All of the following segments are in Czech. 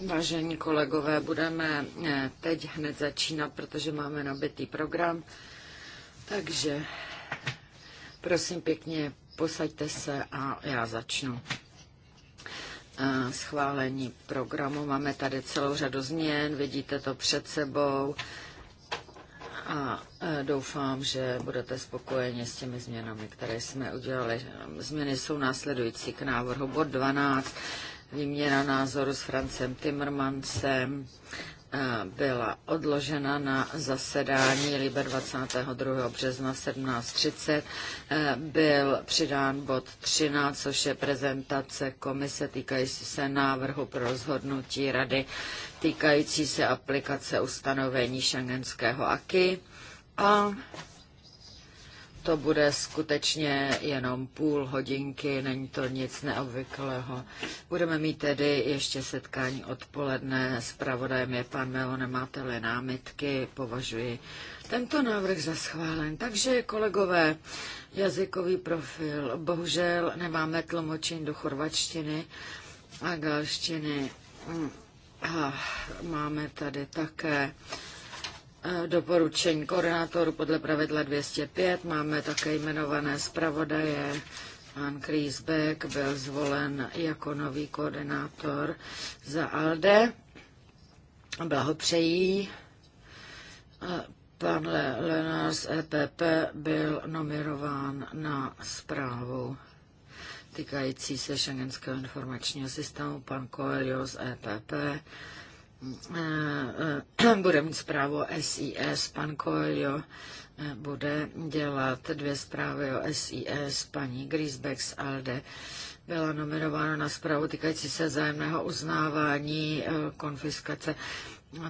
Vážení kolegové, budeme eh, teď hned začínat, protože máme nabitý program. Takže prosím pěkně, posaďte se a já začnu. Eh, schválení programu. Máme tady celou řadu změn, vidíte to před sebou a eh, doufám, že budete spokojeni s těmi změnami, které jsme udělali. Změny jsou následující k návrhu bod 12 výměna názoru s Francem Timmermansem eh, byla odložena na zasedání Libe 22. března 17.30. Eh, byl přidán bod 13, což je prezentace komise týkající se návrhu pro rozhodnutí rady týkající se aplikace ustanovení šengenského AKI. A to bude skutečně jenom půl hodinky, není to nic neobvyklého. Budeme mít tedy ještě setkání odpoledne. s pravodajem je pan Melo, nemáte-li námitky, považuji tento návrh za schválen. Takže, kolegové, jazykový profil. Bohužel nemáme tlumočení do chorvačtiny a galštiny. A máme tady také Eh, doporučení koordinátoru podle pravidla 205. Máme také jmenované zpravodaje. Pan Chris Beck byl zvolen jako nový koordinátor za ALDE. Blahopřejí. Eh, pan Lenars EPP byl nominován na zprávu týkající se šengenského informačního systému. Pan Coelho z EPP bude mít zprávu o SIS, pan Coelho e, bude dělat dvě zprávy o SIS, paní Griesbeck z ALDE byla nominována na zprávu týkající se zájemného uznávání e, konfiskace.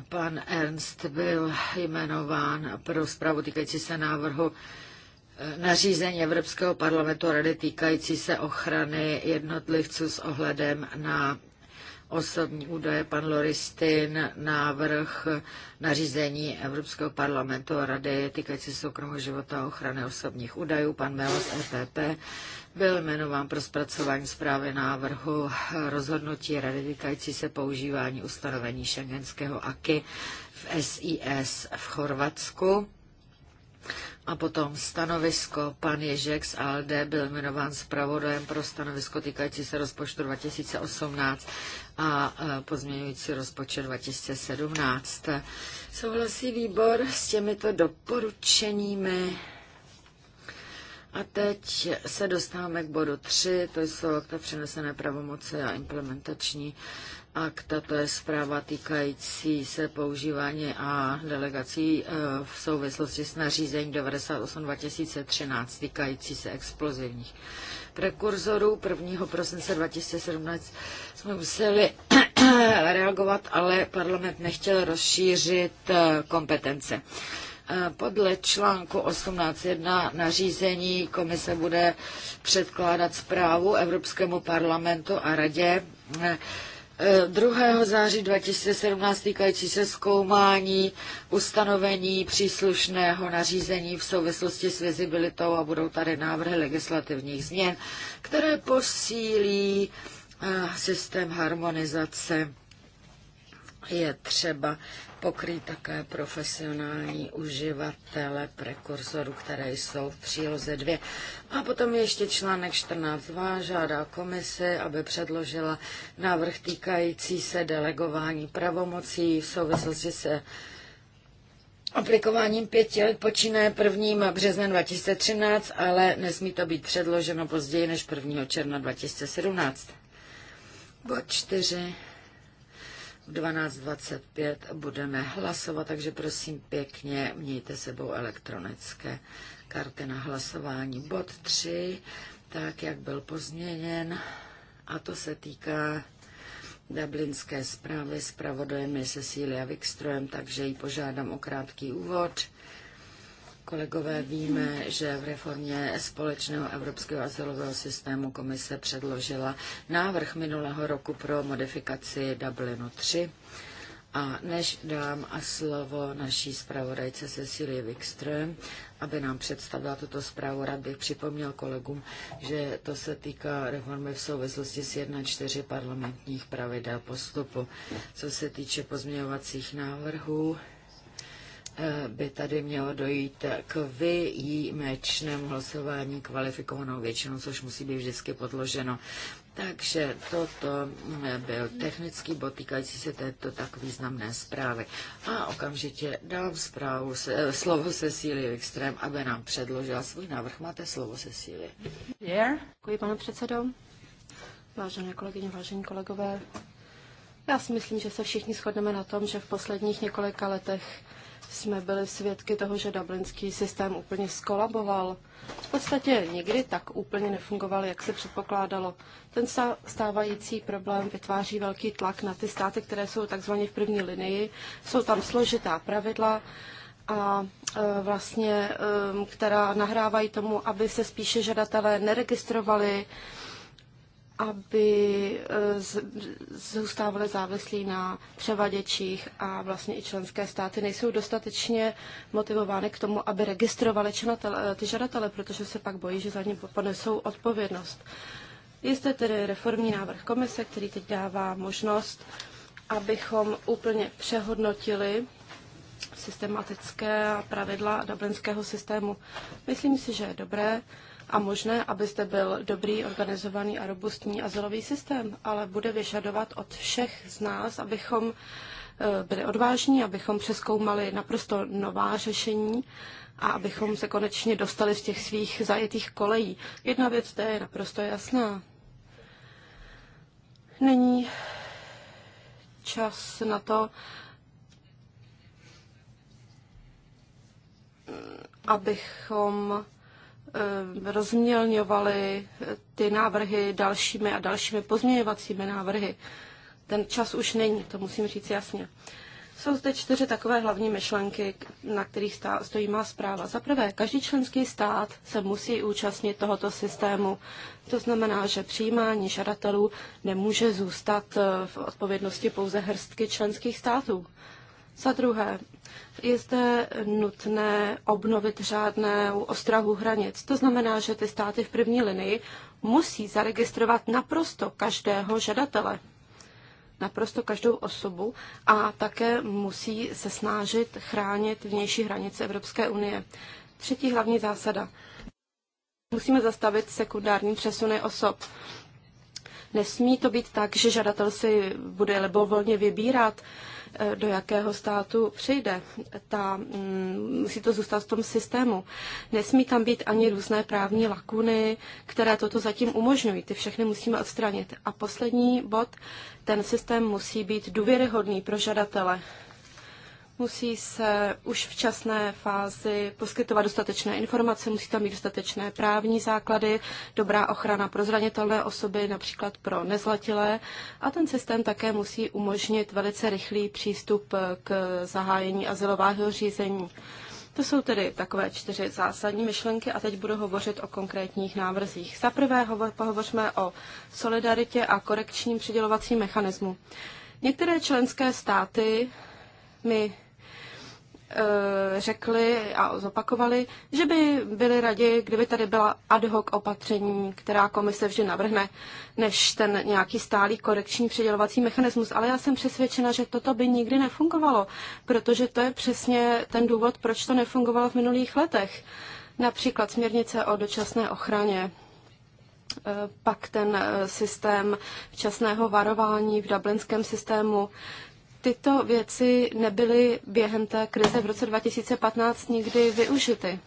Pan Ernst byl jmenován pro zprávu týkající se návrhu e, nařízení Evropského parlamentu a rady týkající se ochrany jednotlivců s ohledem na osobní údaje, pan Loristin, návrh nařízení Evropského parlamentu a rady týkající soukromého života a ochrany osobních údajů, pan Melos EPP, byl jmenován pro zpracování zprávy návrhu rozhodnutí rady týkající se používání ustanovení šengenského AKY v SIS v Chorvatsku. A potom stanovisko. Pan Ježek z ALD byl jmenován zpravodajem pro stanovisko týkající se rozpočtu 2018 a pozměňující rozpočet 2017. Souhlasí výbor s těmito doporučeními? A teď se dostáváme k bodu 3, to jsou akta přenesené pravomoce a implementační akta, to je zpráva týkající se používání a delegací eh, v souvislosti s nařízením 98-2013 týkající se explozivních prekurzorů. 1. prosince 2017 jsme museli reagovat, ale parlament nechtěl rozšířit eh, kompetence. Eh, podle článku 18.1 nařízení komise bude předkládat zprávu Evropskému parlamentu a radě 2. Eh, září 2017 týkající se zkoumání ustanovení příslušného nařízení v souvislosti s vizibilitou a budou tady návrhy legislativních změn, které posílí eh, systém harmonizace. Je třeba pokryjí také profesionální uživatele prekurzorů, které jsou v příloze 2. A potom ještě článek 14.2 žádá komisi, aby předložila návrh týkající se delegování pravomocí v souvislosti se aplikováním pěti let počíná 1. březnem 2013, ale nesmí to být předloženo později než 1. června 2017. Bod 4 12.25 budeme hlasovat, takže prosím pěkně, mějte sebou elektronické karty na hlasování. Bod 3, tak jak byl pozměněn, a to se týká dublinské zprávy. Spravodajem je Cecília Wikström, takže ji požádám o krátký úvod. Kolegové, víme, že v reformě společného evropského asilového systému komise předložila návrh minulého roku pro modifikaci Dublinu 3. A než dám a slovo naší zpravodajce Cecilie Wikström, aby nám představila tuto zprávu, rád bych připomněl kolegům, že to se týká reformy v souvislosti s 1.4 parlamentních pravidel postupu. Co se týče pozměňovacích návrhů, by tady mělo dojít k výjimečnému hlasování kvalifikovanou většinou, což musí být vždycky podloženo. Takže toto byl technický bod týkající se této tak významné zprávy. A okamžitě dám zprávu, se, slovo Cecílii Wikström, aby nám předložila svůj návrh. Máte slovo, Cecílii. Děkuji, pane předsedo. Vážené kolegyně, vážení kolegové, já si myslím, že se všichni shodneme na tom, že v posledních několika letech jsme byli svědky toho, že dublinský systém úplně skolaboval. V podstatě nikdy tak úplně nefungoval, jak se předpokládalo. Ten stávající problém vytváří velký tlak na ty státy, které jsou takzvaně v první linii. Jsou tam složitá pravidla, a e, vlastně, e, která nahrávají tomu, aby se spíše žadatelé neregistrovali, aby eh, zůstávali závislí na převaděčích a vlastně i členské státy nejsou dostatečně motivovány k tomu, aby registrovali eh, ty žadatele, protože se pak bojí, že za ně ponesou odpovědnost. Je zde tedy reformní návrh komise, který teď dává možnost, abychom úplně přehodnotili systematické pravidla dublinského systému. Myslím si, že je dobré, a možné, abyste byl dobrý, organizovaný a robustní azylový systém, ale bude vyžadovat od všech z nás, abychom eh, byli odvážní, abychom přeskoumali naprosto nová řešení a abychom se konečně dostali z těch svých zajetých kolejí. Jedna věc, to je naprosto jasná. Není čas na to, abychom Eh, rozmělňovali ty návrhy dalšími a dalšími pozměňovacími návrhy. Ten čas už není, to musím říct jasně. Jsou zde čtyři takové hlavní myšlenky, na kterých stá, stojí má zpráva. Za prvé, každý členský stát se musí účastnit tohoto systému. To znamená, že přijímání žadatelů nemůže zůstat eh, v odpovědnosti pouze hrstky členských států. Za druhé, je zde nutné obnovit řádnou ostrahu hranic. To znamená, že ty státy v první linii musí zaregistrovat naprosto každého žadatele, naprosto každou osobu a také musí se snažit chránit vnější hranice Evropské unie. Třetí hlavní zásada. Musíme zastavit sekundární přesuny osob. Nesmí to být tak, že žadatel si bude libovolně vybírat Eh, do jakého státu přijde. Ta, mm, musí to zůstat v tom systému. Nesmí tam být ani různé právní lakuny, které toto zatím umožňují. Ty všechny musíme odstranit. A poslední bod, ten systém musí být důvěryhodný pro žadatele. Musí se už v časné fázi poskytovat dostatečné informace, musí tam mít dostatečné právní základy, dobrá ochrana pro zranitelné osoby, například pro nezlatilé. A ten systém také musí umožnit velice rychlý přístup k zahájení azylového řízení. To jsou tedy takové čtyři zásadní myšlenky a teď budu hovořit o konkrétních návrzích. Za prvé pohovořme o solidaritě a korekčním přidělovacím mechanismu. Některé členské státy mi Eh, řekli a zopakovali, že by byli rádi, kdyby tady byla ad hoc opatření, která komise vždy navrhne, než ten nějaký stálý korekční předělovací mechanismus. Ale já jsem přesvědčena, že toto by nikdy nefungovalo, protože to je přesně ten důvod, proč to nefungovalo v minulých letech. Například směrnice o dočasné ochraně, eh, pak ten eh, systém včasného varování v dublinském systému tyto věci nebyly během té krize v roce 2015 nikdy využity.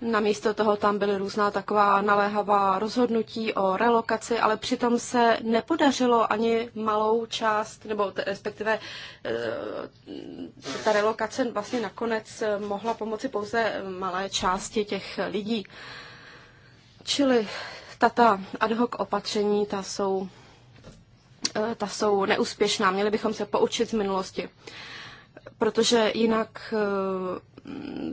Namísto toho tam byly různá taková naléhavá rozhodnutí o relokaci, ale přitom se nepodařilo ani malou část, nebo respektive eh, ta relokace vlastně nakonec eh, mohla pomoci pouze malé části těch lidí. Čili tata ad hoc opatření, ta jsou Eh, ta jsou neúspěšná. Měli bychom se poučit z minulosti, protože jinak, eh,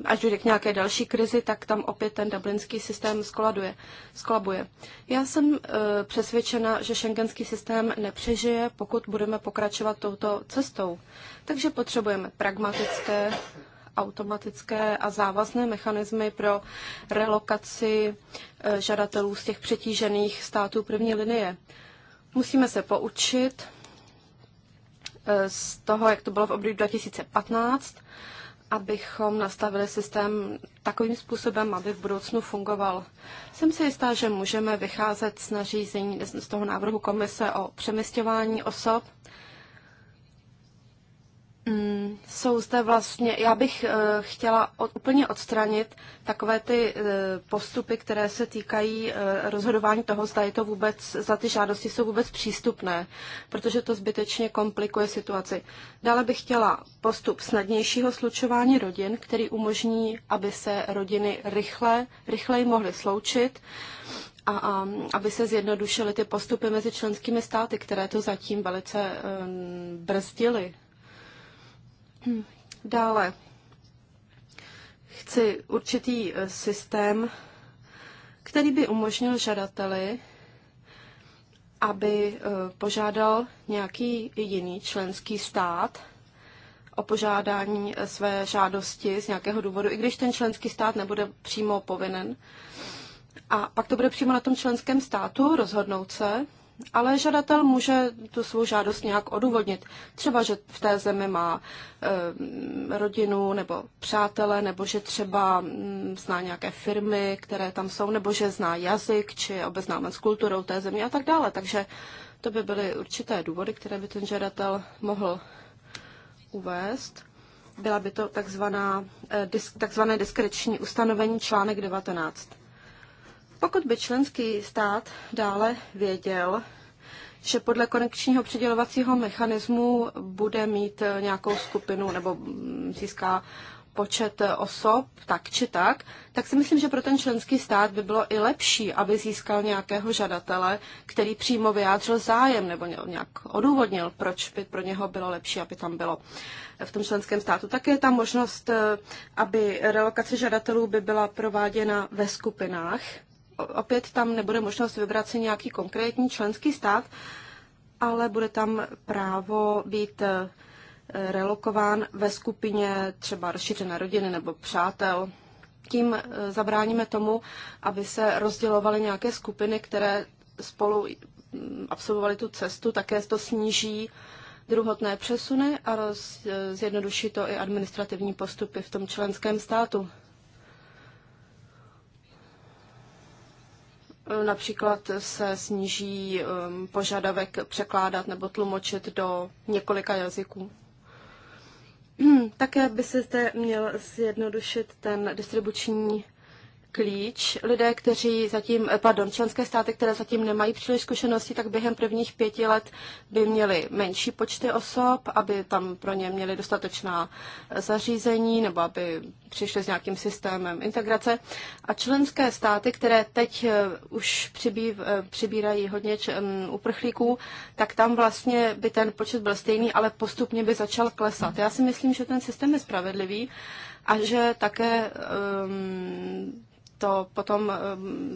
až dojde k nějaké další krizi, tak tam opět ten dublinský systém skoladuje, skolabuje. Já jsem eh, přesvědčena, že šengenský systém nepřežije, pokud budeme pokračovat touto cestou. Takže potřebujeme pragmatické automatické a závazné mechanismy pro relokaci žadatelů z těch přetížených států první linie. Musíme se poučit eh, z toho, jak to bylo v období 2015, abychom nastavili systém takovým způsobem, aby v budoucnu fungoval. Jsem si jistá, že můžeme vycházet z nařízení, z toho návrhu komise o přemysťování osob, Mm, jsou zde vlastně, já bych uh, chtěla od, úplně odstranit takové ty uh, postupy, které se týkají uh, rozhodování toho, zda je to vůbec, za ty žádosti jsou vůbec přístupné, protože to zbytečně komplikuje situaci. Dále bych chtěla postup snadnějšího slučování rodin, který umožní, aby se rodiny rychle, rychleji mohly sloučit a, a aby se zjednodušily ty postupy mezi členskými státy, které to zatím velice um, brzdily. Dále chci určitý eh, systém, který by umožnil žadateli, aby eh, požádal nějaký jiný členský stát o požádání eh, své žádosti z nějakého důvodu, i když ten členský stát nebude přímo povinen. A pak to bude přímo na tom členském státu rozhodnout se, ale žadatel může tu svou žádost nějak odůvodnit. Třeba, že v té zemi má e, rodinu nebo přátele, nebo že třeba m, mm, zná nějaké firmy, které tam jsou, nebo že zná jazyk, či je obeznámen s kulturou té země a tak dále. Takže to by byly určité důvody, které by ten žadatel mohl uvést. Byla by to takzvaná, eh, takzvané diskreční ustanovení článek 19. Pokud by členský stát dále věděl, že podle konekčního předělovacího mechanismu bude mít nějakou skupinu nebo získá počet osob, tak či tak, tak si myslím, že pro ten členský stát by bylo i lepší, aby získal nějakého žadatele, který přímo vyjádřil zájem nebo nějak odůvodnil, proč by pro něho bylo lepší, aby tam bylo v tom členském státu. Také je tam možnost, eh, aby relokace žadatelů by byla prováděna ve skupinách, opět tam nebude možnost vybrat si nějaký konkrétní členský stát, ale bude tam právo být eh, relokován ve skupině třeba rozšířené rodiny nebo přátel. Tím eh, zabráníme tomu, aby se rozdělovaly nějaké skupiny, které spolu mm, absolvovali tu cestu, také to sníží druhotné přesuny a roz, eh, zjednoduší to i administrativní postupy v tom členském státu. Například se sníží um, požadavek překládat nebo tlumočit do několika jazyků. Hmm, také by se zde měl zjednodušit ten distribuční klíč. Lidé, kteří zatím, pardon, členské státy, které zatím nemají příliš zkušenosti, tak během prvních pěti let by měli menší počty osob, aby tam pro ně měli dostatečná zařízení nebo aby přišli s nějakým systémem integrace. A členské státy, které teď eh, už přibýv, eh, přibírají hodně mm, uprchlíků, tak tam vlastně by ten počet byl stejný, ale postupně by začal klesat. Já si myslím, že ten systém je spravedlivý a že také um, to potom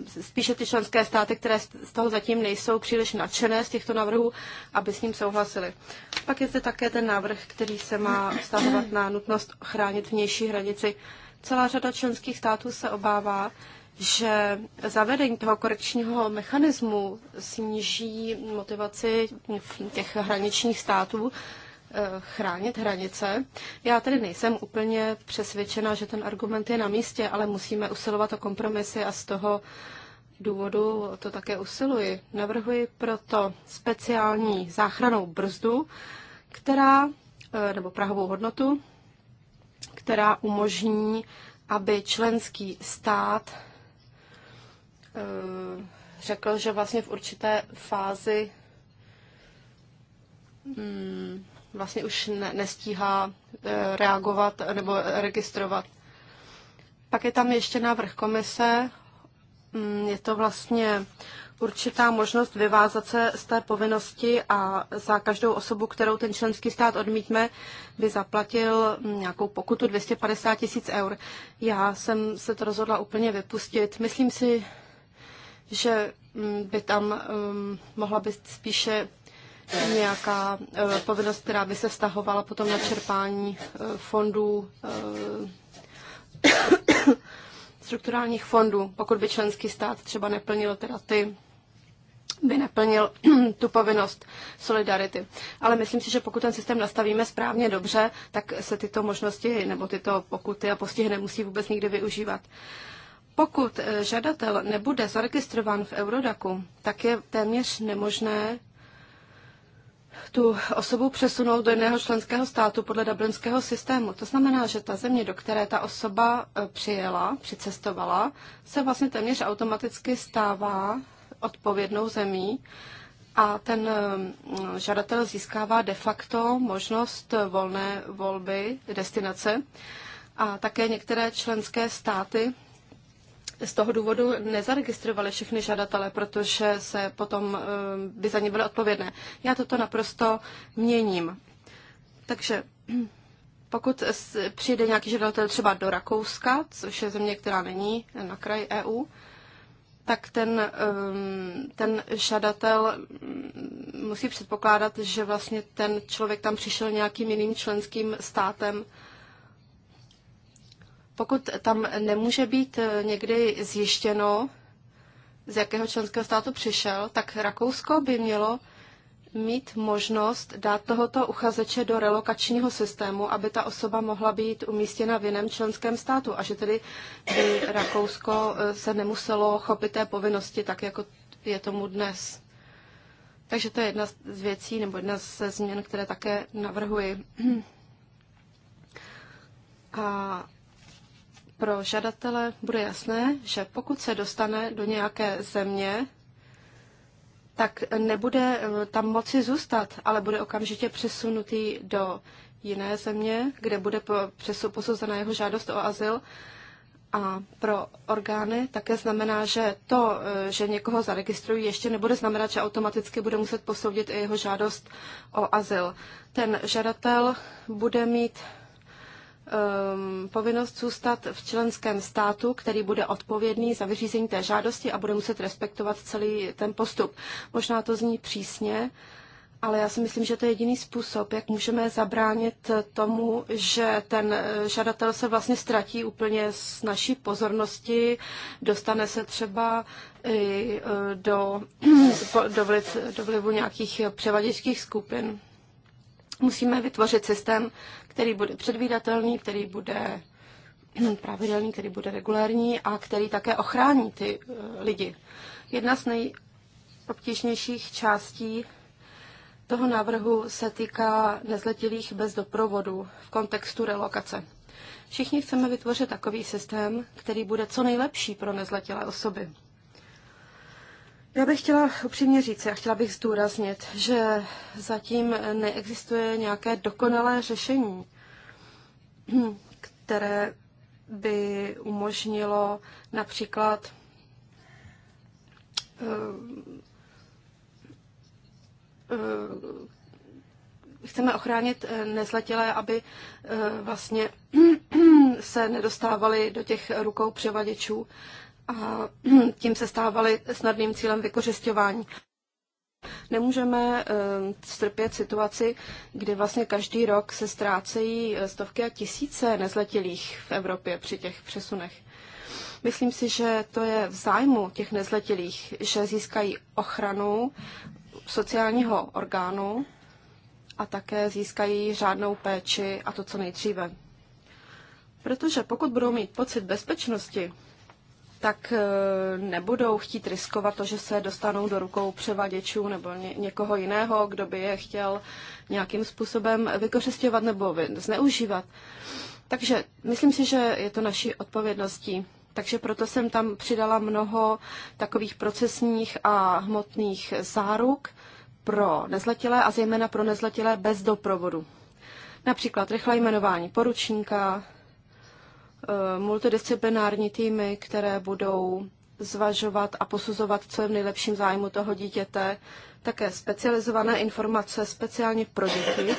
eh, spíše ty členské státy, které z toho zatím nejsou příliš nadšené z těchto návrhů, aby s ním souhlasili. Pak je zde také ten návrh, který se má vztahovat na nutnost chránit vnější hranici. Celá řada členských států se obává, že zavedení toho korekčního mechanismu sníží motivaci těch hraničních států Eh, chránit hranice. Já tedy nejsem úplně přesvědčena, že ten argument je na místě, ale musíme usilovat o kompromisy a z toho důvodu to také usiluji. Navrhuji proto speciální záchranou brzdu, která, eh, nebo prahovou hodnotu, která umožní, aby členský stát eh, řekl, že vlastně v určité fázi hmm, vlastně už ne, nestíhá eh, reagovat nebo registrovat. Pak je tam ještě návrh komise. Mm, je to vlastně určitá možnost vyvázat se z té povinnosti a za každou osobu, kterou ten členský stát odmítne, by zaplatil mm, nějakou pokutu 250 tisíc eur. Já jsem se to rozhodla úplně vypustit. Myslím si, že mm, by tam um, mohla být spíše nějaká eh, povinnost, která by se vztahovala potom na čerpání eh, fondů, eh, strukturálních fondů, pokud by členský stát třeba neplnil teda ty by neplnil tu povinnost solidarity. Ale myslím si, že pokud ten systém nastavíme správně dobře, tak se tyto možnosti nebo tyto pokuty a postihy nemusí vůbec nikdy využívat. Pokud žadatel nebude zaregistrován v Eurodaku, tak je téměř nemožné tu osobu přesunout do jiného členského státu podle dublinského systému. To znamená, že ta země, do které ta osoba e, přijela, přicestovala, se vlastně téměř automaticky stává odpovědnou zemí a ten e, žadatel získává de facto možnost volné volby destinace. A také některé členské státy z toho důvodu nezaregistrovali všechny žadatele, protože se potom eh, by za ně byly odpovědné. Já toto naprosto měním. Takže pokud přijde nějaký žadatel třeba do Rakouska, což je země, která není na kraji EU, tak ten, ehm, ten žadatel mm, musí předpokládat, že vlastně ten člověk tam přišel nějakým jiným členským státem pokud tam nemůže být eh, někdy zjištěno, z jakého členského státu přišel, tak Rakousko by mělo mít možnost dát tohoto uchazeče do relokačního systému, aby ta osoba mohla být umístěna v jiném členském státu a že tedy by Rakousko eh, se nemuselo chopit té povinnosti tak, jako je tomu dnes. Takže to je jedna z věcí nebo jedna ze změn, které také navrhuji. A pro žadatele bude jasné, že pokud se dostane do nějaké země, tak nebude eh, tam moci zůstat, ale bude okamžitě přesunutý do jiné země, kde bude posouzena jeho žádost o azyl. A pro orgány také znamená, že to, eh, že někoho zaregistrují, ještě nebude znamenat, že automaticky bude muset posoudit i jeho žádost o azyl. Ten žadatel bude mít um, povinnost zůstat v členském státu, který bude odpovědný za vyřízení té žádosti a bude muset respektovat celý ten postup. Možná to zní přísně, ale já si myslím, že to je jediný způsob, jak můžeme zabránit tomu, že ten eh, žadatel se vlastně ztratí úplně z naší pozornosti, dostane se třeba i eh, do, do, vliv, do vlivu nějakých převaděčských skupin. Musíme vytvořit systém, který bude předvídatelný, který bude pravidelný, který bude regulární a který také ochrání ty eh, lidi. Jedna z nejobtížnějších částí toho návrhu se týká nezletilých bez doprovodu v kontextu relokace. Všichni chceme vytvořit takový systém, který bude co nejlepší pro nezletilé osoby. Já bych chtěla upřímně říct a chtěla bych zdůraznit, že zatím neexistuje nějaké dokonalé řešení, které by umožnilo například eh, eh, chceme ochránit eh, nezletilé, aby vlastně se nedostávali do těch rukou převaděčů a tím se stávaly snadným cílem vykořišťování. Nemůžeme ehm, strpět situaci, kdy vlastně každý rok se ztrácejí eh, stovky a tisíce nezletilých v Evropě při těch přesunech. Myslím si, že to je v zájmu těch nezletilých, že získají ochranu sociálního orgánu a také získají řádnou péči a to co nejdříve. Protože pokud budou mít pocit bezpečnosti, tak e, nebudou chtít riskovat to, že se dostanou do rukou převaděčů nebo ně, někoho jiného, kdo by je chtěl nějakým způsobem vykořišťovat nebo zneužívat. Takže myslím si, že je to naší odpovědností. Takže proto jsem tam přidala mnoho takových procesních a hmotných záruk pro nezletilé a zejména pro nezletilé bez doprovodu. Například rychlé jmenování poručníka, Eh, multidisciplinární týmy, které budou zvažovat a posuzovat, co je v nejlepším zájmu toho dítěte, také specializované informace speciálně pro děti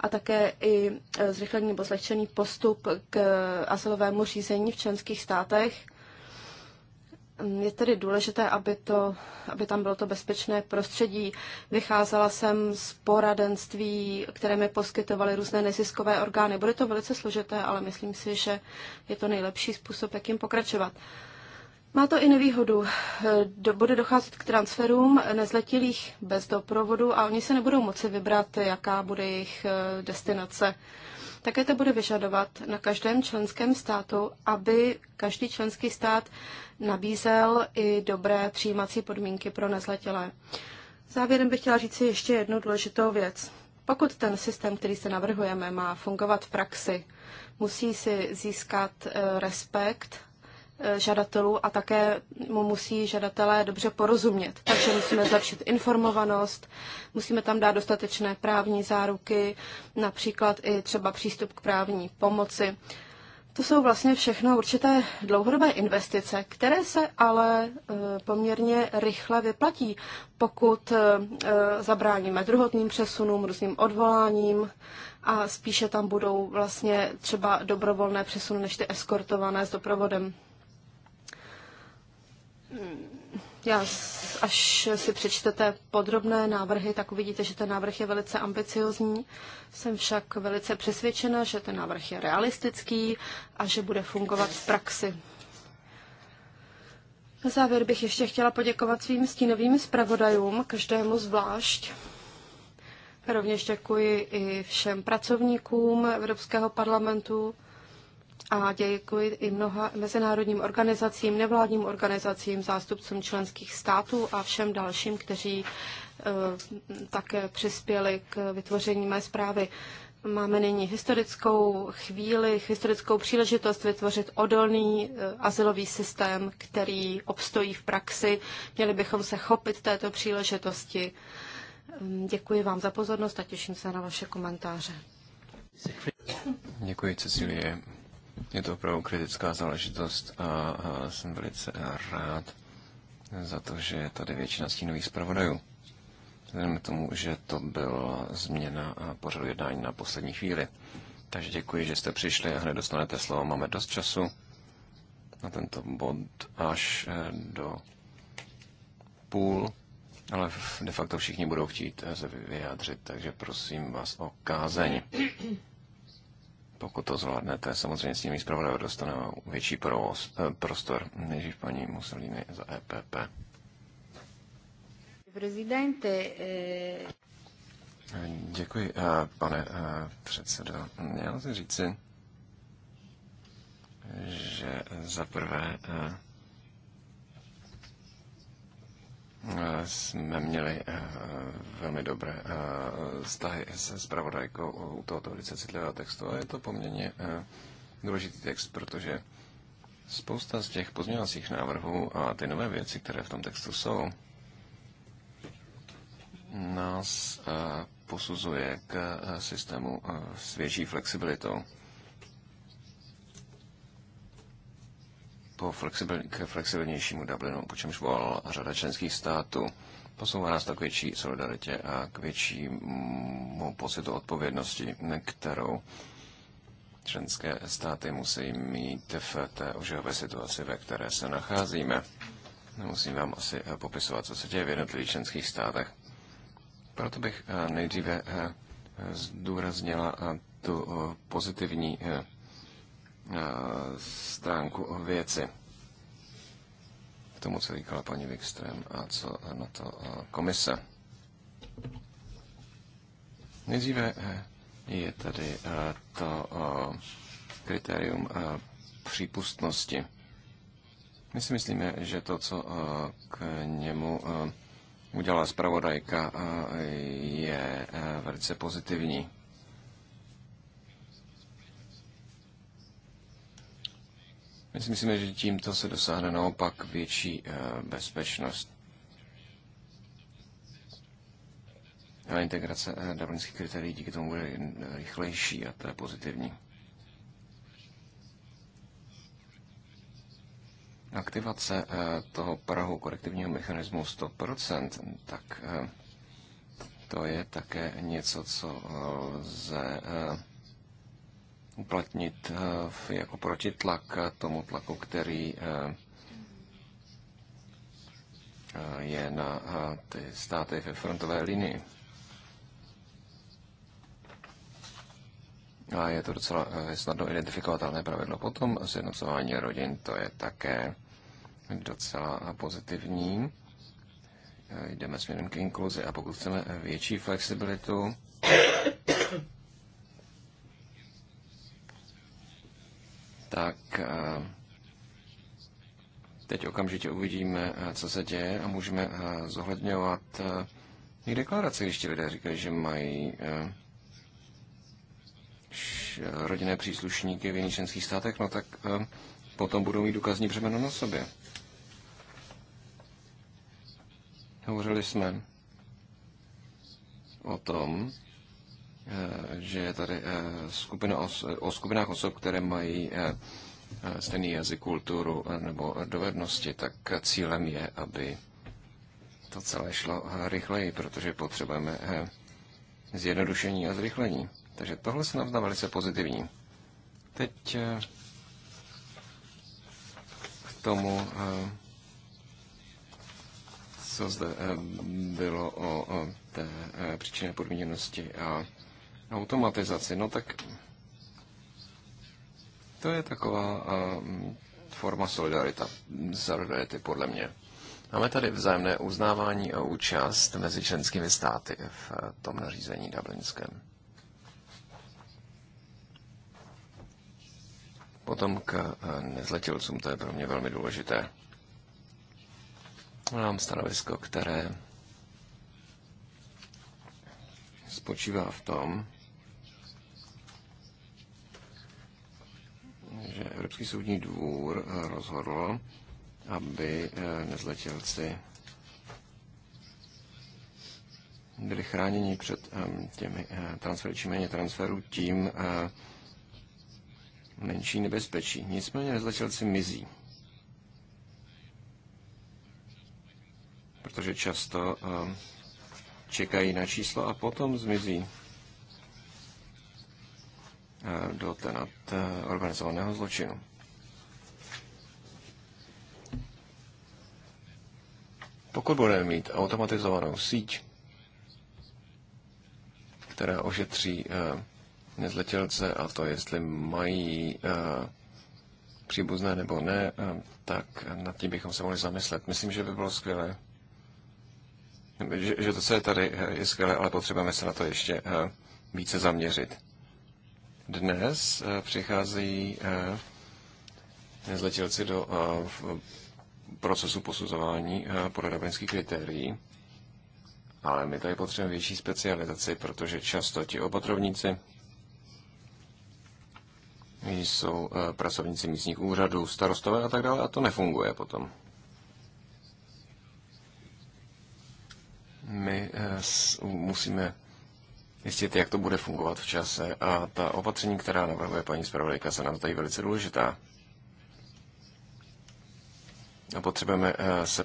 a také i eh, zrychlený nebo zlehčený postup k eh, asilovému řízení v členských státech je tedy důležité, aby, to, aby tam bylo to bezpečné prostředí. Vycházela jsem z poradenství, které mi poskytovaly různé neziskové orgány. Bude to velice složité, ale myslím si, že je to nejlepší způsob, jak jim pokračovat. Má to i nevýhodu. Do, bude docházet k transferům nezletilých bez doprovodu a oni se nebudou moci vybrat, jaká bude jejich eh, destinace. Také to bude vyžadovat na každém členském státu, aby každý členský stát nabízel i dobré přijímací podmínky pro nezletilé. Závěrem bych chtěla si ještě jednu důležitou věc. Pokud ten systém, který se navrhujeme, má fungovat v praxi, musí si získat eh, respekt eh, žadatelů a také mu musí žadatelé dobře porozumět. Takže musíme zlepšit informovanost, musíme tam dát dostatečné právní záruky, například i třeba přístup k právní pomoci. To jsou vlastně všechno určité dlouhodobé investice, které se ale e, poměrně rychle vyplatí, pokud e, e, zabráníme druhotným přesunům, různým odvoláním a spíše tam budou vlastně třeba dobrovolné přesuny než ty eskortované s doprovodem. Já, až si přečtete podrobné návrhy, tak uvidíte, že ten návrh je velice ambiciozní. Jsem však velice přesvědčena, že ten návrh je realistický a že bude fungovat v praxi. Na závěr bych ještě chtěla poděkovat svým stínovým zpravodajům, každému zvlášť. Rovněž děkuji i všem pracovníkům Evropského parlamentu, a děkuji i mnoha mezinárodním organizacím, nevládním organizacím, zástupcům členských států a všem dalším, kteří eh, také přispěli k vytvoření mé zprávy. Máme nyní historickou chvíli, historickou příležitost vytvořit odolný eh, asilový systém, který obstojí v praxi. Měli bychom se chopit této příležitosti. Ehm, děkuji vám za pozornost a těším se na vaše komentáře. Děkuji, Cecilie. Je to opravdu kritická záležitost a, a jsem velice rád za to, že je tady většina stínových zpravodajů. Vzhledem k tomu, že to byla změna pořadu jednání na poslední chvíli. Takže děkuji, že jste přišli a hned dostanete slovo. Máme dost času na tento bod až eh, do půl, ale de facto všichni budou chtít eh, se vyjádřit, takže prosím vás o kázeň pokud to zvládnete, samozřejmě s nimi zpravodaj dostaneme větší provoz, eh, prostor než paní Mussolini za EPP. Prezidente, eh, Děkuji, eh, pane předsedo. Měl musím říci, že za prvé jsme měli eh, velmi dobré eh, vztahy se zpravodajkou u tohoto velice citlivého textu. A je to poměrně eh, důležitý text, protože spousta z těch pozměňovacích návrhů a ty nové věci, které v tom textu jsou, nás posuzuje k systému svěží flexibilitou. po flexibil, k flexibilnějšímu Dublinu, po čemž volal řada členských států. Posouvá nás to k větší solidaritě a k většímu pocitu odpovědnosti, kterou členské státy musí mít v té ožehové situaci, ve které se nacházíme. Nemusím vám asi popisovat, co se děje v jednotlivých členských státech. Proto bych eh, nejdříve eh, zdůraznila eh, tu pozitivní Eh, stránku věci. K tomu, co říkala paní Wikström a co na to eh, komise. Nejdříve eh, je tady to kritérium přípustnosti. My si myslíme, že to, co k němu udělala zpravodajka, je velice pozitivní. My si myslíme, že tímto se dosáhne naopak větší eh, bezpečnost. A integrace eh, dublinských kritérií díky tomu bude eh, rychlejší a to je pozitivní. Aktivace toho prahu korektivního mechanismu 100%, tak to je také něco, co lze uplatnit eh, jako protitlak eh, tomu tlaku, který eh, je na ty státy ve frontové linii. A je to docela snadno identifikovatelné pravidlo. Potom sjednocování rodin, to je také docela pozitivní. Jdeme směrem k inkluzi a pokud chceme větší flexibilitu, tak eh, teď okamžitě uvidíme, eh, co se děje a můžeme eh, zohledňovat i deklarace, když ti lidé říkají, že mají rodinné příslušníky v jiných členských státech, no tak potom budou mít důkazní břemeno na sobě. Hovořili jsme o tom, Eh, že je tady eh, skupina os, o skupinách osob, které mají eh, stejný jazyk, kulturu nebo dovednosti, tak cílem je, aby to celé šlo rychleji, protože potřebujeme zjednodušení a zrychlení. Takže tohle se nám zdá velice pozitivní. Teď k tomu, co zde bylo o té příčině podmíněnosti a automatizaci. No tak to je taková uh, forma solidarita, solidarity podle mě. Máme tady vzájemné uznávání a účast mezi členskými státy v tom nařízení dublinském. Potom k nezletilcům, to je pro mě velmi důležité. Mám stanovisko, které spočívá v tom, že Evropský soudní dvůr eh, rozhodl, aby eh, nezletilci byli chráněni před ehm, těmi eh, transfery, či méně transferů, tím menší nebezpečí. Nicméně nezletilci mizí. Protože často ehm, čekají na číslo a potom zmizí. Eh, do tenat eh, organizovaného zločinu. Pokud budeme mít automatizovanou síť, která ošetří eh, nezletělce a to, jestli mají příbuzné nebo ne, tak nad tím bychom se mohli zamyslet. Myslím, že by bylo skvělé, že, že to, co je tady, je skvělé, ale potřebujeme se na to ještě více zaměřit. Dnes eh, přicházejí eh, nezletilci do eh, procesu posuzování podle kritérií, ale my tady potřebujeme větší specializaci, protože často ti opatrovníci jsou pracovníci místních úřadů, starostové a tak dále, a to nefunguje potom. My musíme zjistit, jak to bude fungovat v čase. A ta opatření, která navrhuje paní zpravodajka, se nám tady velice důležitá. A potřebujeme eh, se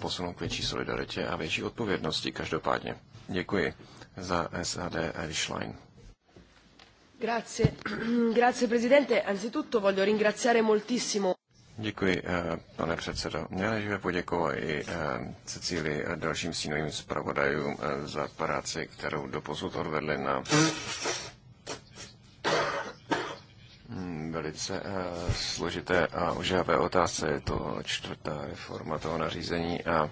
posunout k větší solidaritě a větší odpovědnosti každopádně. Děkuji za SAD line Grazie. Grazie Presidente. Anzitutto voglio ringraziare moltissimo. Děkuji, eh, pane předsedo. Já bych poděkovat i eh, Cecíli a dalším sínovým zpravodajům eh, za práci, kterou doposud odvedli na hm, velice složité a užávé otázce. Je to čtvrtá reforma toho nařízení a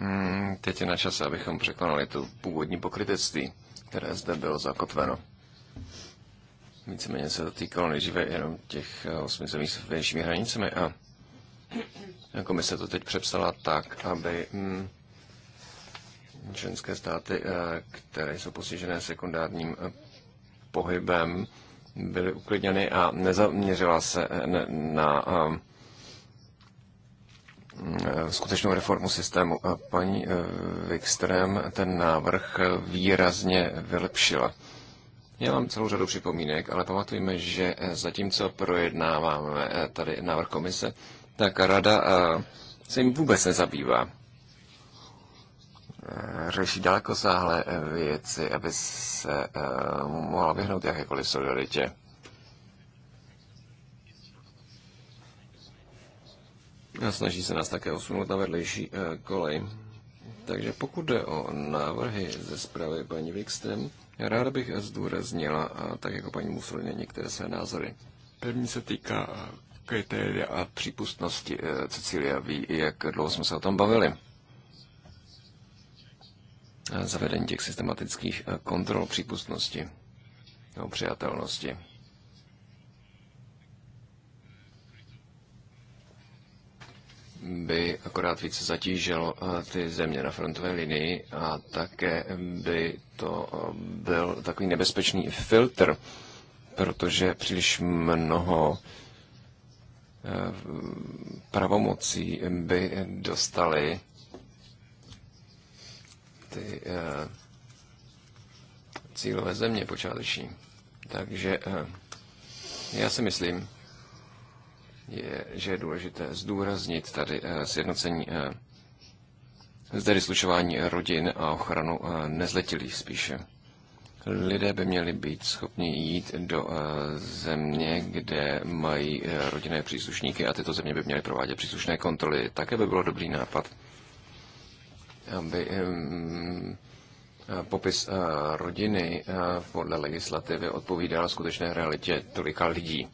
hm, teď je na čase, abychom překonali tu původní pokrytectví, které zde bylo zakotveno. Víceméně se to týkalo nejdříve jenom těch eh, osmi zemí s vnějšími hranicemi a komise to teď přepsala tak, aby ženské mm, státy, eh, které jsou postižené sekundárním eh, pohybem, byly uklidněny a nezaměřila se na mm, skutečnou reformu systému. A paní Wikström ten návrh výrazně vylepšila. Já mám celou řadu připomínek, ale pamatujme, že eh, zatímco projednáváme eh, tady návrh komise, tak rada eh, se jim vůbec nezabývá. Řeší sáhlé věci, aby se mohla vyhnout jakékoliv solidaritě. A snaží se nás také osunout na vedlejší kolej. Takže pokud jde o návrhy ze zprávy paní Wikström, Ráda bych zdůraznila, tak jako paní Mussolini, některé své názory. První se týká kritéria a přípustnosti. E, Cecilia ví, jak dlouho jsme se o tom bavili. Zavedení těch systematických e, kontrol přípustnosti nebo přijatelnosti. by akorát více zatížilo eh, ty země na frontové linii a také by to eh, byl takový nebezpečný filtr, protože příliš mnoho eh, pravomocí by dostali ty cílové země počáteční. Takže já si myslím, je, že je důležité zdůraznit tady eh, sjednocení eh, zde slučování rodin a ochranu eh, nezletilých spíše. Lidé by měli být schopni jít do země, kde mají rodinné příslušníky a tyto země by měly provádět příslušné kontroly. Také by bylo dobrý nápad, aby popis rodiny podle legislativy odpovídal skutečné realitě tolika lidí.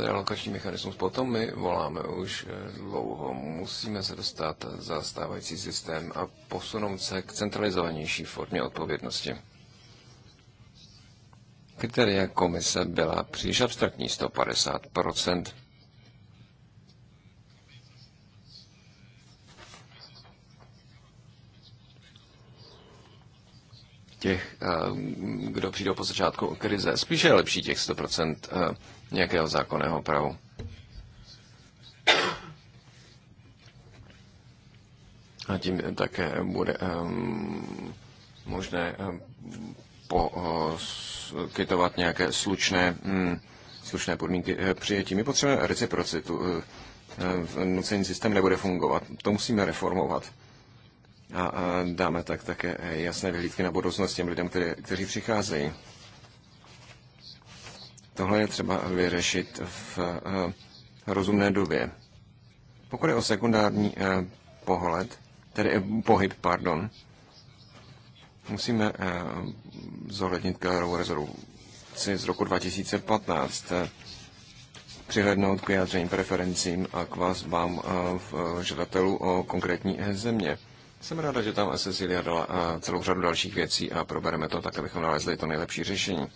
relokační mechanismus. Potom my voláme už eh, dlouho. Musíme se dostat za stávající systém a posunout se k centralizovanější formě odpovědnosti. Kritéria komise byla příliš abstraktní 150 těch, eh, kdo přijde po začátku krize. Spíše je lepší těch 100% nějakého zákonného právu. A tím také bude um, možné um, kytovat nějaké slušné, um, slušné podmínky eh, přijetí. My potřebujeme reciprocitu. Eh, nucený systém nebude fungovat. To musíme reformovat. A, uh, dáme tak také jasné vyhlídky na budoucnost těm lidem, které, kteří přicházejí. Tohle je třeba vyřešit v eh, rozumné době. Pokud je o sekundární eh, pohled, tedy eh, pohyb, pardon, musíme zohlednit Kellerovu rezoluci z roku 2015, přihlednout k vyjádřeným preferencím a k vás vám v žadatelů o konkrétní země. Jsem ráda, že tam Cecilia dala celou řadu dalších věcí a probereme to tak, abychom nalezli to nejlepší řešení.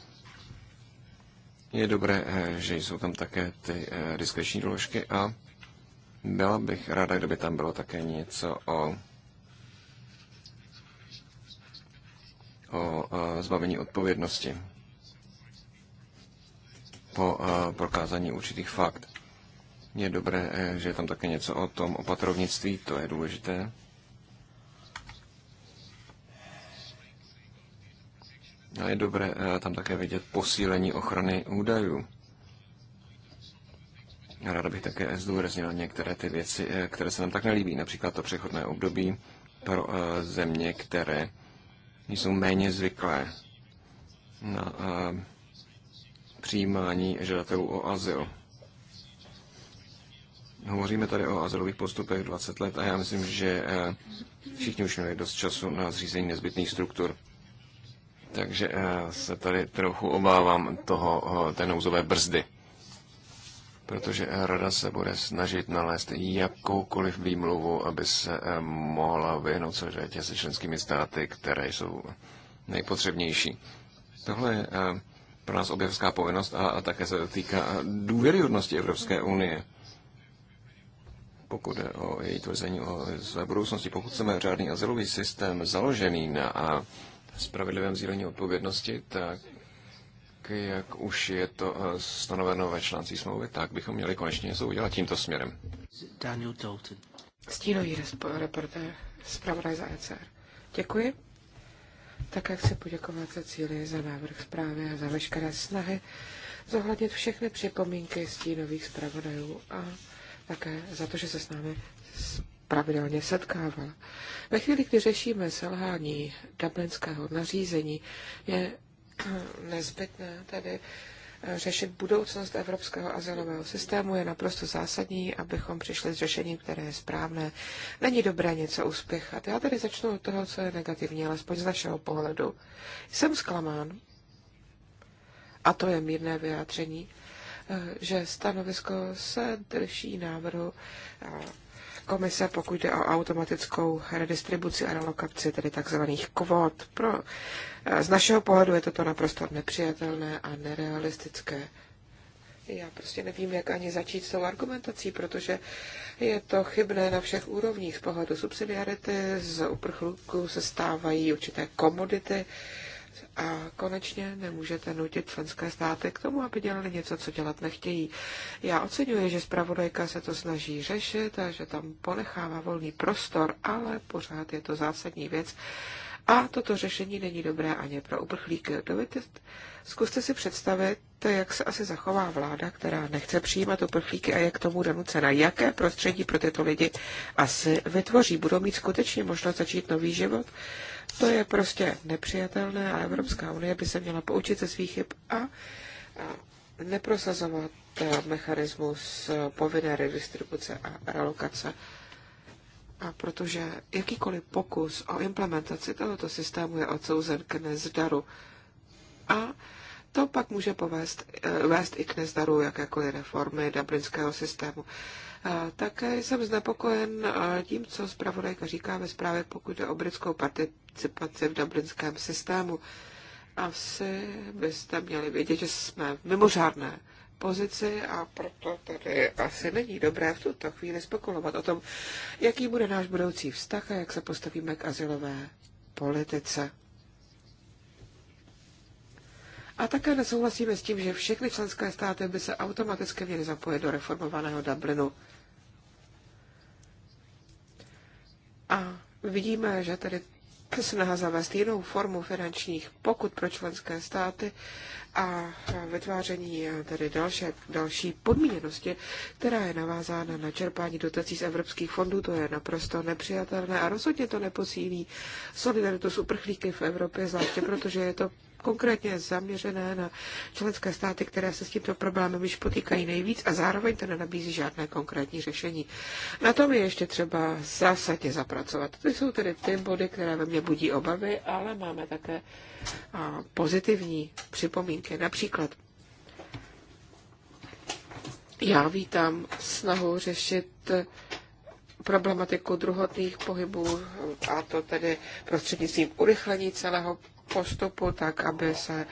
Je dobré, eh, že jsou tam také ty eh, diskreční doložky a byla bych ráda, kdyby tam bylo také něco o, o eh, zbavení odpovědnosti po prokázání určitých fakt. Je dobré, že je tam také něco o tom opatrovnictví, to je důležité. A je dobré eh, tam také vidět posílení ochrany údajů. Ráda bych také zdůraznila některé ty věci, eh, které se nám tak nelíbí, například to přechodné období pro eh, země, které jsou méně zvyklé na přijímání žadatelů o azyl. Hovoříme tady o azylových postupech 20 let a já myslím, že všichni už měli dost času na zřízení nezbytných struktur. Takže eh, se tady trochu obávám toho, eh, té nouzové brzdy. Protože eh, rada se bude snažit nalézt jakoukoliv výmluvu, aby se mohla vyhnout solidaritě se členskými státy, které jsou nejpotřebnější. Tohle je pro nás oběvská povinnost a, a také se týká důvěryhodnosti Evropské unie pokud je o její tvrzení o své budoucnosti. Pokud chceme řádný azylový systém založený na spravedlivém sdílení odpovědnosti, tak jak už je to eh, stanoveno ve článcí smlouvy, tak bychom měli konečně něco udělat tímto směrem. Daniel Dalton. Stínový reportér, z za ECR. Děkuji. Také chci poděkovat za cíli, za návrh zprávy a za veškeré snahy zohlednit všechny připomínky stínových zpravodajů a také za to, že se s námi pravidelně setkával. Ve chvíli, kdy řešíme selhání dublinského nařízení, je nezbytné tedy eh, řešit budoucnost evropského azylového systému je naprosto zásadní, abychom přišli s řešením, které je správné. Není dobré něco uspěchat. Já tedy začnu od toho, co je negativní, alespoň z našeho pohledu. Jsem zklamán, a to je mírné vyjádření, eh, že stanovisko se drží návrhu eh, komise, pokud jde o automatickou redistribuci a relokaci, tedy takzvaných kvót. Pro, eh, z našeho pohledu je toto naprosto nepřijatelné a nerealistické. Já prostě nevím, jak ani začít s tou argumentací, protože je to chybné na všech úrovních. Z pohledu subsidiarity z uprchlůků se stávají určité komodity, a konečně nemůžete nutit členské státy k tomu, aby dělali něco, co dělat nechtějí. Já oceňuji, že zpravodajka se to snaží řešit a že tam ponechává volný prostor, ale pořád je to zásadní věc. A toto řešení není dobré ani pro uprchlíky. Dovedte, zkuste si představit, jak se asi zachová vláda, která nechce přijímat uprchlíky a je k tomu donucena. Jaké prostředí pro tyto lidi asi vytvoří? Budou mít skutečně možnost začít nový život? To je prostě nepřijatelné a Evropská unie by se měla poučit ze svých chyb a, a neprosazovat eh, mechanismus eh, povinné redistribuce a relokace. A protože jakýkoliv pokus o implementaci tohoto systému je odsouzen k nezdaru. A to pak může povést, eh, vést i k nezdaru jakékoliv reformy dublinského systému. Také jsem znepokojen tím, co zpravodajka říká ve zprávě, pokud je o britskou participaci v dublinském systému. Asi byste měli vědět, že jsme v mimořádné pozici a proto tady asi není dobré v tuto chvíli spekulovat o tom, jaký bude náš budoucí vztah a jak se postavíme k asilové politice. A také nesouhlasíme s tím, že všechny členské státy by se automaticky měly zapojit do reformovaného Dublinu. A vidíme, že tedy snaha zavést jinou formu finančních pokut pro členské státy a vytváření tedy další, další podmíněnosti, která je navázána na čerpání dotací z evropských fondů, to je naprosto nepřijatelné a rozhodně to neposílí solidaritu s uprchlíky v Evropě, zvláště protože je to konkrétně zaměřené na členské státy, které se s tímto problémem již potýkají nejvíc a zároveň to nenabízí žádné konkrétní řešení. Na tom je ještě třeba zásadně zapracovat. To jsou tedy ty body, které ve mně budí obavy, ale máme také pozitivní připomínky. Například já vítám snahu řešit problematiku druhotných pohybů, a to tedy prostřednictvím urychlení celého postupu, tak aby se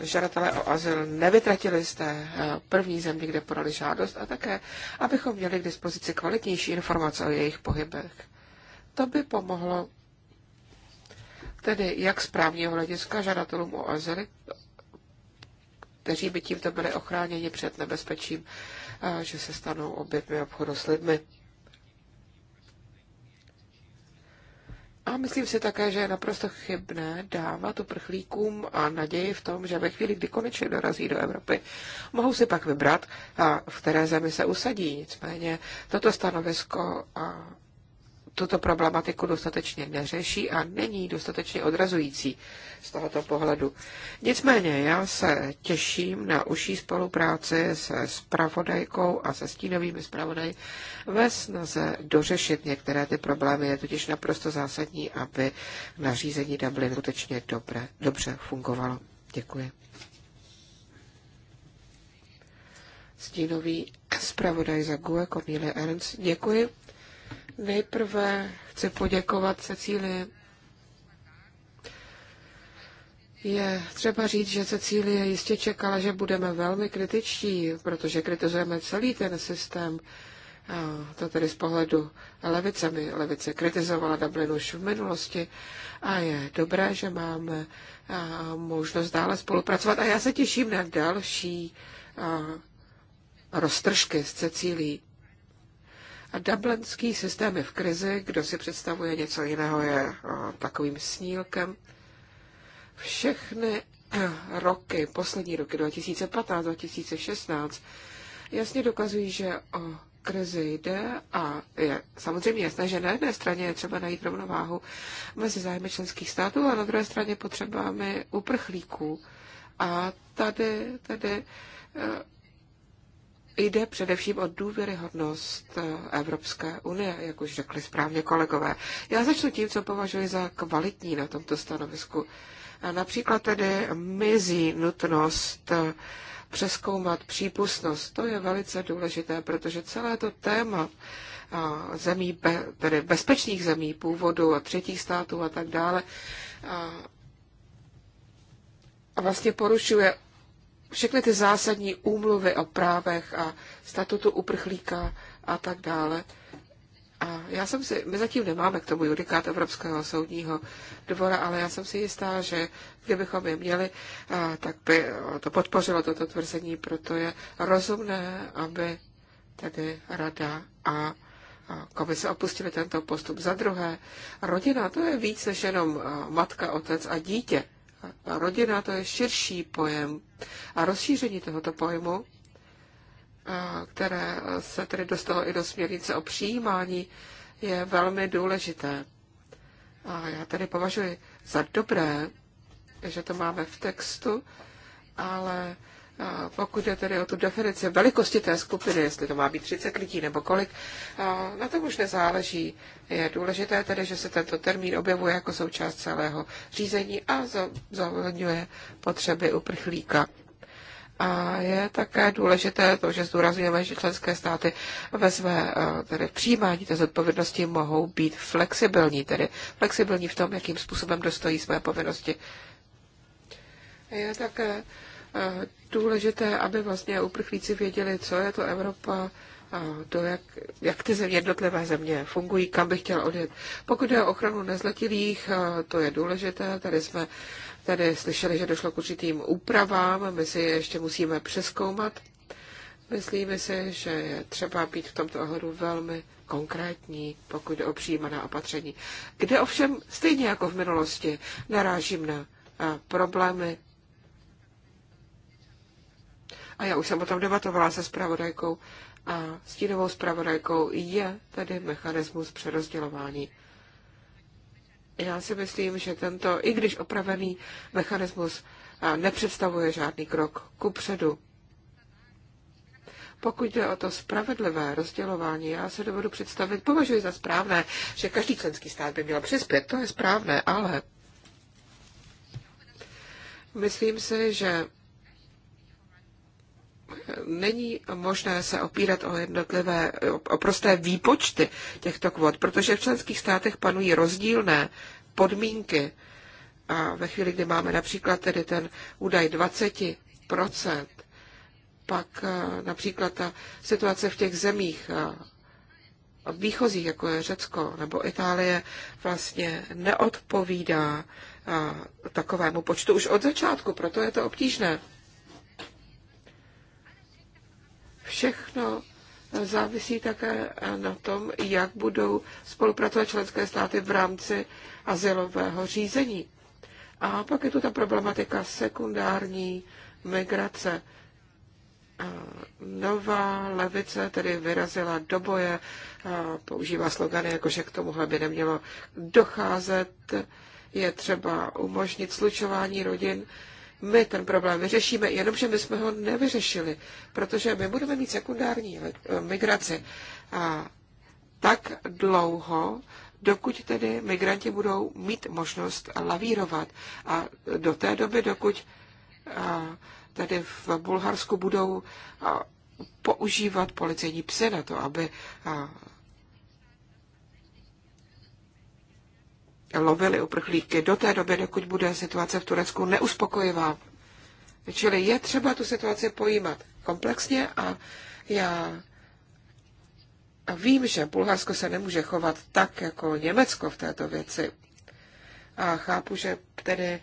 žadatelé o azyl nevytratili z té první země, kde podali žádost, a také, abychom měli k dispozici kvalitnější informace o jejich pohybech. To by pomohlo tedy jak z právního hlediska žadatelům o azyl, kteří by tímto byli ochráněni před nebezpečím, že se stanou obětmi obchodu s lidmi. A myslím si také, že je naprosto chybné dávat uprchlíkům a naději v tom, že ve chvíli, kdy konečně dorazí do Evropy, mohou si pak vybrat, a v které zemi se usadí. Nicméně toto stanovisko a tuto problematiku dostatečně neřeší a není dostatečně odrazující z tohoto pohledu. Nicméně já se těším na užší spolupráci se spravodajkou a se stínovými spravodaj ve snaze dořešit některé ty problémy. Je totiž naprosto zásadní, aby nařízení Dublin skutečně dobře, dobře fungovalo. Děkuji. Stínový zpravodaj za GUE Cornelia Ernst. Děkuji. Nejprve chci poděkovat Cecílii. Je třeba říct, že Cecílie jistě čekala, že budeme velmi kritičtí, protože kritizujeme celý ten systém. A to tedy z pohledu levice. My levice kritizovala Dublin už v minulosti a je dobré, že máme možnost dále spolupracovat. A já se těším na další roztržky s Cecílií. A Dublinský systém je v krizi, kdo si představuje něco jiného, je eh, takovým snílkem. Všechny eh, roky, poslední roky 2015, 2016, jasně dokazují, že o krizi jde a je samozřejmě jasné, že na jedné straně je třeba najít rovnováhu mezi zájmy členských států a na druhé straně potřebami uprchlíků. A tady, tady eh, Jde především o důvěryhodnost eh, Evropské unie, jak už řekli správně kolegové. Já začnu tím, co považuji za kvalitní na tomto stanovisku. Například tedy mizí nutnost eh, přeskoumat přípustnost. To je velice důležité, protože celé to téma eh, zemí, tedy bezpečných zemí původu a třetích států a tak dále, a vlastně porušuje všechny ty zásadní úmluvy o právech a statutu uprchlíka a tak dále. A já jsem si, my zatím nemáme k tomu judikát Evropského soudního dvora, ale já jsem si jistá, že kdybychom je měli, tak by to podpořilo toto tvrzení, proto je rozumné, aby tedy rada a komise opustili tento postup. Za druhé, rodina to je víc než jenom matka, otec a dítě rodina to je širší pojem a rozšíření tohoto pojmu, které se tedy dostalo i do směrnice o přijímání, je velmi důležité. A já tady považuji za dobré, že to máme v textu, ale pokud je tedy o tu definici velikosti té skupiny, jestli to má být 30 lidí nebo kolik, na tom už nezáleží. Je důležité tedy, že se tento termín objevuje jako součást celého řízení a zohledňuje potřeby uprchlíka. A je také důležité to, že zdůrazňujeme, že členské státy ve své e, tedy přijímání té zodpovědnosti mohou být flexibilní, tedy flexibilní v tom, jakým způsobem dostojí své povinnosti. Je také Eh, důležité, aby vlastně uprchlíci věděli, co je to Evropa, to, jak, jak ty země, jednotlivé země fungují, kam bych chtěl odjet. Pokud je o ochranu nezletilých, eh, to je důležité. Tady jsme tady slyšeli, že došlo k určitým úpravám, my si je ještě musíme přeskoumat. Myslíme si, že je třeba být v tomto ohledu velmi konkrétní, pokud je o přijímané opatření. Kde ovšem, stejně jako v minulosti, narážím na eh, problémy a já už jsem o tom debatovala se spravodajkou a stínovou spravodajkou, je tedy mechanismus přerozdělování. Já si myslím, že tento, i když opravený mechanismus, nepředstavuje žádný krok ku předu. Pokud jde o to spravedlivé rozdělování, já se dovedu představit, považuji za správné, že každý členský stát by měl přispět, to je správné, ale myslím si, že není možné se opírat o jednotlivé, o prosté výpočty těchto kvot, protože v členských státech panují rozdílné podmínky. A ve chvíli, kdy máme například tedy ten údaj 20%, pak eh, například ta situace v těch zemích eh, výchozích, jako je Řecko nebo Itálie, vlastně neodpovídá eh, takovému počtu už od začátku, proto je to obtížné. Všechno závisí také na tom, jak budou spolupracovat členské státy v rámci asilového řízení. A pak je tu ta problematika sekundární migrace. Nová levice tedy vyrazila do boje, používá slogany, jako že k tomuhle by nemělo docházet, je třeba umožnit slučování rodin, my ten problém vyřešíme, jenomže my jsme ho nevyřešili, protože my budeme mít sekundární eh, migraci. A tak dlouho, dokud tedy migranti budou mít možnost lavírovat. A do té doby, dokud eh, tedy v Bulharsku budou eh, používat policejní psy na to, aby lovili uprchlíky do té doby, dokud bude situace v Turecku neuspokojivá. Čili je třeba tu situaci pojímat komplexně a já vím, že Bulharsko se nemůže chovat tak jako Německo v této věci. A chápu, že tedy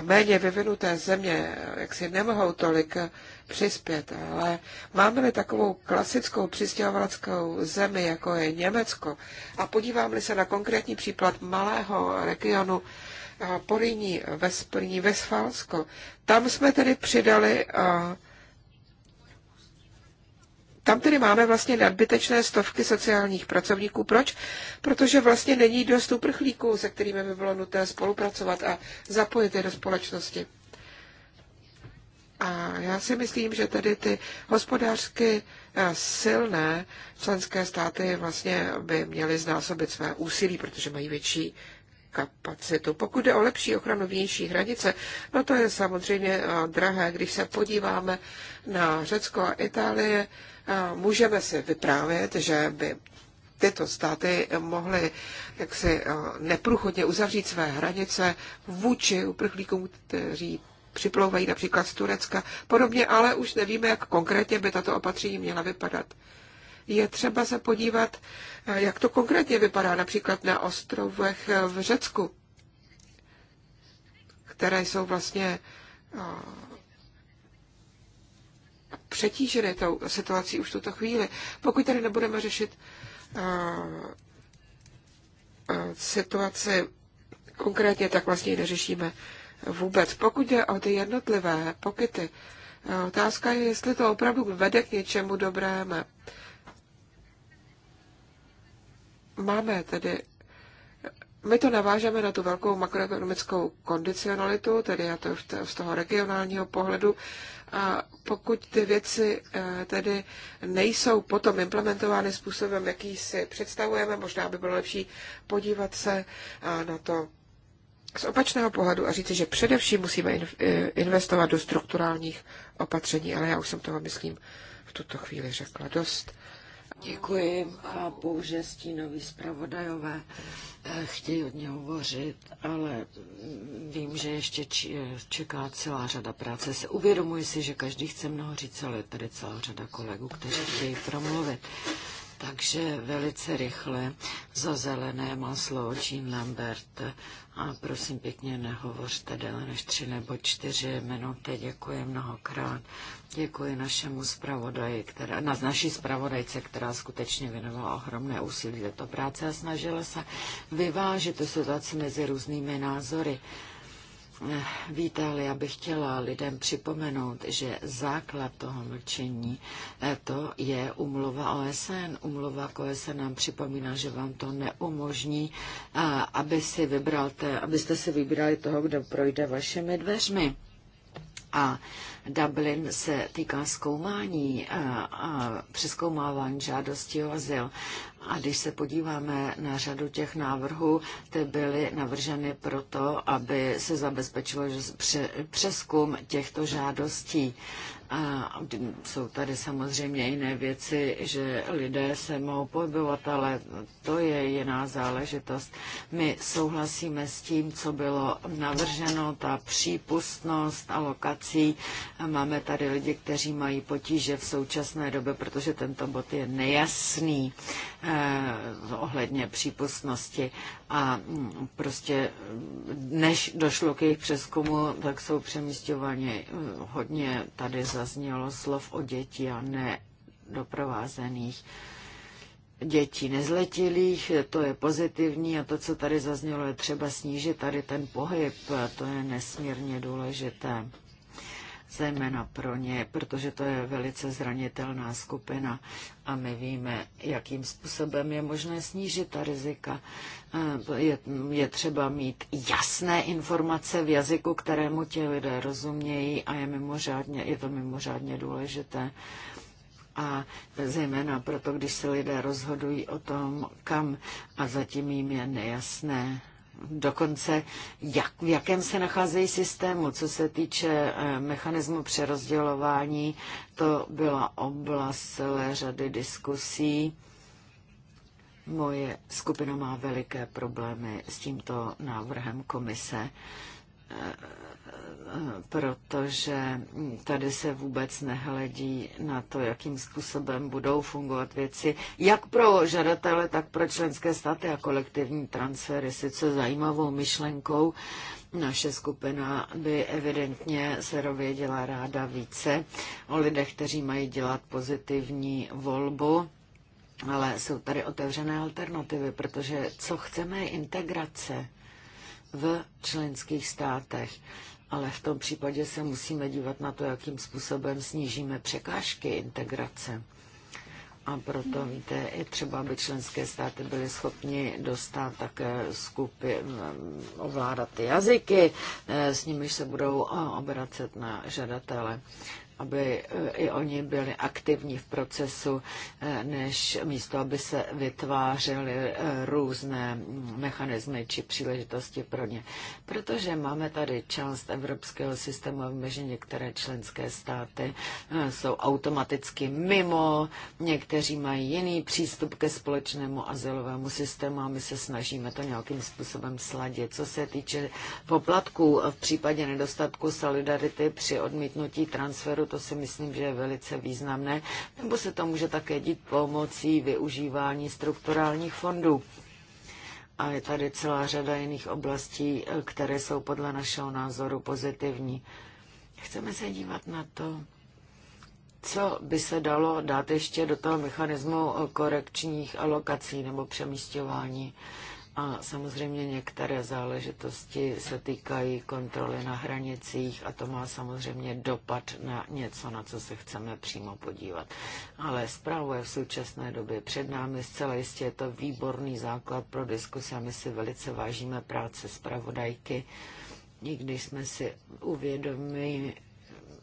méně vyvinuté země eh, jak si nemohou tolik přispět, ale máme-li takovou klasickou přistěhovaleckou zemi, jako je Německo, a podívám-li se na konkrétní příklad malého regionu eh, Poríní, Vesprní, Vesfalsko, tam jsme tedy přidali eh, tam tedy máme vlastně nadbytečné stovky sociálních pracovníků. Proč? Protože vlastně není dost uprchlíků, se kterými by bylo nutné spolupracovat a zapojit je do společnosti. A já si myslím, že tedy ty hospodářsky eh, silné členské státy vlastně by měly znásobit své úsilí, protože mají větší kapacitu. Pokud jde o lepší ochranu vnější hranice, no to je samozřejmě eh, drahé. Když se podíváme na Řecko a Itálie, eh, můžeme si vyprávět, že by tyto státy mohly jaksi neprůchodně uzavřít své hranice vůči uprchlíkům, kteří připlouvají například z Turecka. Podobně ale už nevíme, jak konkrétně by tato opatření měla vypadat. Je třeba se podívat, eh, jak to konkrétně vypadá například na ostrovech eh, v Řecku, které jsou vlastně eh, přetížené tou situací už tuto chvíli. Pokud tady nebudeme řešit situaci konkrétně, tak vlastně ji neřešíme vůbec. Pokud je o ty jednotlivé pokyty, eh, otázka je, jestli to opravdu vede k něčemu dobrému. Máme tedy my to navážeme na tu velkou makroekonomickou kondicionalitu, tedy já to z toho regionálního pohledu. A pokud ty věci eh, tedy nejsou potom implementovány způsobem, jaký si představujeme, možná by bylo lepší podívat se eh, na to z opačného pohledu a říci, že především musíme eh, investovat do strukturálních opatření, ale já už jsem toho, myslím, v tuto chvíli řekla dost. Děkuji. Chápu, že stínoví zpravodajové eh, chtějí od něho hovořit, ale mm, vím, že ještě eh, čeká celá řada práce. Se uvědomuji si, že každý chce mnoho říct, ale je tady celá řada kolegů, kteří chtějí promluvit. Takže velice rychle za zelené maslo Jean Lambert. A prosím pěkně, nehovořte déle než tři nebo čtyři minuty. Děkuji mnohokrát. Děkuji našemu zpravodaji, která, na naší zpravodajce, která skutečně věnovala ohromné úsilí do to práce a snažila se vyvážit tu situaci mezi různými názory. Víte, já bych chtěla lidem připomenout, že základ toho mlčení eh, to je umluva OSN. Umluva k OSN nám připomíná, že vám to neumožní, eh, aby si vybralte, abyste si vybrali toho, kdo projde vašimi dveřmi. A Dublin se týká zkoumání a přeskoumávání žádosti o azyl. A když se podíváme na řadu těch návrhů, ty byly navrženy proto, aby se zabezpečilo přeskum těchto žádostí. A jsou tady samozřejmě jiné věci, že lidé se mohou pohybovat, ale to je jiná záležitost. My souhlasíme s tím, co bylo navrženo, ta přípustnost alokací. Máme tady lidi, kteří mají potíže v současné době, protože tento bod je nejasný eh, ohledně přípustnosti. A mm, prostě mm, než došlo k jejich přeskumu, tak jsou přemístěvaně mm, hodně tady za zaznělo slov o děti a ne doprovázených dětí nezletilých, to je pozitivní a to, co tady zaznělo, je třeba snížit tady ten pohyb, to je nesmírně důležité, zejména pro ně, protože to je velice zranitelná skupina a my víme, jakým způsobem je možné snížit ta rizika. Eh, je, je třeba mít jasné informace v jazyku, kterému ti lidé rozumějí a je, mimořádně, je to mimořádně důležité. A zejména proto, když se lidé rozhodují o tom, kam a zatím jim je nejasné, dokonce jak, v jakém se nacházejí systému. Co se týče eh, mechanismu přerozdělování, to byla oblast celé řady diskusí Moje skupina má veliké problémy s tímto návrhem komise, eh, eh, protože tady se vůbec nehledí na to, jakým způsobem budou fungovat věci, jak pro žadatele, tak pro členské státy a kolektivní transfery. Sice zajímavou myšlenkou, naše skupina by evidentně se rověděla ráda více o lidech, kteří mají dělat pozitivní volbu ale jsou tady otevřené alternativy, protože co chceme je integrace v členských státech. Ale v tom případě se musíme dívat na to, jakým způsobem snížíme překážky integrace. A proto, víte, i třeba, aby členské státy byly schopni dostat také skupy, ovládat ty jazyky, eh, s nimiž se budou eh, obracet na žadatele aby eh, i oni byli aktivní v procesu, eh, než místo, aby se vytvářely eh, různé mechanismy či příležitosti pro ně. Protože máme tady část evropského systému, že některé členské státy jsou automaticky mimo, někteří mají jiný přístup ke společnému azylovému systému a my se snažíme to nějakým způsobem sladit. Co se týče poplatků v případě nedostatku solidarity při odmítnutí transferu, to si myslím, že je velice významné, nebo se to může také dít pomocí využívání strukturálních fondů. A je tady celá řada jiných oblastí, které jsou podle našeho názoru pozitivní. Chceme se dívat na to, co by se dalo dát ještě do toho mechanismu korekčních alokací nebo přemístování. A samozřejmě některé záležitosti se týkají kontroly na hranicích a to má samozřejmě dopad na něco, na co se chceme přímo podívat. Ale zprávu je v současné době před námi. Zcela jistě je to výborný základ pro diskusi a my si velice vážíme práce zpravodajky i když jsme si uvědomili,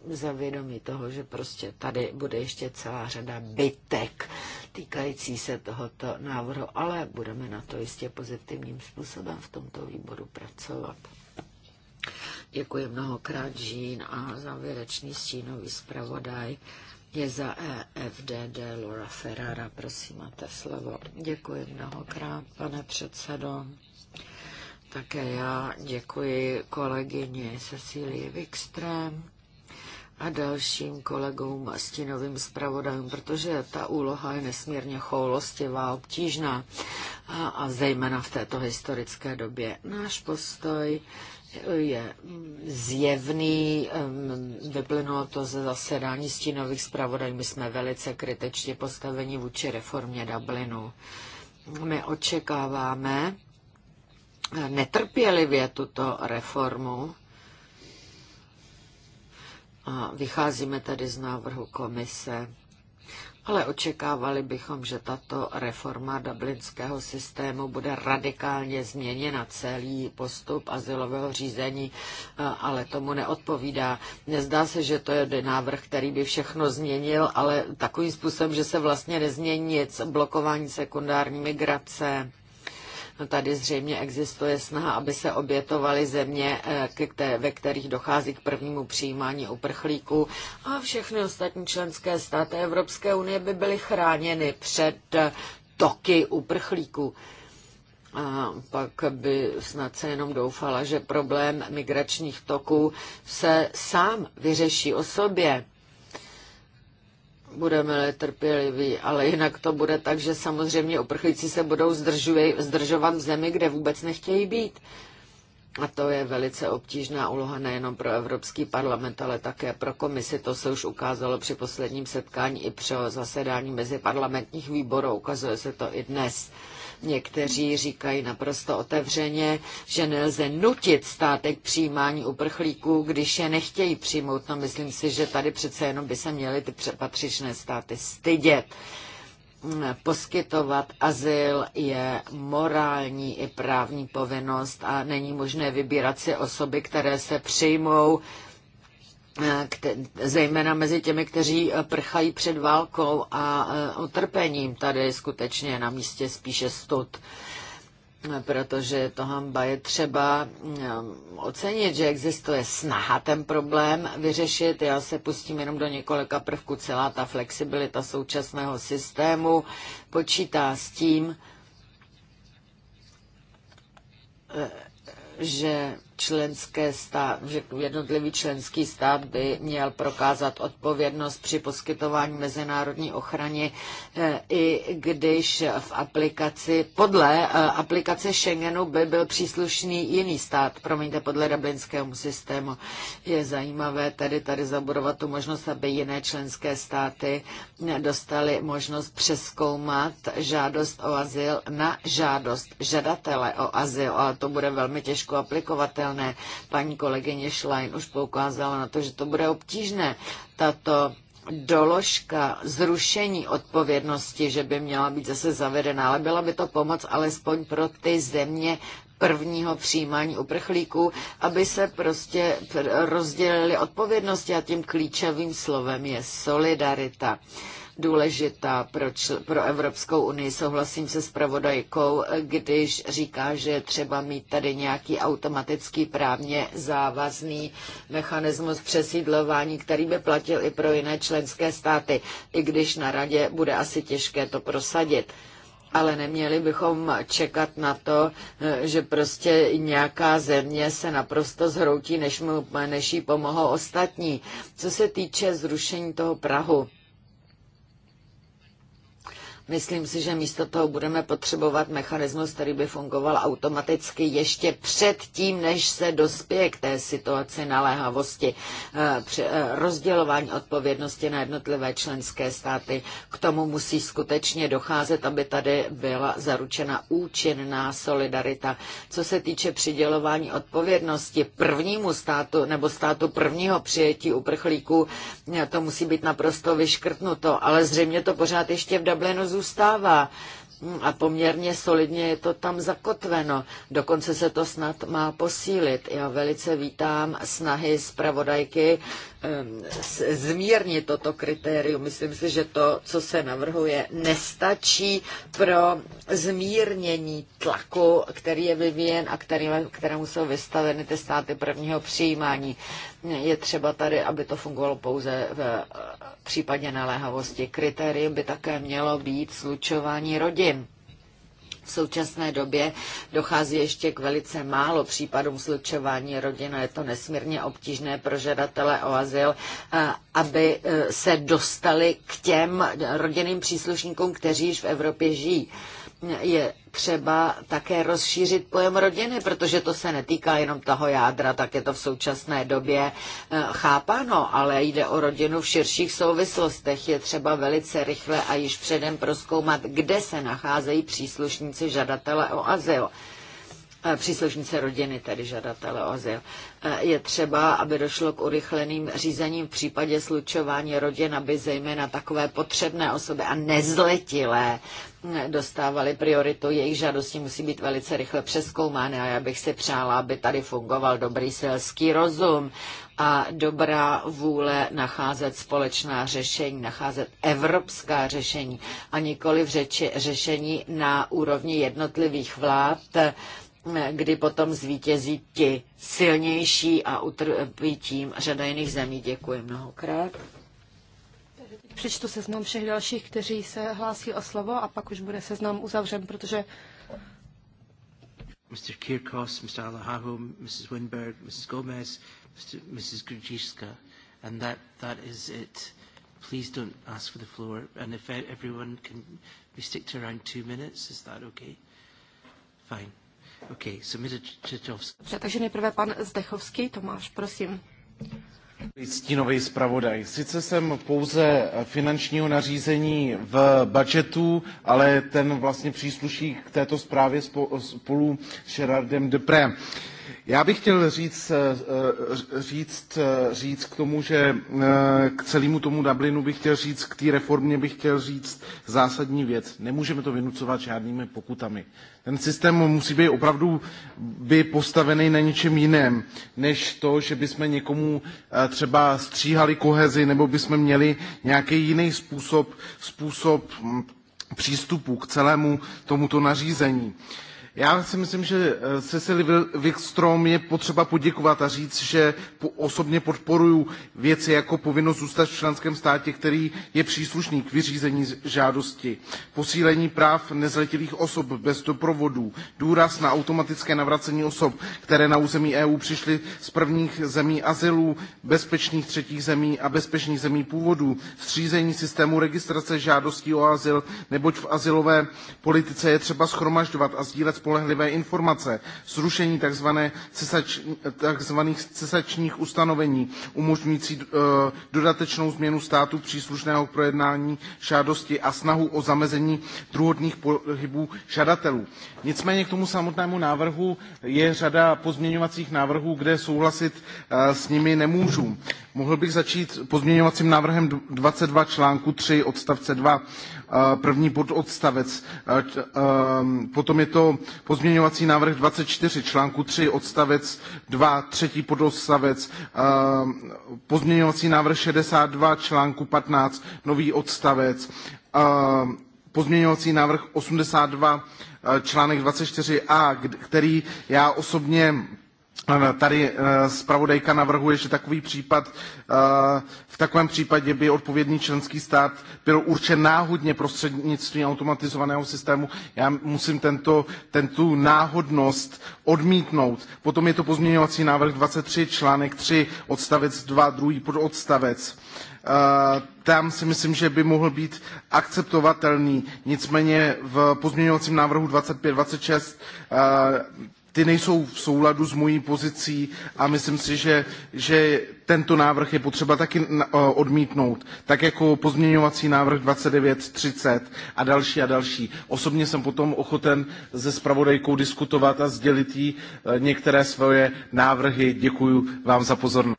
za vědomí toho, že prostě tady bude ještě celá řada bytek týkající se tohoto návrhu, ale budeme na to jistě pozitivním způsobem v tomto výboru pracovat. Děkuji mnohokrát Žín a závěrečný stínový zpravodaj je za EFDD Laura Ferrara. Prosím, máte slovo. Děkuji mnohokrát, pane předsedo. Také já děkuji kolegyni Cecílii Wikström a dalším kolegům a stínovým zpravodajům, protože ta úloha je nesmírně choulostivá, obtížná a, a zejména v této historické době. Náš postoj je zjevný, vyplynulo to ze zasedání stínových zpravodajů. My jsme velice kritičtě postaveni vůči reformě Dublinu. My očekáváme netrpělivě tuto reformu, a vycházíme tedy z návrhu komise ale očekávali bychom, že tato reforma dublinského systému bude radikálně změněna celý postup asilového řízení, eh, ale tomu neodpovídá. Nezdá se, že to je návrh, který by všechno změnil, ale takovým způsobem, že se vlastně nezmění nic, blokování sekundární migrace, No tady zřejmě existuje snaha, aby se obětovaly země, eh, ve kterých dochází k prvnímu přijímání uprchlíků a všechny ostatní členské státy Evropské unie by byly chráněny před eh, toky uprchlíků. A pak by snad se jenom doufala, že problém migračních toků se sám vyřeší o sobě budeme-li trpěliví, ale jinak to bude tak, že samozřejmě uprchlíci se budou zdržuj, zdržovat v zemi, kde vůbec nechtějí být. A to je velice obtížná úloha nejenom pro Evropský parlament, ale také pro komisi. To se už ukázalo při posledním setkání i při zasedání mezi parlamentních výborů. Ukazuje se to i dnes. Někteří říkají naprosto otevřeně, že nelze nutit státek přijímání uprchlíků, když je nechtějí přijmout. No myslím si, že tady přece jenom by se měly ty patřičné státy stydět mm, poskytovat azyl je morální i právní povinnost a není možné vybírat si osoby, které se přijmou Eh, zejména mezi těmi, kteří eh, prchají před válkou a eh, utrpením. Tady skutečně na místě spíše stud, protože to hamba je třeba ocenit, že existuje snaha ten problém vyřešit. Já se pustím jenom do několika prvků. Celá ta flexibilita současného systému počítá s tím, že členské stát, že jednotlivý členský stát by měl prokázat odpovědnost při poskytování mezinárodní ochrany, eh, i když v aplikaci, podle eh, aplikace Schengenu by byl příslušný jiný stát, promiňte, podle dublinského systému. Je zajímavé tady, tady zaburovat, tu možnost, aby jiné členské státy dostali možnost přeskoumat žádost o azyl na žádost žadatele o azyl, ale to bude velmi těžko aplikovatelné nepředvídatelné. Paní kolegyně Schlein už poukázala na to, že to bude obtížné. Tato doložka zrušení odpovědnosti, že by měla být zase zavedena, ale byla by to pomoc alespoň pro ty země prvního přijímání uprchlíků, aby se prostě rozdělili odpovědnosti a tím klíčovým slovem je solidarita. Uh, důležitá pro, čl- pro Evropskou unii. Souhlasím se s pravodajkou, když říká, že třeba mít tady nějaký automatický právně závazný mechanismus přesídlování, který by platil i pro jiné členské státy, i když na radě bude asi těžké to prosadit ale neměli bychom čekat na to, že prostě nějaká země se naprosto zhroutí, než, mu, než jí pomohou ostatní. Co se týče zrušení toho Prahu, Myslím si, že místo toho budeme potřebovat mechanismus, který by fungoval automaticky ještě před tím, než se dospěje k té situaci naléhavosti eh, eh, rozdělování odpovědnosti na jednotlivé členské státy. K tomu musí skutečně docházet, aby tady byla zaručena účinná solidarita. Co se týče přidělování odpovědnosti prvnímu státu nebo státu prvního přijetí uprchlíků, eh, to musí být naprosto vyškrtnuto, ale zřejmě to pořád ještě v Dublinu zůstává a poměrně solidně je to tam zakotveno. Dokonce se to snad má posílit. Já velice vítám snahy zpravodajky Ehm, zmírnit toto kritérium. Myslím si, že to, co se navrhuje, nestačí pro zmírnění tlaku, který je vyvíjen a který, kterému jsou vystaveny ty státy prvního přijímání. Je třeba tady, aby to fungovalo pouze v eh, případě naléhavosti. Kritérium by také mělo být slučování rodin v současné době dochází ještě k velice málo případům slučování rodin a je to nesmírně obtížné pro žadatele o azyl, eh, aby eh, se dostali k těm rodinným příslušníkům, kteří již v Evropě žijí je třeba také rozšířit pojem rodiny, protože to se netýká jenom toho jádra, tak je to v současné době eh, chápáno, ale jde o rodinu v širších souvislostech. Je třeba velice rychle a již předem proskoumat, kde se nacházejí příslušníci žadatele o azyl. Eh, příslušnice rodiny, tedy žadatele o azyl. Eh, je třeba, aby došlo k urychleným řízením v případě slučování rodin, aby zejména takové potřebné osoby a nezletilé eh, dostávali prioritu. Jejich žádosti musí být velice rychle přeskoumány a já bych si přála, aby tady fungoval dobrý selský rozum a dobrá vůle nacházet společná řešení, nacházet evropská řešení a nikoli v řeči, řešení na úrovni jednotlivých vlád, kdy potom zvítězí ti silnější a utrpí tím řada jiných zemí. Děkuji mnohokrát. Přečtu seznam všech dalších, kteří se hlásí o slovo a pak už bude seznam uzavřen, protože Mr. Kirkos, Mr. Alahavu, Mrs. Winberg, Mrs. Gomez, Mr. Mrs. Grudziska, and that, that is it. Please don't ask for the floor, and if everyone can, we stick to around two minutes, is that okay? Fine takže nejprve pan Zdechovský, Tomáš, prosím. Stínový zpravodaj. Sice jsem pouze finančního nařízení v budžetu, ale ten vlastně přísluší k této zprávě spolu s Gerardem Deprem. Já bych chtěl říct, eh, eh, říct, eh, říct k tomu, že k celému tomu Dublinu bych chtěl říct, k té reformě bych chtěl říct zásadní věc. Nemůžeme to vynucovat žádnými pokutami. Ten systém musí být opravdu by postavený na něčem jiném, než to, že bychom někomu třeba stříhali kohezi, nebo bychom měli nějaký jiný způsob, způsob hm, přístupu k celému tomuto nařízení. Uh, já si myslím, že eh, Cecily Wikstrom je potřeba poděkovat a říct, že osobně podporuji věci jako povinnost zůstat v členském státě, který je příslušný k vyřízení žádosti, posílení práv nezletilých osob bez doprovodu, důraz na automatické navracení osob, které na území EU přišly z prvních zemí azylů, bezpečných třetích zemí a bezpečných zemí původu, střízení systému registrace žádostí o azyl, neboť v azylové politice je třeba schromažďovat a sdílet spolehlivé informace, zrušení tzv. Cesač, tzv. cesačních ustanovení umožňující eh, dodatečnou změnu státu příslušného k projednání žádosti a snahu o zamezení druhotných pohybů žadatelů. Nicméně k tomu samotnému návrhu je řada pozměňovacích návrhů, kde souhlasit eh, s nimi nemůžu. Mohl bych začít pozměňovacím návrhem 22 článku 3 odstavce 2 první pododstavec. Potom je to pozměňovací návrh 24 článku 3 odstavec 2 třetí pododstavec. Pozměňovací návrh 62 článku 15 nový odstavec. Pozměňovací návrh 82 článek 24a, který já osobně Eh, tady eh, zpravodajka navrhuje, že takový případ, eh, v takovém případě by odpovědný členský stát byl určen náhodně prostřednictvím automatizovaného systému. Já musím tento, tento náhodnost odmítnout. Potom je to pozměňovací návrh 23, článek 3, odstavec 2, druhý pododstavec. Tam si myslím, že by mohl být akceptovatelný. Nicméně v pozměňovacím návrhu 25, 26 ty nejsou v souladu s mojí pozicí a myslím si, že, že tento návrh je potřeba taky odmítnout, tak jako pozměňovací návrh 2930 a další a další. Osobně jsem potom ochoten se spravodajkou diskutovat a sdělit jí e, některé svoje návrhy. Děkuji vám za pozornost.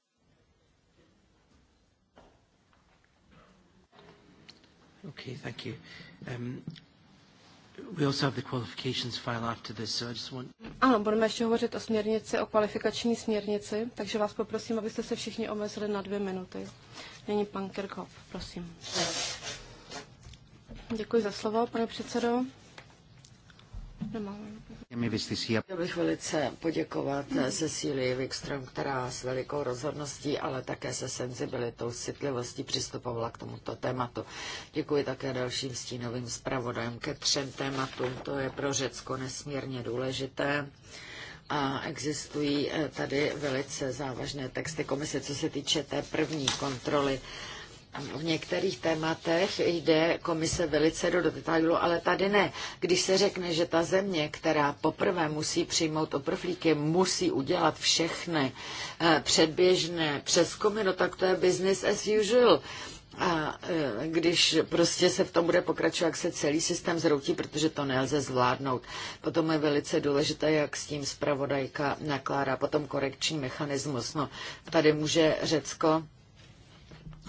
Okay, thank you. Um, ano, budeme ještě hovořit o směrnici, o kvalifikační směrnici, takže vás poprosím, abyste se všichni omezili na dvě minuty. Není pan Kirchhoff, prosím. Děkuji za slovo, pane předsedo. Nemám. Chtěl bych velice poděkovat Cecílii Wikström, která s velikou rozhodností, ale také se senzibilitou, citlivostí přistupovala k tomuto tématu. Děkuji také dalším stínovým zpravodajům ke třem tématům. To je pro Řecko nesmírně důležité a existují eh, tady velice závažné texty komise, co se týče té první kontroly v některých tématech jde komise velice do detailu, ale tady ne. Když se řekne, že ta země, která poprvé musí přijmout oprflíky, musí udělat všechny eh, předběžné přeskumy, no tak to je business as usual. A eh, když prostě se v tom bude pokračovat, jak se celý systém zroutí, protože to nelze zvládnout. Potom je velice důležité, jak s tím zpravodajka nakládá. Potom korekční mechanismus. No, tady může Řecko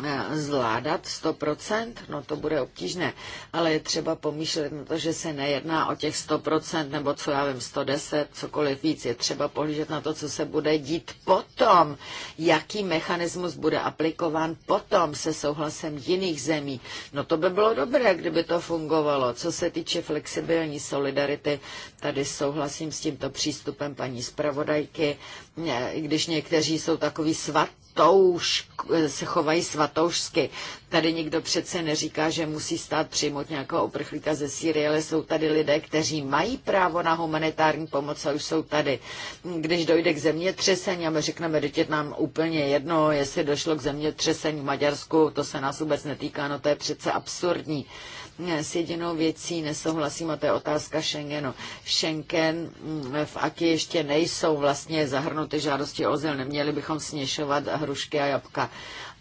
Eh, zvládat 100%, no to bude obtížné, ale je třeba pomýšlet na to, že se nejedná o těch 100% nebo co já vím, 110, cokoliv víc. Je třeba pohlížet na to, co se bude dít potom, jaký mechanismus bude aplikován potom se souhlasem jiných zemí. No to by bylo dobré, kdyby to fungovalo. Co se týče flexibilní solidarity, tady souhlasím s tímto přístupem paní zpravodajky i když někteří jsou takový svatouš, se chovají svatoušsky. Tady nikdo přece neříká, že musí stát přijmout nějakého oprchlíka ze Sýrie, ale jsou tady lidé, kteří mají právo na humanitární pomoc a už jsou tady. Když dojde k zemětřesení a my řekneme, že nám úplně jedno, jestli došlo k zemětřesení v Maďarsku, to se nás vůbec netýká, no to je přece absurdní s jedinou věcí nesouhlasím, a to je otázka Schengenu. Schengen mm, v AKI ještě nejsou vlastně zahrnuty žádosti o zel, neměli bychom směšovat hrušky a jabka.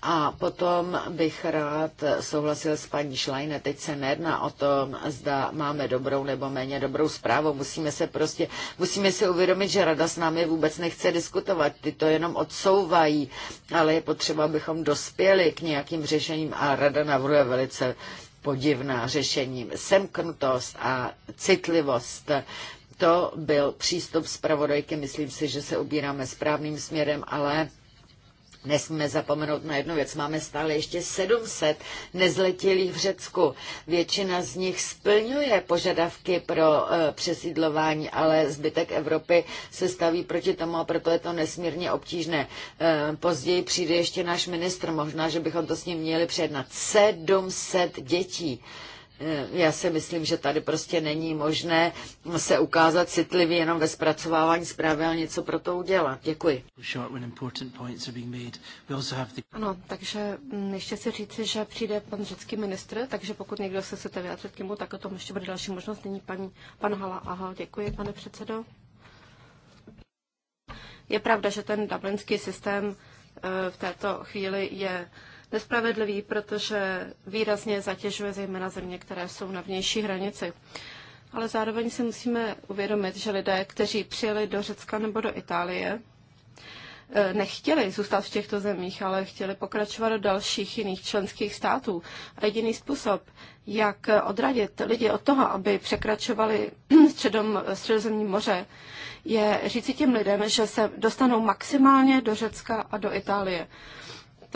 A potom bych rád souhlasil s paní Šlajne. Teď se nejedná o tom, zda máme dobrou nebo méně dobrou zprávu. Musíme se prostě, musíme si uvědomit, že rada s námi vůbec nechce diskutovat. Ty to jenom odsouvají, ale je potřeba, abychom dospěli k nějakým řešením a rada navrhuje velice podivná řešení. Semknutost a citlivost to byl přístup zpravodajky. Myslím si, že se ubíráme správným směrem, ale Nesmíme zapomenout na jednu věc. Máme stále ještě 700 nezletilých v Řecku. Většina z nich splňuje požadavky pro eh, přesídlování, ale zbytek Evropy se staví proti tomu a proto je to nesmírně obtížné. Eh, později přijde ještě náš ministr, možná, že bychom to s ním měli přednat. 700 dětí. Eh, já si myslím, že tady prostě není možné se ukázat citlivě jenom ve zpracovávání zprávy, ale něco pro to udělat. Děkuji. Ano, takže mm, ještě si říci, že přijde pan řecký ministr, takže pokud někdo se chcete vyjádřit k němu, tak o tom ještě bude další možnost. Nyní paní, pan Hala. Aha, děkuji, pane předsedo. Je pravda, že ten dublinský systém eh, v této chvíli je nespravedlivý, protože výrazně zatěžuje zejména země, které jsou na vnější hranici. Ale zároveň si musíme uvědomit, že lidé, kteří přijeli do Řecka nebo do Itálie, eh, nechtěli zůstat v těchto zemích, ale chtěli pokračovat do dalších jiných členských států. A jediný způsob, jak odradit lidi od toho, aby překračovali středom, středozemní moře, je říci těm lidem, že se dostanou maximálně do Řecka a do Itálie.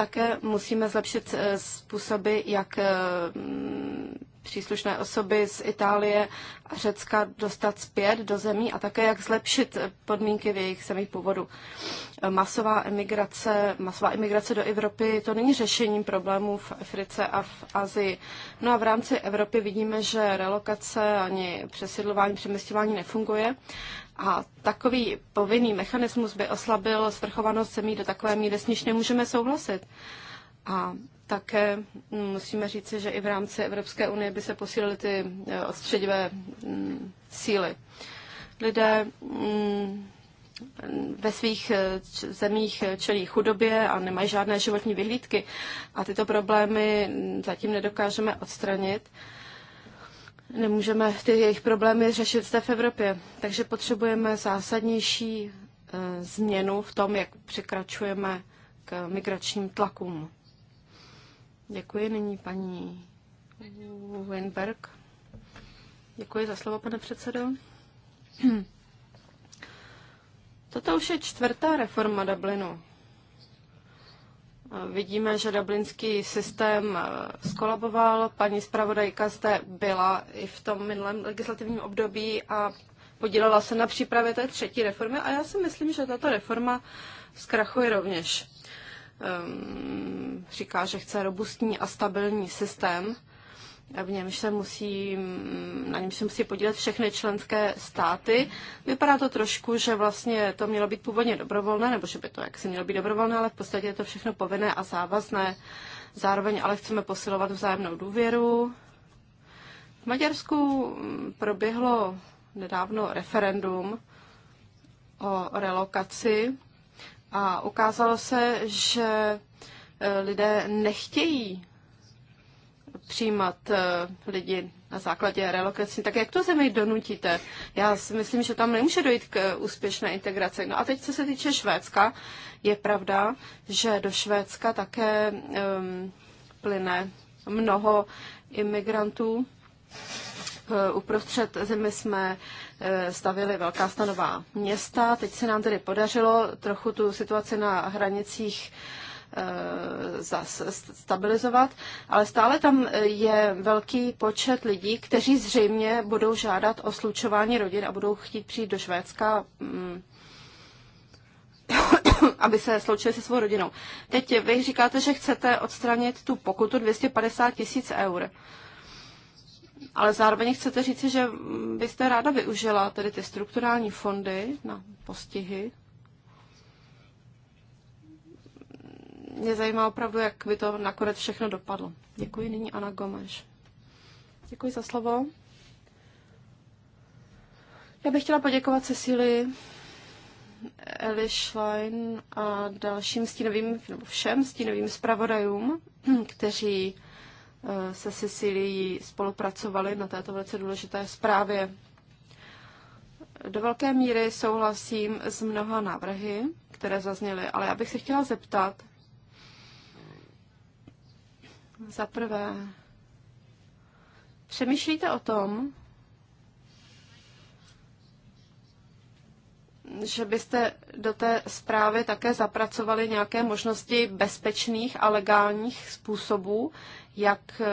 Také musíme zlepšit eh, způsoby, jak eh, mm, příslušné osoby z Itálie a Řecka dostat zpět do zemí a také jak zlepšit eh, podmínky v jejich zemích původu. Masová emigrace, masová emigrace do Evropy, to není řešením problémů v Africe a v Azii. No a v rámci Evropy vidíme, že relokace ani přesidlování, přeměstňování nefunguje. A takový povinný mechanismus by oslabil svrchovanost zemí do takové míry, s níž nemůžeme souhlasit. A také mm, musíme říci, že i v rámci Evropské unie by se posílily ty eh, odstředivé mm, síly. Lidé mm, ve svých eh, zemích eh, čelí chudobě a nemají žádné životní vyhlídky a tyto problémy zatím nedokážeme odstranit. Nemůžeme ty jejich problémy řešit zde v Evropě, takže potřebujeme zásadnější eh, změnu v tom, jak překračujeme k migračním tlakům. Děkuji nyní paní Weinberg. Děkuji za slovo, pane předsedo. Toto už je čtvrtá reforma Dublinu. Vidíme, že dublinský systém eh, skolaboval. Paní zpravodajka zde byla i v tom minulém legislativním období a podílela se na přípravě té třetí reformy a já si myslím, že tato reforma zkrachuje rovněž. Um, říká, že chce robustní a stabilní systém, v němž se musí, na něm se musí podílet všechny členské státy. Vypadá to trošku, že vlastně to mělo být původně dobrovolné, nebo že by to jaksi mělo být dobrovolné, ale v podstatě je to všechno povinné a závazné. Zároveň ale chceme posilovat vzájemnou důvěru. V Maďarsku mm, proběhlo nedávno referendum o relokaci a ukázalo se, že e, lidé nechtějí přijímat eh, lidi na základě relokací, tak jak to zemi donutíte? Já si myslím, že tam nemůže dojít k eh, úspěšné integraci. No a teď, co se týče Švédska, je pravda, že do Švédska také um, plyne mnoho imigrantů. Eh, uprostřed zemi jsme stavili velká stanová města. Teď se nám tedy podařilo trochu tu situaci na hranicích uh, Eh, stabilizovat, ale stále tam eh, je velký počet lidí, kteří zřejmě budou žádat o slučování rodin a budou chtít přijít do Švédska mm, aby se sloučili se svou rodinou. Teď vy říkáte, že chcete odstranit tu pokutu 250 tisíc eur. Ale zároveň chcete říci, že mm, byste ráda využila tedy ty strukturální fondy na postihy. mě zajímá opravdu, jak by to nakonec všechno dopadlo. Děkuji nyní Ana Gomeš. Děkuji za slovo. Já bych chtěla poděkovat Cecílii, Eli Schlein a dalším stínovým, nebo všem stínovým zpravodajům, kteří eh, se Sicílií spolupracovali na této velice důležité zprávě. Do velké míry souhlasím s mnoha návrhy, které zazněly, ale já bych se chtěla zeptat, za prvé, přemýšlíte o tom, že byste do té zprávy také zapracovali nějaké možnosti bezpečných a legálních způsobů, jak eh,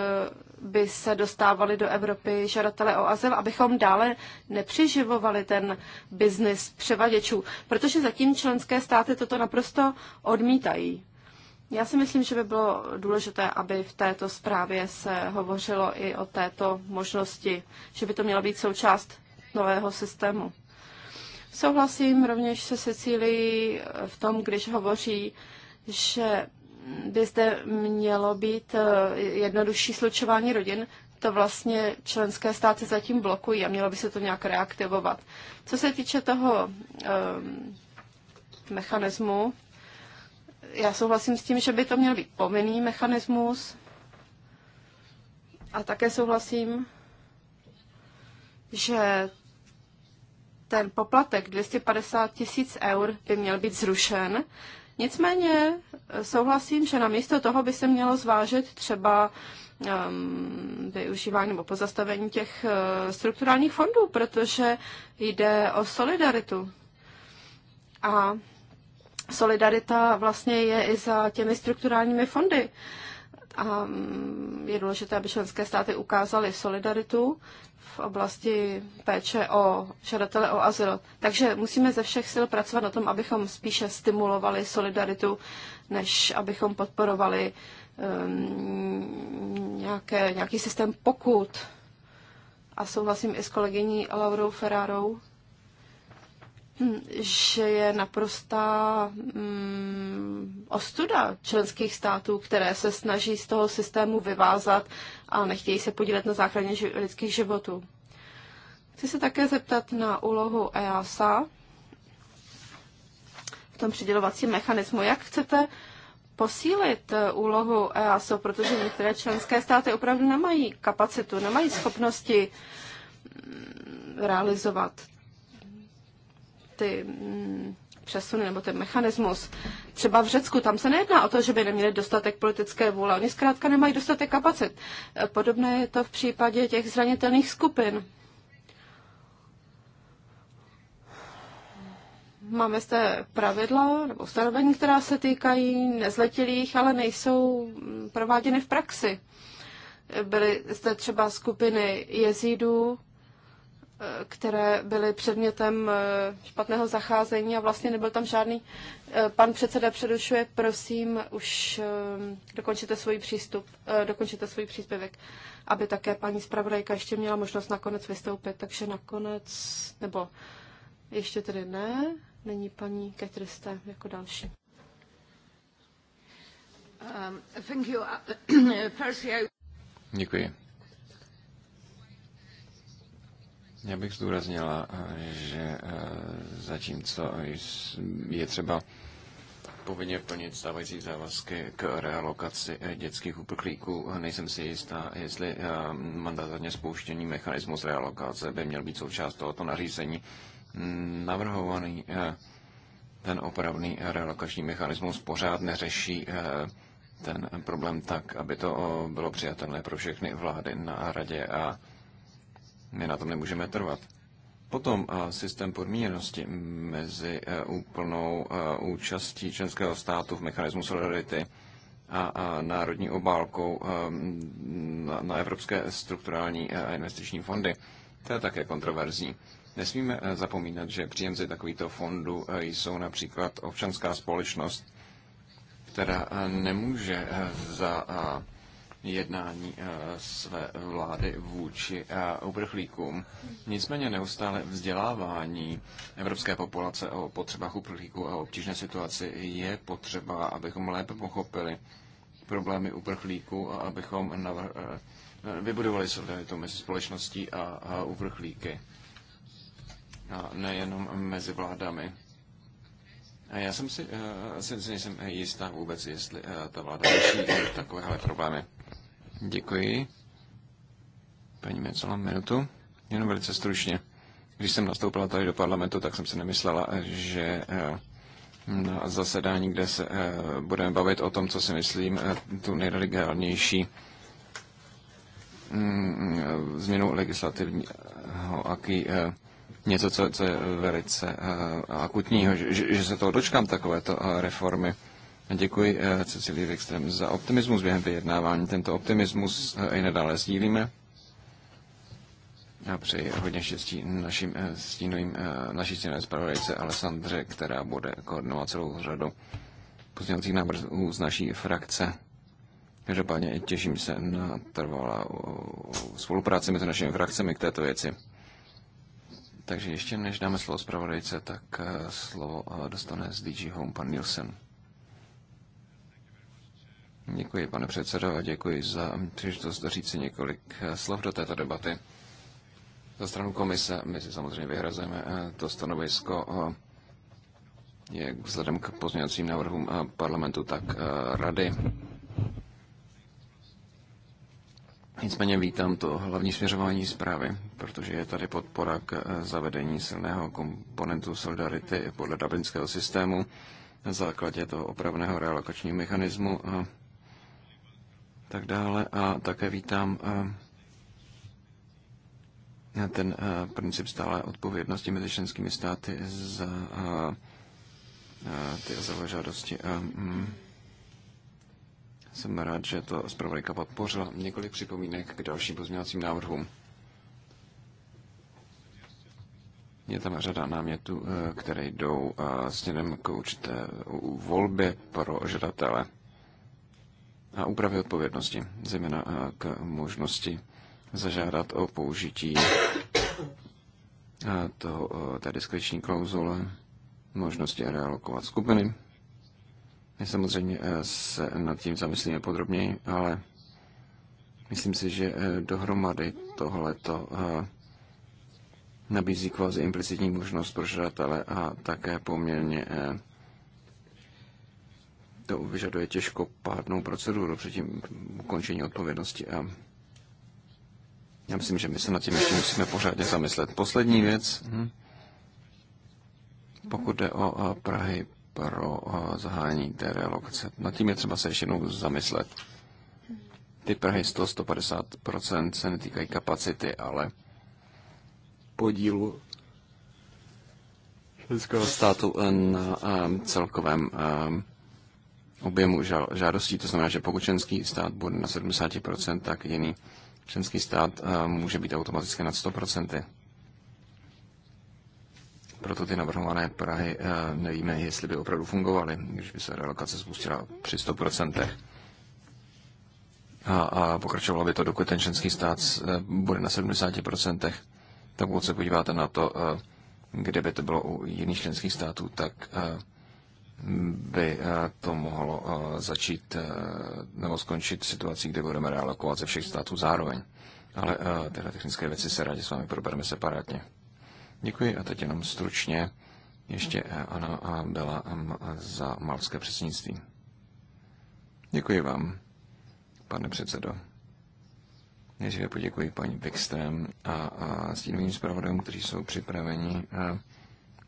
by se dostávali do Evropy žadatelé o azyl, abychom dále nepřeživovali ten biznis převaděčů, protože zatím členské státy toto naprosto odmítají. Já si myslím, že by bylo důležité, aby v této zprávě se hovořilo i o této možnosti, že by to měla být součást nového systému. Souhlasím rovněž se Cecílií v tom, když hovoří, že by zde mělo být eh, jednodušší slučování rodin, to vlastně členské státy zatím blokují a mělo by se to nějak reaktivovat. Co se týče toho um, mechanismu já souhlasím s tím, že by to měl být povinný mechanismus a také souhlasím, že ten poplatek 250 tisíc eur by měl být zrušen. Nicméně eh, souhlasím, že na místo toho by se mělo zvážit třeba um, využívání nebo pozastavení těch uh, strukturálních fondů, protože jde o solidaritu. A solidarita vlastně je i za těmi strukturálními fondy. A mm, je důležité, aby členské státy ukázaly solidaritu v oblasti péče o žadatele o azyl. Takže musíme ze všech sil pracovat na tom, abychom spíše stimulovali solidaritu, než abychom podporovali um, nějaké, nějaký systém pokut. A souhlasím i s kolegyní Laurou Ferrarou, že je naprostá mm, ostuda členských států, které se snaží z toho systému vyvázat a nechtějí se podílet na záchraně ži- lidských životů. Chci se také zeptat na úlohu EASA v tom přidělovacím mechanismu. Jak chcete posílit eh, úlohu EASO, protože některé členské státy opravdu nemají kapacitu, nemají schopnosti mm, realizovat ty mm, přesuny nebo ten mechanismus. Třeba v Řecku, tam se nejedná o to, že by neměli dostatek politické vůle. Oni zkrátka nemají dostatek kapacit. Podobné je to v případě těch zranitelných skupin. Máme zde pravidla nebo ustanovení, která se týkají nezletilých, ale nejsou mm, prováděny v praxi. Byly zde třeba skupiny jezídů, Eh, které byly předmětem eh, špatného zacházení a vlastně nebyl tam žádný. Eh, pan předseda předušuje, prosím, už dokončete svůj přístup, dokončete svůj příspěvek, aby také paní zpravodajka ještě měla možnost nakonec vystoupit. Takže nakonec, nebo ještě tedy ne, není paní Ketriste jako další. Um, thank you. Uh, Děkuji. Já bych zdůraznila, že eh, zatímco je třeba povinně plnit stávající závazky k realokaci eh, dětských uprchlíků. Nejsem si jistá, jestli eh, mandátorně spouštění mechanismus realokace by měl být součást tohoto nařízení. Navrhovaný ten opravný realokační mechanismus pořád neřeší ten problém tak, aby to bylo přijatelné pro všechny vlády na radě a my na tom nemůžeme trvat. Potom eh, systém podmíněnosti mezi eh, úplnou eh, účastí členského státu v mechanismu solidarity a národní obálkou na evropské strukturální a investiční fondy. To je také kontroverzní. Nesmíme zapomínat, že příjemci takovýchto fondů jsou například občanská společnost, která nemůže za jednání eh, své vlády vůči eh, uprchlíkům. Nicméně neustále vzdělávání evropské populace o potřebách uprchlíků a obtížné situaci je potřeba, abychom lépe pochopili problémy uprchlíků a abychom navr- eh, vybudovali solidaritu mezi společností a, uprchlíky. A nejenom mezi vládami. A já jsem si, uh, si, si nejsem jistá vůbec, jestli uh, ta vláda řeší takovéhle problémy. Děkuji. Paní Mecola, minutu. Jenom velice stručně. Když jsem nastoupila tady do parlamentu, tak jsem si nemyslela, že eh, na zasedání, kde se eh, budeme bavit o tom, co si myslím, eh, tu nejradikálnější mm, změnu legislativního aký něco, co, co je velice akutního, že, že se toho dočkám, takovéto reformy. Děkuji eh, Cecilii Wikström za optimismus během vyjednávání. Tento optimismus eh, i nadále sdílíme. Já přeji hodně štěstí našim eh, stínovým, naší stínové zpravodajce Alessandře, která bude koordinovat celou řadu pozměňovacích návrhů z naší frakce. Každopádně těším se na trvalou spolupráci mezi našimi frakcemi k této věci. Takže ještě než dáme slovo zpravodajce, tak slovo dostane z DG Home pan Nielsen. Děkuji, pane předsedo, a děkuji za příležitost říct si několik eh, slov do této debaty. Za stranu komise my si samozřejmě vyhrazujeme eh, to stanovisko eh, jak vzhledem k pozměňovacím návrhům parlamentu, tak rady. Nicméně vítám to hlavní směřování zprávy, protože je tady podpora k zavedení silného komponentu solidarity podle dublinského systému na základě toho opravného realokačního mechanismu. A tak dále. A také vítám eh, ten eh, princip stále odpovědnosti mezi členskými státy za eh, ty azylové žádosti. Mm, jsem rád, že to zpravodajka podpořila. Několik připomínek k dalším pozměňovacím návrhům. Je tam řada námětů, které jdou směrem k určité volbě pro žadatele a úpravy odpovědnosti, zejména eh, k možnosti zažádat o použití eh, toho, eh, té diskreční klauzule, možnosti realokovat skupiny. My samozřejmě se nad tím zamyslíme podrobněji, ale myslím si, že dohromady tohleto nabízí kvazi implicitní možnost pro žadatele a také poměrně to vyžaduje pádnou proceduru před tím ukončení odpovědnosti a já myslím, že my se nad tím ještě musíme pořádně zamyslet. Poslední věc, hm? pokud jde o Prahy pro zahájení té relokace, nad tím je třeba se ještě jednou zamyslet. Ty Prahy 100-150% se netýkají kapacity, ale podílu členského státu eh, na eh, celkovém eh, objemu žádostí. To znamená, že pokud členský stát bude na 70%, tak jiný členský stát eh, může být automaticky nad 100%. Proto ty navrhované Prahy eh, nevíme, jestli by opravdu fungovaly, když by se relokace spustila při 100%. A, a pokračovalo by to, dokud ten členský stát eh, bude na 70%. Tak pokud se podíváte na to, kde by to bylo u jiných členských států, tak by eh, to mohlo eh, začít eh, nebo skončit situací, kde budeme realokovat ze všech států zároveň. Ale tyhle technické věci se rádi s vámi probereme separátně. Děkuji a teď jenom stručně ještě Ana byla mm, za malské předsednictví. Děkuji vám, pane předsedo. Nejdříve poděkuji paní Wikström a, a stínovým zpravodajům, kteří jsou připraveni. A,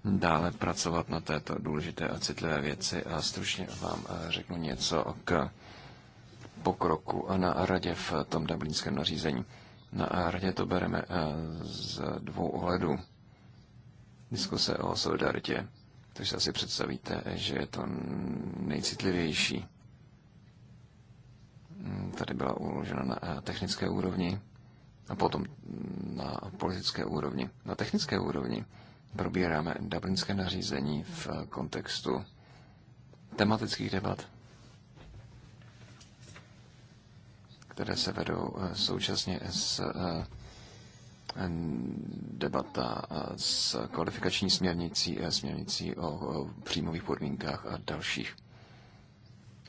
dále pracovat na této důležité a citlivé věci a stručně vám eh, řeknu něco k pokroku na radě v tom dublinském nařízení. Na radě to bereme eh, z dvou ohledů. Diskuse o solidaritě, což si asi představíte, že je to nejcitlivější. Mm, tady byla uložena na eh, technické úrovni a potom na politické úrovni. Na technické úrovni probíráme dublinské nařízení v kontextu tematických debat, které se vedou eh, současně s eh, debata eh, s kvalifikační směrnicí, směrnicí o příjmových podmínkách a dalších.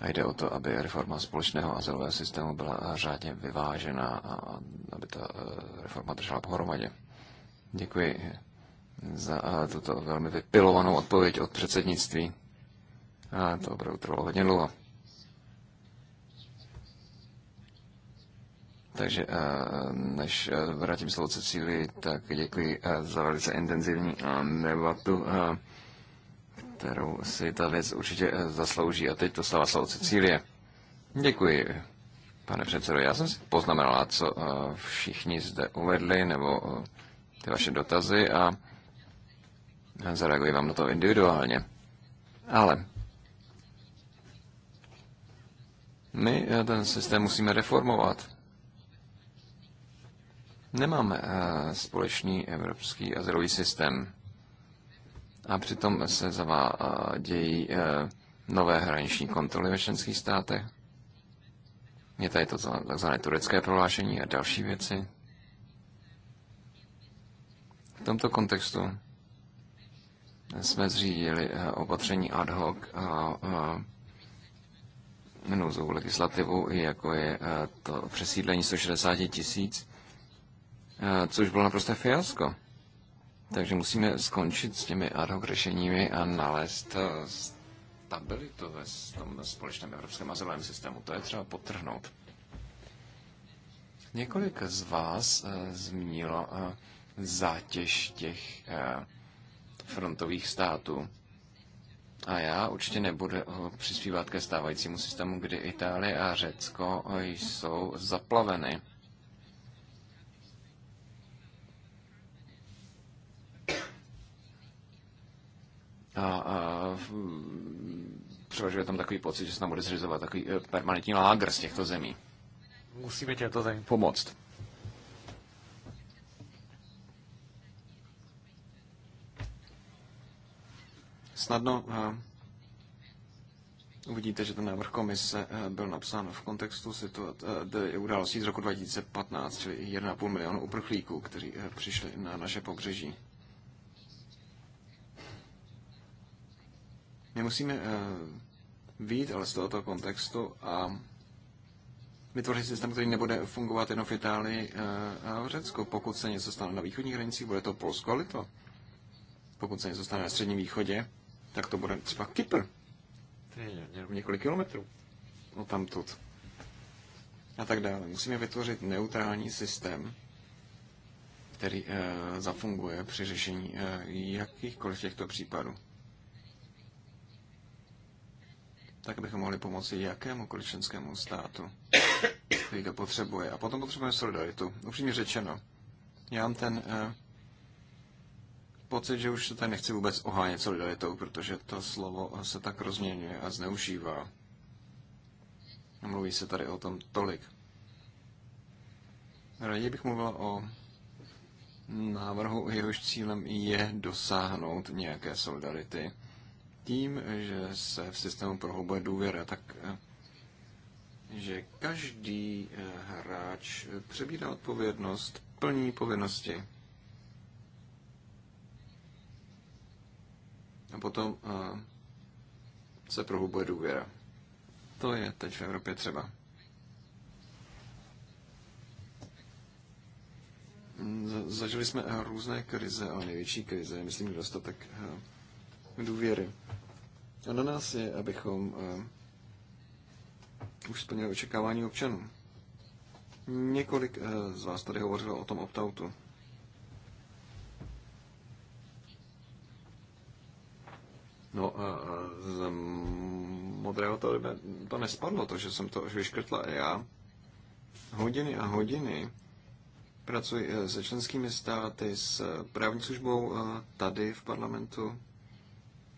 A jde o to, aby reforma společného azylového systému byla řádně vyvážená a aby ta reforma držela pohromadě. Děkuji za tuto velmi vypilovanou odpověď od předsednictví. A to opravdu trvalo hodně dlouho. Takže než vrátím slovo Cecílii, tak děkuji za velice intenzivní debatu, kterou si ta věc určitě zaslouží. A teď to stává slovo Cecílie. Děkuji, pane předsedo. Já jsem si poznamenala, co všichni zde uvedli, nebo ty vaše dotazy a Zareaguji vám na to individuálně. Ale my eh, ten systém musíme reformovat. Nemáme eh, společný evropský azylový systém. A přitom se zavádějí eh, nové hraniční kontroly ve členských státech. Je tady to tzv. turecké prohlášení a další věci. V tomto kontextu jsme zřídili eh, opatření ad hoc a nouzovou legislativu, jako je eh, to přesídlení 160 tisíc, eh, což bylo naprosto fiasko. Takže musíme skončit s těmi ad hoc řešeními a nalézt stabilitu ve tom společném evropském azylovém systému. To je třeba potrhnout. Několik z vás zmínilo zátěž těch frontových států. A já určitě nebudu eh, přispívat ke stávajícímu systému, kdy Itálie a Řecko jsou zaplaveny. A, a převažuje tam takový pocit, že se tam bude zřizovat takový eh, permanentní lágr z těchto zemí. Musíme těmto zemím pomoct. snadno eh, uvidíte, že ten návrh komise eh, byl napsán v kontextu situace eh, událostí z roku 2015, čili 1,5 milionu uprchlíků, kteří přišli na naše pobřeží. My musíme výjít ale z tohoto kontextu a vytvořit systém, který nebude fungovat jenom v Itálii a v Řecku. Pokud se něco stane na východních hranicích, bude to Polsko a Litva. Pokud se něco stane na středním východě, tak to bude třeba Kypr. To je jenom několik kilometrů No tamtud. A tak dále. Musíme vytvořit neutrální systém, který e, zafunguje při řešení e, jakýchkoliv těchto případů. Tak bychom mohli pomoci jakémukoliv členskému státu, který to potřebuje. A potom potřebujeme solidaritu. Upřímně řečeno, já mám ten e, pocit, že už se tady nechci vůbec ohánět solidaritou, protože to slovo se tak rozměňuje a zneužívá. Mluví se tady o tom tolik. Raději bych mluvil o návrhu, jehož cílem je dosáhnout nějaké solidarity. Tím, že se v systému prohlubuje důvěra, tak eh, že každý eh, hráč přebírá odpovědnost, plní povinnosti a potom eh, se prohubuje důvěra. To je teď v Evropě třeba. Zažili jsme různé krize, ale největší krize je, myslím, dostatek eh, důvěry. A na nás je, abychom eh, už splnili očekávání občanů. Několik z vás tady hovořilo o tom optautu. No, z modrého to, to nespadlo, to, že jsem to vyškrtla i já. Hodiny a hodiny pracuji eh, se členskými státy, s eh, právní službou eh, tady v parlamentu,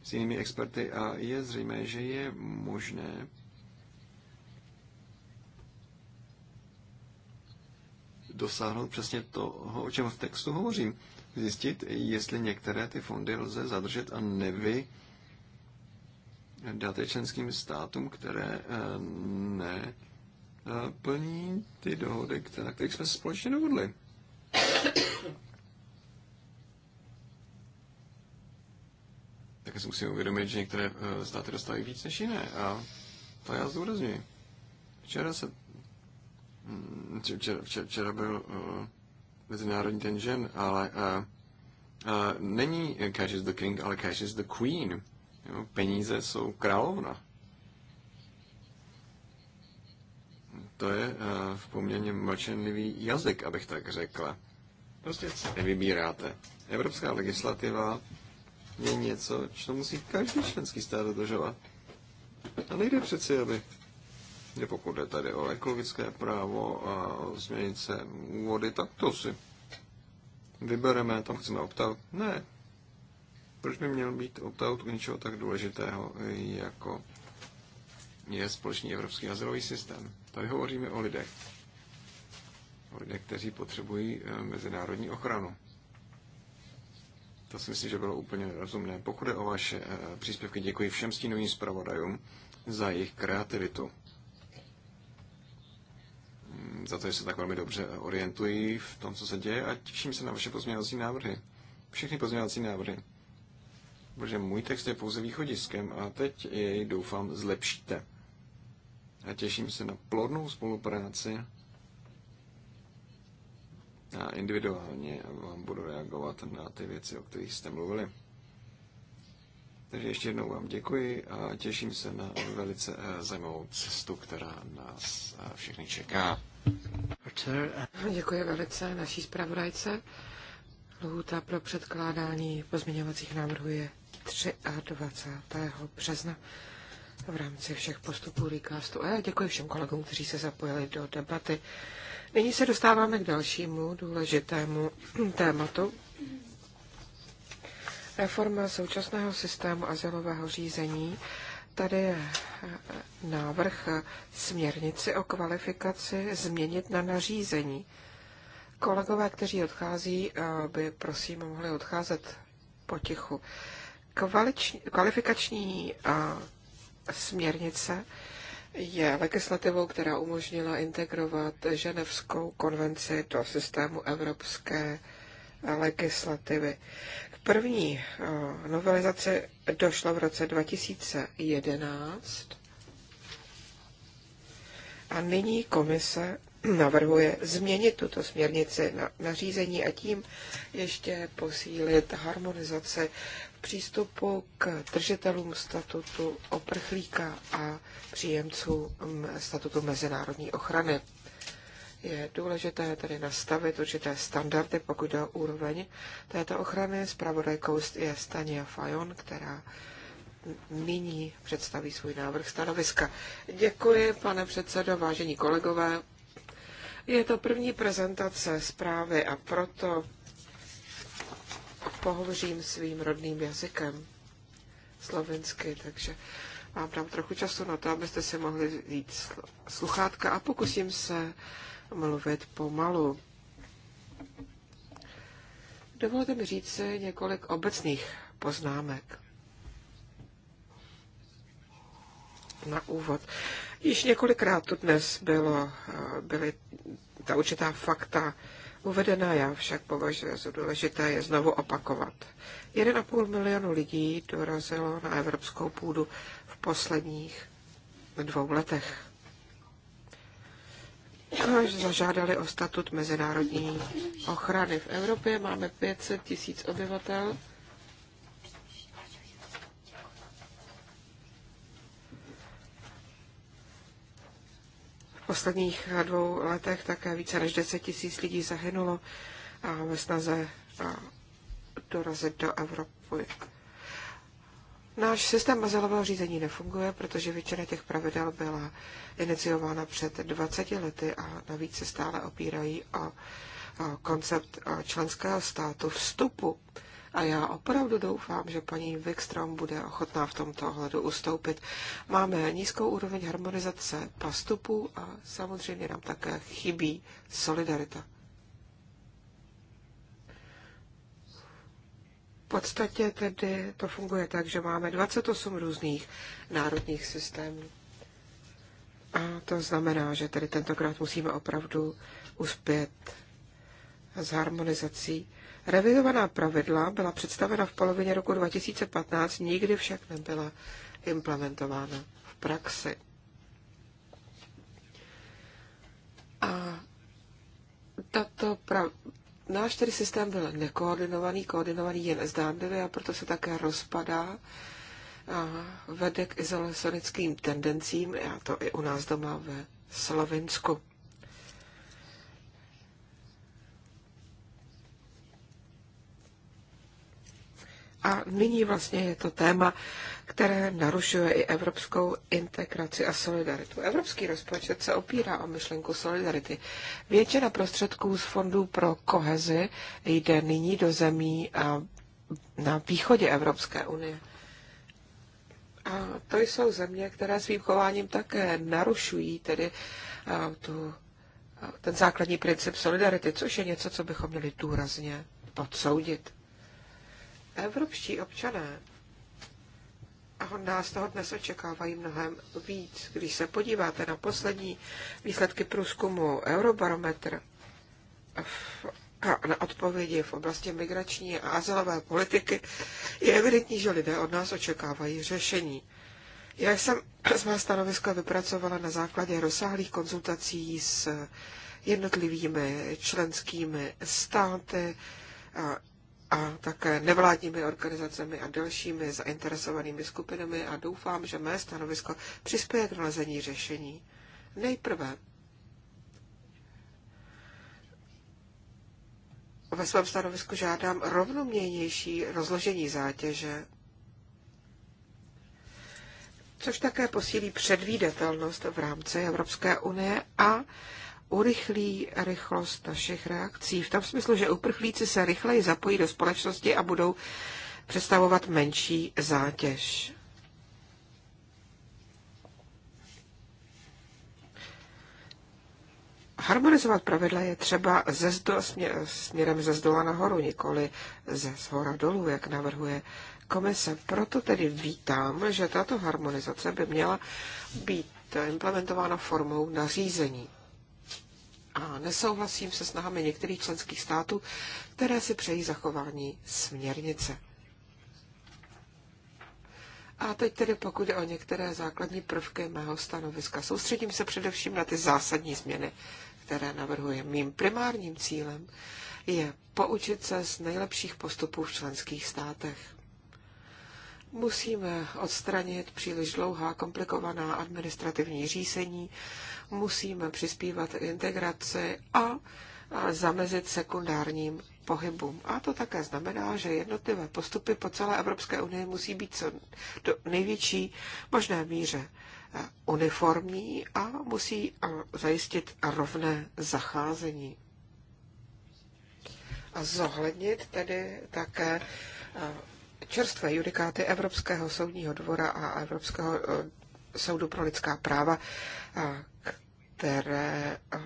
s jinými experty a je zřejmé, že je možné dosáhnout přesně toho, o čem v textu hovořím. Zjistit, jestli některé ty fondy lze zadržet a nevy dáte členským státům, které eh, ne plní ty dohody, na kterých jsme se společně dohodli. Také si musím uvědomit, že některé eh, státy dostávají víc než jiné. A to já zdůrazňuji. Včera se... Hm, včera, včera, včera byl uh, Mezinárodní ten žen, ale uh, uh, není cash is the king, ale cash is the queen peníze jsou královna. To je eh, v poměrně mlčenlivý jazyk, abych tak řekla. Prostě nevybíráte. Evropská legislativa je něco, co musí každý členský stát dodržovat. A nejde přeci, aby je pokud jde tady o ekologické právo a o změnice úvody, tak to si vybereme, tam chceme optat. Ne, proč by měl být opt-out u něčeho tak důležitého, jako je společný evropský azylový systém? Tady hovoříme o lidech. O lidech, kteří potřebují eh, mezinárodní ochranu. To si myslím, že bylo úplně rozumné. Pokud je o vaše eh, příspěvky, děkuji všem stínovým zpravodajům za jejich kreativitu. Hmm, za to, že se tak velmi dobře eh, orientují v tom, co se děje a těším se na vaše pozměňovací návrhy. Všechny pozměňovací návrhy protože můj text je pouze východiskem a teď jej doufám zlepšíte. A těším se na plodnou spolupráci a individuálně vám budu reagovat na ty věci, o kterých jste mluvili. Takže ještě jednou vám děkuji a těším se na velice eh, zajímavou cestu, která nás eh, všechny čeká. Děkuji velice naší zpravodajce. Lhůta pro předkládání pozměňovacích návrhů je 23. března v rámci všech postupů Recastu. A e. já děkuji všem kolegům, kteří se zapojili do debaty. Nyní se dostáváme k dalšímu důležitému tématu. Reforma současného systému azylového řízení. Tady je eh, návrh eh, směrnici o kvalifikaci změnit na nařízení. Kolegové, kteří odchází, eh, by prosím mohli odcházet potichu. Kvaliční, kvalifikační směrnice je legislativou, která umožnila integrovat Ženevskou konvenci do systému evropské legislativy. K první novelizaci došlo v roce 2011 a nyní komise navrhuje změnit tuto směrnici na nařízení a tím ještě posílit harmonizaci přístupu k držitelům statutu oprchlíka a příjemců statutu mezinárodní ochrany. Je důležité tedy nastavit určité standardy, pokud jde o úroveň této ochrany. Spravodajkou je Stania Fajon, která nyní představí svůj návrh stanoviska. Děkuji, pane předsedo, vážení kolegové. Je to první prezentace zprávy a proto pohovořím svým rodným jazykem, slovensky, takže mám tam trochu času na to, abyste si mohli vzít sluchátka a pokusím se mluvit pomalu. Dovolte mi říct si několik obecných poznámek. Na úvod. Již několikrát tu dnes bylo, eh, byly ta určitá fakta uvedená já však považuji za důležité je znovu opakovat. 1,5 milionu lidí dorazilo na evropskou půdu v posledních dvou letech. Až zažádali o statut mezinárodní ochrany. V Evropě máme 500 tisíc obyvatel posledních dvou letech také více než 10 tisíc lidí zahynulo ve snaze dorazit do Evropy. Náš systém azylového řízení nefunguje, protože většina těch pravidel byla iniciována před 20 lety a navíc se stále opírají o, o koncept členského státu vstupu a já opravdu doufám, že paní Wikstrom bude ochotná v tomto ohledu ustoupit. Máme nízkou úroveň harmonizace postupů a samozřejmě nám také chybí solidarita. podstatě tedy to funguje tak, že máme 28 různých národních systémů. A to znamená, že tedy tentokrát musíme opravdu uspět s harmonizací Revidovaná pravidla byla představena v polovině roku 2015, nikdy však nebyla implementována v praxi. A tato prav... náš tedy systém byl nekoordinovaný, koordinovaný jen zdánlivě a proto se také rozpadá a vede k izolacionickým tendencím, a to i u nás doma ve Slovensku. A nyní vlastně je to téma, které narušuje i evropskou integraci a solidaritu. Evropský rozpočet se opírá o myšlenku solidarity. Většina prostředků z fondů pro kohezi jde nyní do zemí a na východě Evropské unie. A to jsou země, které svým chováním také narušují tedy tu, ten základní princip solidarity, což je něco, co bychom měli důrazně podsoudit. Evropští občané a nás toho dnes očekávají mnohem víc. Když se podíváte na poslední výsledky průzkumu Eurobarometr a na odpovědi v oblasti migrační a azylové politiky, je evidentní, že lidé od nás očekávají řešení. Já jsem svá stanoviska vypracovala na základě rozsáhlých konzultací s jednotlivými členskými státy, a také nevládními organizacemi a dalšími zainteresovanými skupinami a doufám, že mé stanovisko přispěje k nalezení řešení. Nejprve ve svém stanovisku žádám rovnoměrnější rozložení zátěže, což také posílí předvídatelnost v rámci Evropské unie a urychlí rychlost našich reakcí. V tom smyslu, že uprchlíci se rychleji zapojí do společnosti a budou představovat menší zátěž. Harmonizovat pravidla je třeba ze zdo, směrem ze zdola nahoru, nikoli ze zhora dolů, jak navrhuje komise. Proto tedy vítám, že tato harmonizace by měla být implementována formou nařízení a nesouhlasím se snahami některých členských států, které si přejí zachování směrnice. A teď tedy pokud je o některé základní prvky mého stanoviska. Soustředím se především na ty zásadní změny, které navrhuji. Mým primárním cílem je poučit se z nejlepších postupů v členských státech. Musíme odstranit příliš dlouhá, komplikovaná administrativní řízení, musíme přispívat integraci a zamezit sekundárním pohybům. A to také znamená, že jednotlivé postupy po celé Evropské unii musí být co do největší možné míře e, uniformní a musí zajistit rovné zacházení. A zohlednit tedy také e, čerstvé judikáty Evropského soudního dvora a Evropského eh, soudu pro lidská práva, které eh,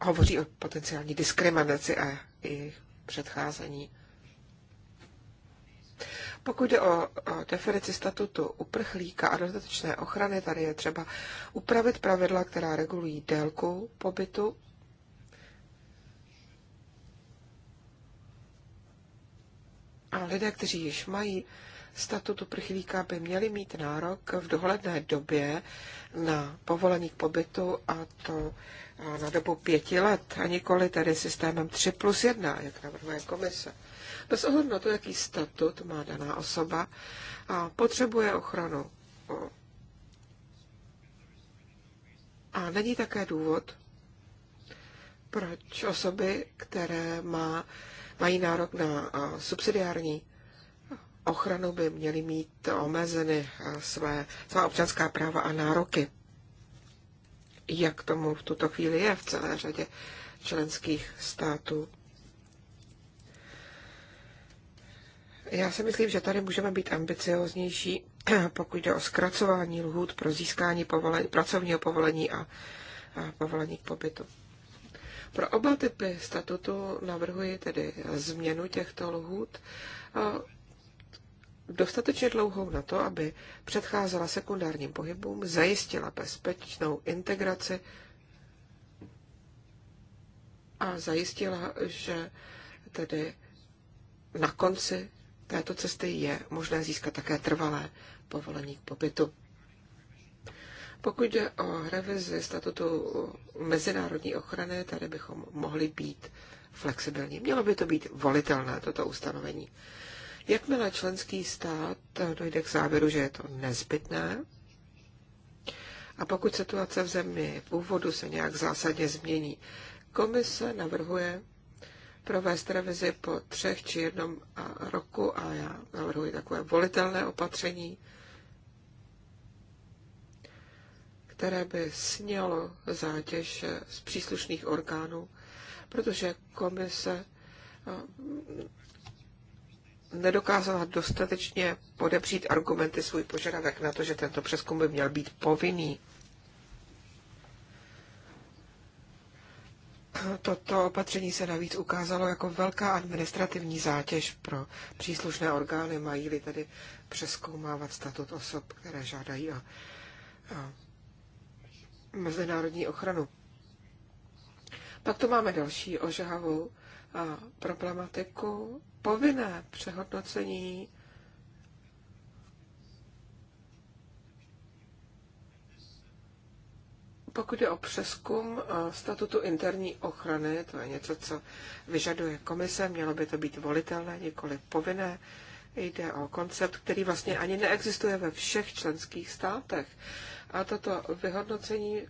hovoří o potenciální diskriminaci a jejich předcházení. Pokud jde o definici statutu uprchlíka a dostatečné ochrany, tady je třeba upravit pravidla, která regulují délku pobytu A lidé, kteří již mají statutu prchlíka, by měli mít nárok v dohledné době na povolení k pobytu a to na dobu pěti let a nikoli tedy systémem 3 plus 1, jak navrhuje komise. Bez ohledu na to, jaký statut má daná osoba, a potřebuje ochranu. A není také důvod, proč osoby, které má mají nárok na subsidiární ochranu, by měly mít omezeny své, svá občanská práva a nároky. Jak tomu v tuto chvíli je v celé řadě členských států. Já si myslím, že tady můžeme být ambicioznější, pokud jde o zkracování lhůt pro získání povolení, pracovního povolení a, a povolení k pobytu. Pro oba typy statutu navrhuji tedy změnu těchto lhůt dostatečně dlouhou na to, aby předcházela sekundárním pohybům, zajistila bezpečnou integraci a zajistila, že tedy na konci této cesty je možné získat také trvalé povolení k pobytu. Pokud jde o revizi statutu mezinárodní ochrany, tady bychom mohli být flexibilní. Mělo by to být volitelné, toto ustanovení. Jakmile členský stát dojde k závěru, že je to nezbytné, a pokud situace v zemi v úvodu se nějak zásadně změní, komise navrhuje provést revizi po třech či jednom roku a já navrhuji takové volitelné opatření, které by snělo zátěž z příslušných orgánů, protože komise eh, nedokázala dostatečně podepřít argumenty svůj požadavek na to, že tento přeskum by měl být povinný. Toto opatření se navíc ukázalo jako velká administrativní zátěž pro příslušné orgány, mají-li tedy přeskoumávat statut osob, které žádají o, o mezinárodní ochranu. Pak tu máme další ožahavou problematiku, povinné přehodnocení Pokud je o přeskum eh, statutu interní ochrany, to je něco, co vyžaduje komise, mělo by to být volitelné, nikoli povinné. Jde o koncept, který vlastně ani neexistuje ve všech členských státech. A toto vyhodnocení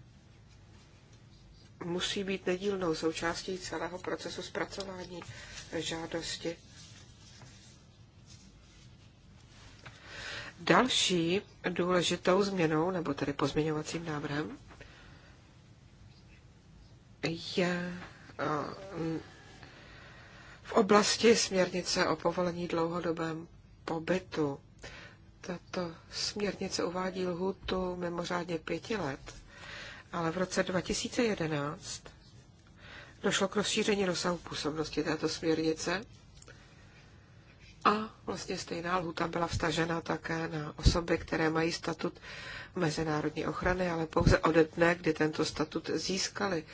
musí být nedílnou součástí celého procesu zpracování žádosti. Další důležitou změnou, nebo tedy pozměňovacím návrhem, je eh, v oblasti směrnice o povolení dlouhodobém pobytu. Tato směrnice uvádí lhutu mimořádně pěti let, ale v roce 2011 došlo k rozšíření rozsahu působnosti této směrnice a vlastně stejná lhuta byla vstažena také na osoby, které mají statut mezinárodní ochrany, ale pouze ode dne, kdy tento statut získali.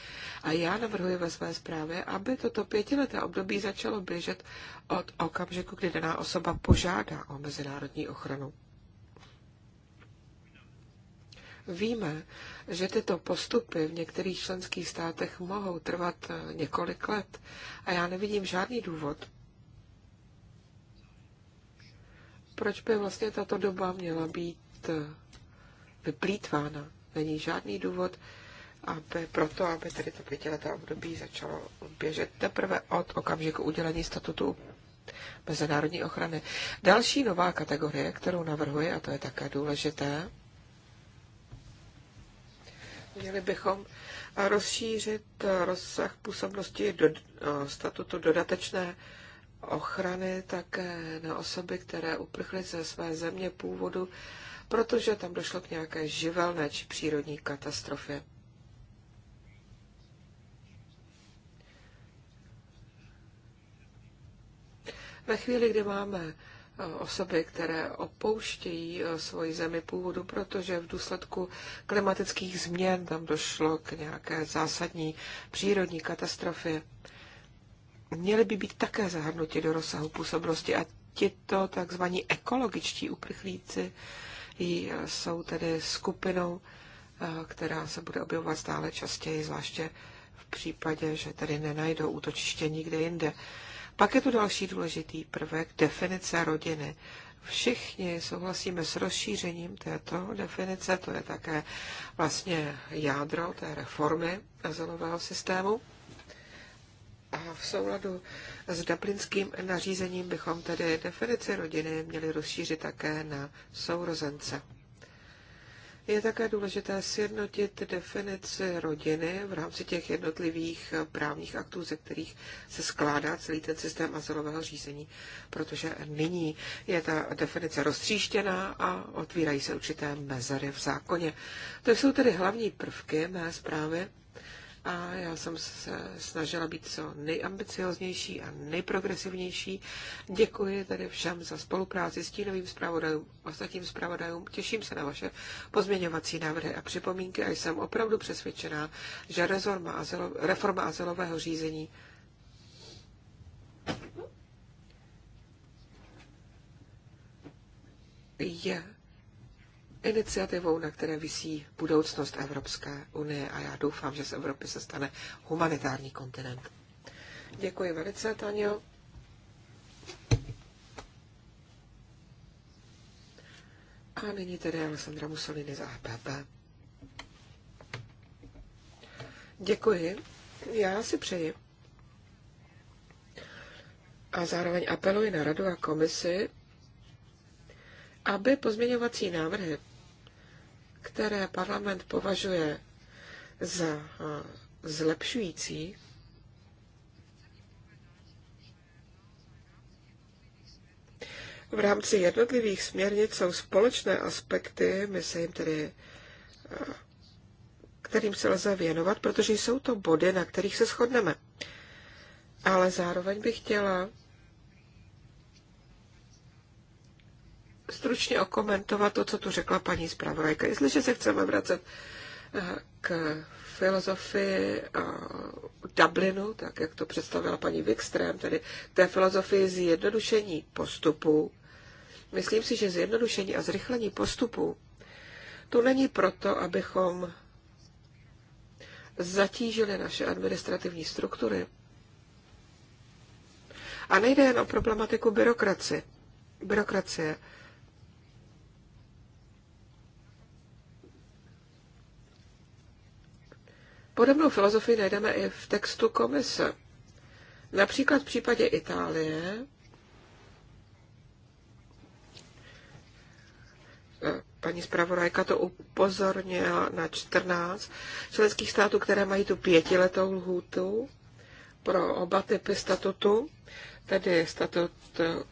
A já navrhuji ve své zprávě, aby toto pětileté období začalo běžet od okamžiku, kdy daná osoba požádá o mezinárodní ochranu. Víme, že tyto postupy v některých členských státech mohou trvat eh, několik let a já nevidím žádný důvod, proč by vlastně tato doba měla být eh, vyplýtvána. Není žádný důvod aby, proto, aby tady to pětileté období začalo běžet teprve od okamžiku udělení statutu mezinárodní ochrany. Další nová kategorie, kterou navrhuji, a to je také důležité, Měli bychom rozšířit rozsah působnosti do, statutu dodatečné ochrany také na osoby, které uprchly ze své země původu, protože tam došlo k nějaké živelné či přírodní katastrofě. Ve chvíli, kdy máme osoby, které opouštějí eh, svoji zemi původu, protože v důsledku klimatických změn tam došlo k nějaké zásadní přírodní katastrofě, měly by být také zahrnuti do rozsahu působnosti a tito takzvaní ekologičtí uprchlíci eh, jsou tedy skupinou, eh, která se bude objevovat stále častěji, zvláště v případě, že tedy nenajdou útočiště nikde jinde. Pak je tu další důležitý prvek, definice rodiny. Všichni souhlasíme s rozšířením této definice, to je také vlastně jádro té reformy azylového systému. A v souladu s dublinským nařízením bychom tedy definici rodiny měli rozšířit také na sourozence. Je také důležité sjednotit definici rodiny v rámci těch jednotlivých právních aktů, ze kterých se skládá celý ten systém azylového řízení, protože nyní je ta definice roztříštěná a otvírají se určité mezery v zákoně. To jsou tedy hlavní prvky mé zprávy a já jsem se snažila být co nejambicioznější a nejprogresivnější. Děkuji tady všem za spolupráci s tínovým zpravodajům, ostatním zpravodajům. Těším se na vaše pozměňovací návrhy a připomínky a jsem opravdu přesvědčená, že reforma azylového řízení je iniciativou, na které visí budoucnost Evropské unie a já doufám, že z Evropy se stane humanitární kontinent. Děkuji velice, Tanio. A nyní tedy Alessandra Mussolini za APP. E Děkuji. Já si přeji. A zároveň apeluji na radu a komisi, aby pozměňovací návrhy které parlament považuje za zlepšující, v rámci jednotlivých směrnic jsou společné aspekty, my se jim tedy, kterým se lze věnovat, protože jsou to body, na kterých se shodneme. Ale zároveň bych chtěla stručně okomentovat to, co tu řekla paní zpravodajka. Jestliže se chceme vracet eh, k filozofii Dublinu, tak jak to představila paní Wikström, tedy k té filozofii zjednodušení postupů, myslím si, že zjednodušení a zrychlení postupů to není proto, abychom zatížili naše administrativní struktury. A nejde jen o problematiku byrokracie. byrokracie. Podobnou filozofii najdeme i v textu komise. Například v případě Itálie eh, paní zpravodajka to upozornila na 14 členských států, které mají tu pětiletou lhůtu pro oba typy statutu, tedy statut eh,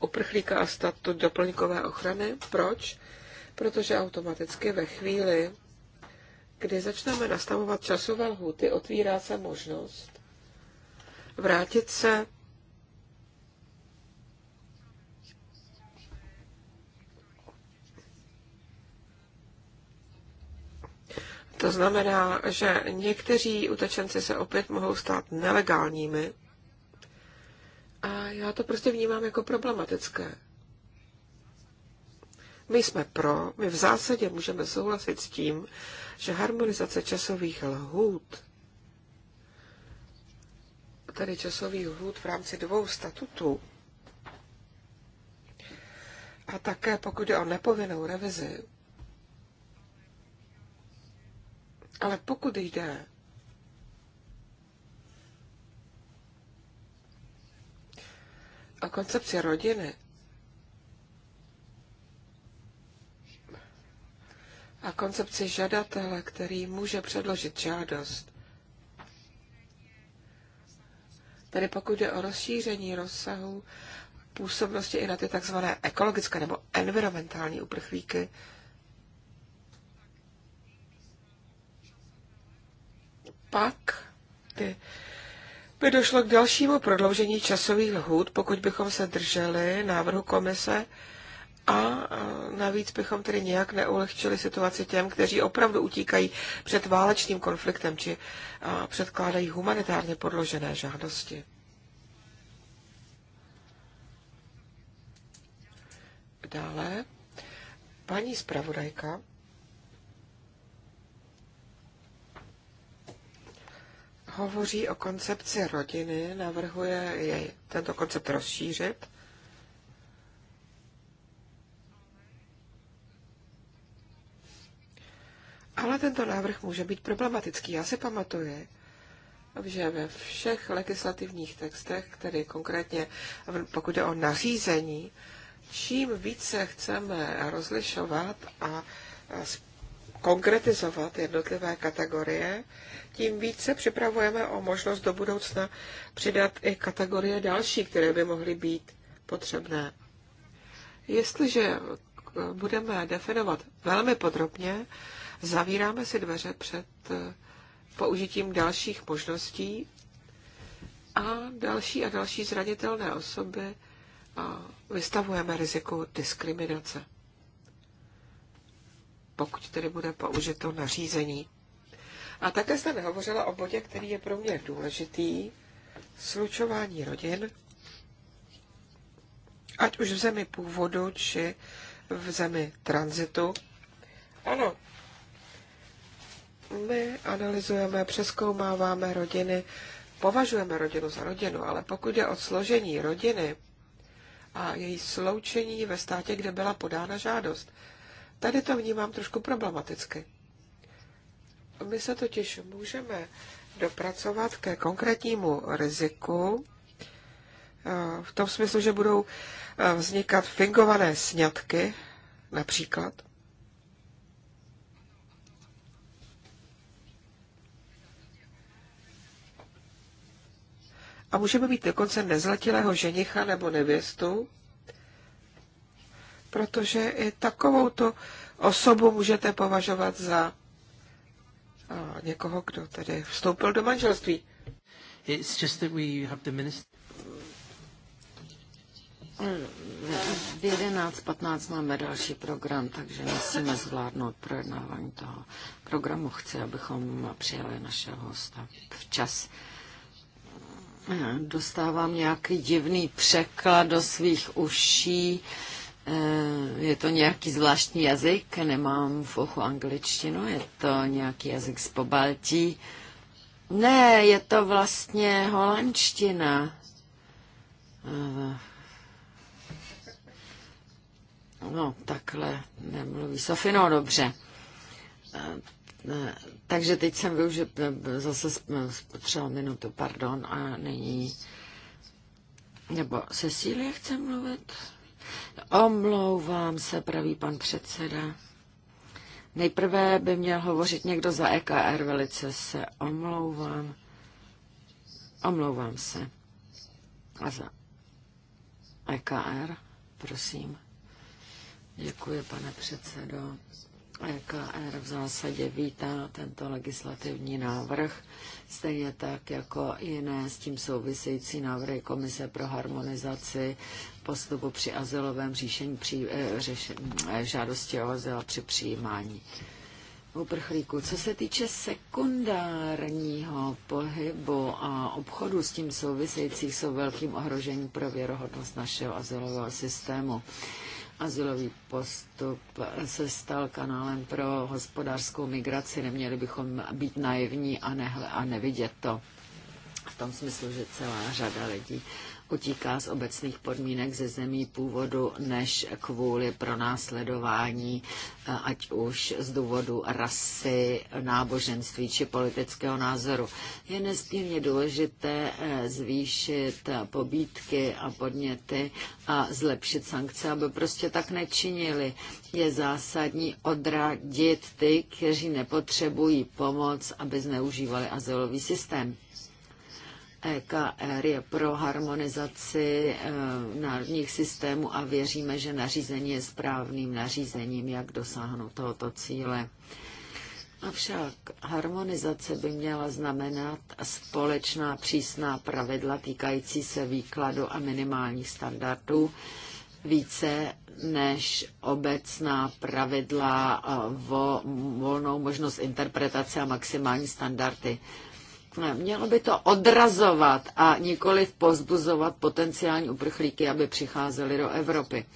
uprchlíka a statut doplňkové ochrany. Proč? Protože automaticky ve chvíli, kdy začneme nastavovat časové lhuty, otvírá se možnost vrátit se To znamená, že někteří utečenci se opět mohou stát nelegálními. A já to prostě vnímám jako problematické. My jsme pro, my v zásadě můžeme souhlasit s tím, že harmonizace časových lhůt, tedy časových lhůt v rámci dvou statutů, a také pokud je o nepovinnou revizi, ale pokud jde o koncepci rodiny, a koncepci žadatele, který může předložit žádost. Tedy pokud jde o rozšíření rozsahu působnosti i na ty tzv. ekologické nebo environmentální uprchlíky, pak ty by došlo k dalšímu prodloužení časových lhůt, pokud bychom se drželi návrhu komise a navíc bychom tedy nějak neulehčili situaci těm, kteří opravdu utíkají před válečným konfliktem či předkládají humanitárně podložené žádosti. Dále paní zpravodajka hovoří o koncepci rodiny, navrhuje jej tento koncept rozšířit Ale tento návrh může být problematický. Já si pamatuju, že ve všech legislativních textech, které konkrétně pokud je o nařízení, čím více chceme rozlišovat a konkretizovat jednotlivé kategorie, tím více připravujeme o možnost do budoucna přidat i kategorie další, které by mohly být potřebné. Jestliže budeme definovat velmi podrobně, zavíráme si dveře před eh, použitím dalších možností a další a další zranitelné osoby eh, vystavujeme riziku diskriminace. Pokud tedy bude použito nařízení. A také jste nehovořila o bodě, který je pro mě důležitý, slučování rodin, ať už v zemi původu, či v zemi tranzitu. Ano, my analyzujeme, přeskoumáváme rodiny, považujeme rodinu za rodinu, ale pokud je o složení rodiny a její sloučení ve státě, kde byla podána žádost, tady to vnímám trošku problematicky. My se totiž můžeme dopracovat ke konkrétnímu riziku, eh, v tom smyslu, že budou eh, vznikat fingované sňatky, například, a můžeme mít dokonce nezletilého ženicha nebo nevěstu, protože i takovouto osobu můžete považovat za někoho, kdo tedy vstoupil do manželství. It's just that we have the minister. V 11.15 máme další program, takže musíme zvládnout projednávání toho programu. Chci, abychom přijali našeho hosta včas dostávám nějaký divný překlad do svých uší. Eh, je to nějaký zvláštní jazyk, nemám v ochu angličtinu, je to nějaký jazyk z pobaltí. Ne, je to vlastně holandština. Eh, no, takhle nemluví Sofino, dobře. Eh, takže teď jsem využil zase třeba minutu, pardon, a nyní... Nebo Cecílie chce mluvit? Omlouvám se, pravý pan předseda. Nejprve by měl hovořit někdo za EKR, velice se omlouvám. Omlouvám se. A za EKR, prosím. Děkuji, pane předsedo. E KR v zásadě vítá tento legislativní návrh, stejně tak jako jiné s tím související návrhy Komise pro harmonizaci postupu při azylovém e, řešení při, e, řešení, žádosti o azyl při přijímání uprchlíků. Co se týče sekundárního pohybu a obchodu s tím souvisejících, jsou velkým ohrožením pro věrohodnost našeho azylového systému. Azylový postup se stal kanálem pro hospodářskou migraci. Neměli bychom být naivní a, nehle, a nevidět to v tom smyslu, že celá řada lidí utíká z obecných podmínek ze zemí původu než kvůli pronásledování, eh, ať už z důvodu rasy, náboženství či politického názoru. Je nesmírně důležité eh, zvýšit pobídky a podněty a zlepšit sankce, aby prostě tak nečinili. Je zásadní odradit ty, kteří nepotřebují pomoc, aby zneužívali azylový systém. EKR je pro harmonizaci e, národních systémů a věříme, že nařízení je správným nařízením, jak dosáhnout tohoto cíle. Avšak harmonizace by měla znamenat společná přísná pravidla týkající se výkladu a minimálních standardů, více než obecná pravidla e, vo, volnou možnost interpretace a maximální standardy. Mělo by to odrazovat a nikoli pozbuzovat potenciální uprchlíky, aby přicházeli do Evropy.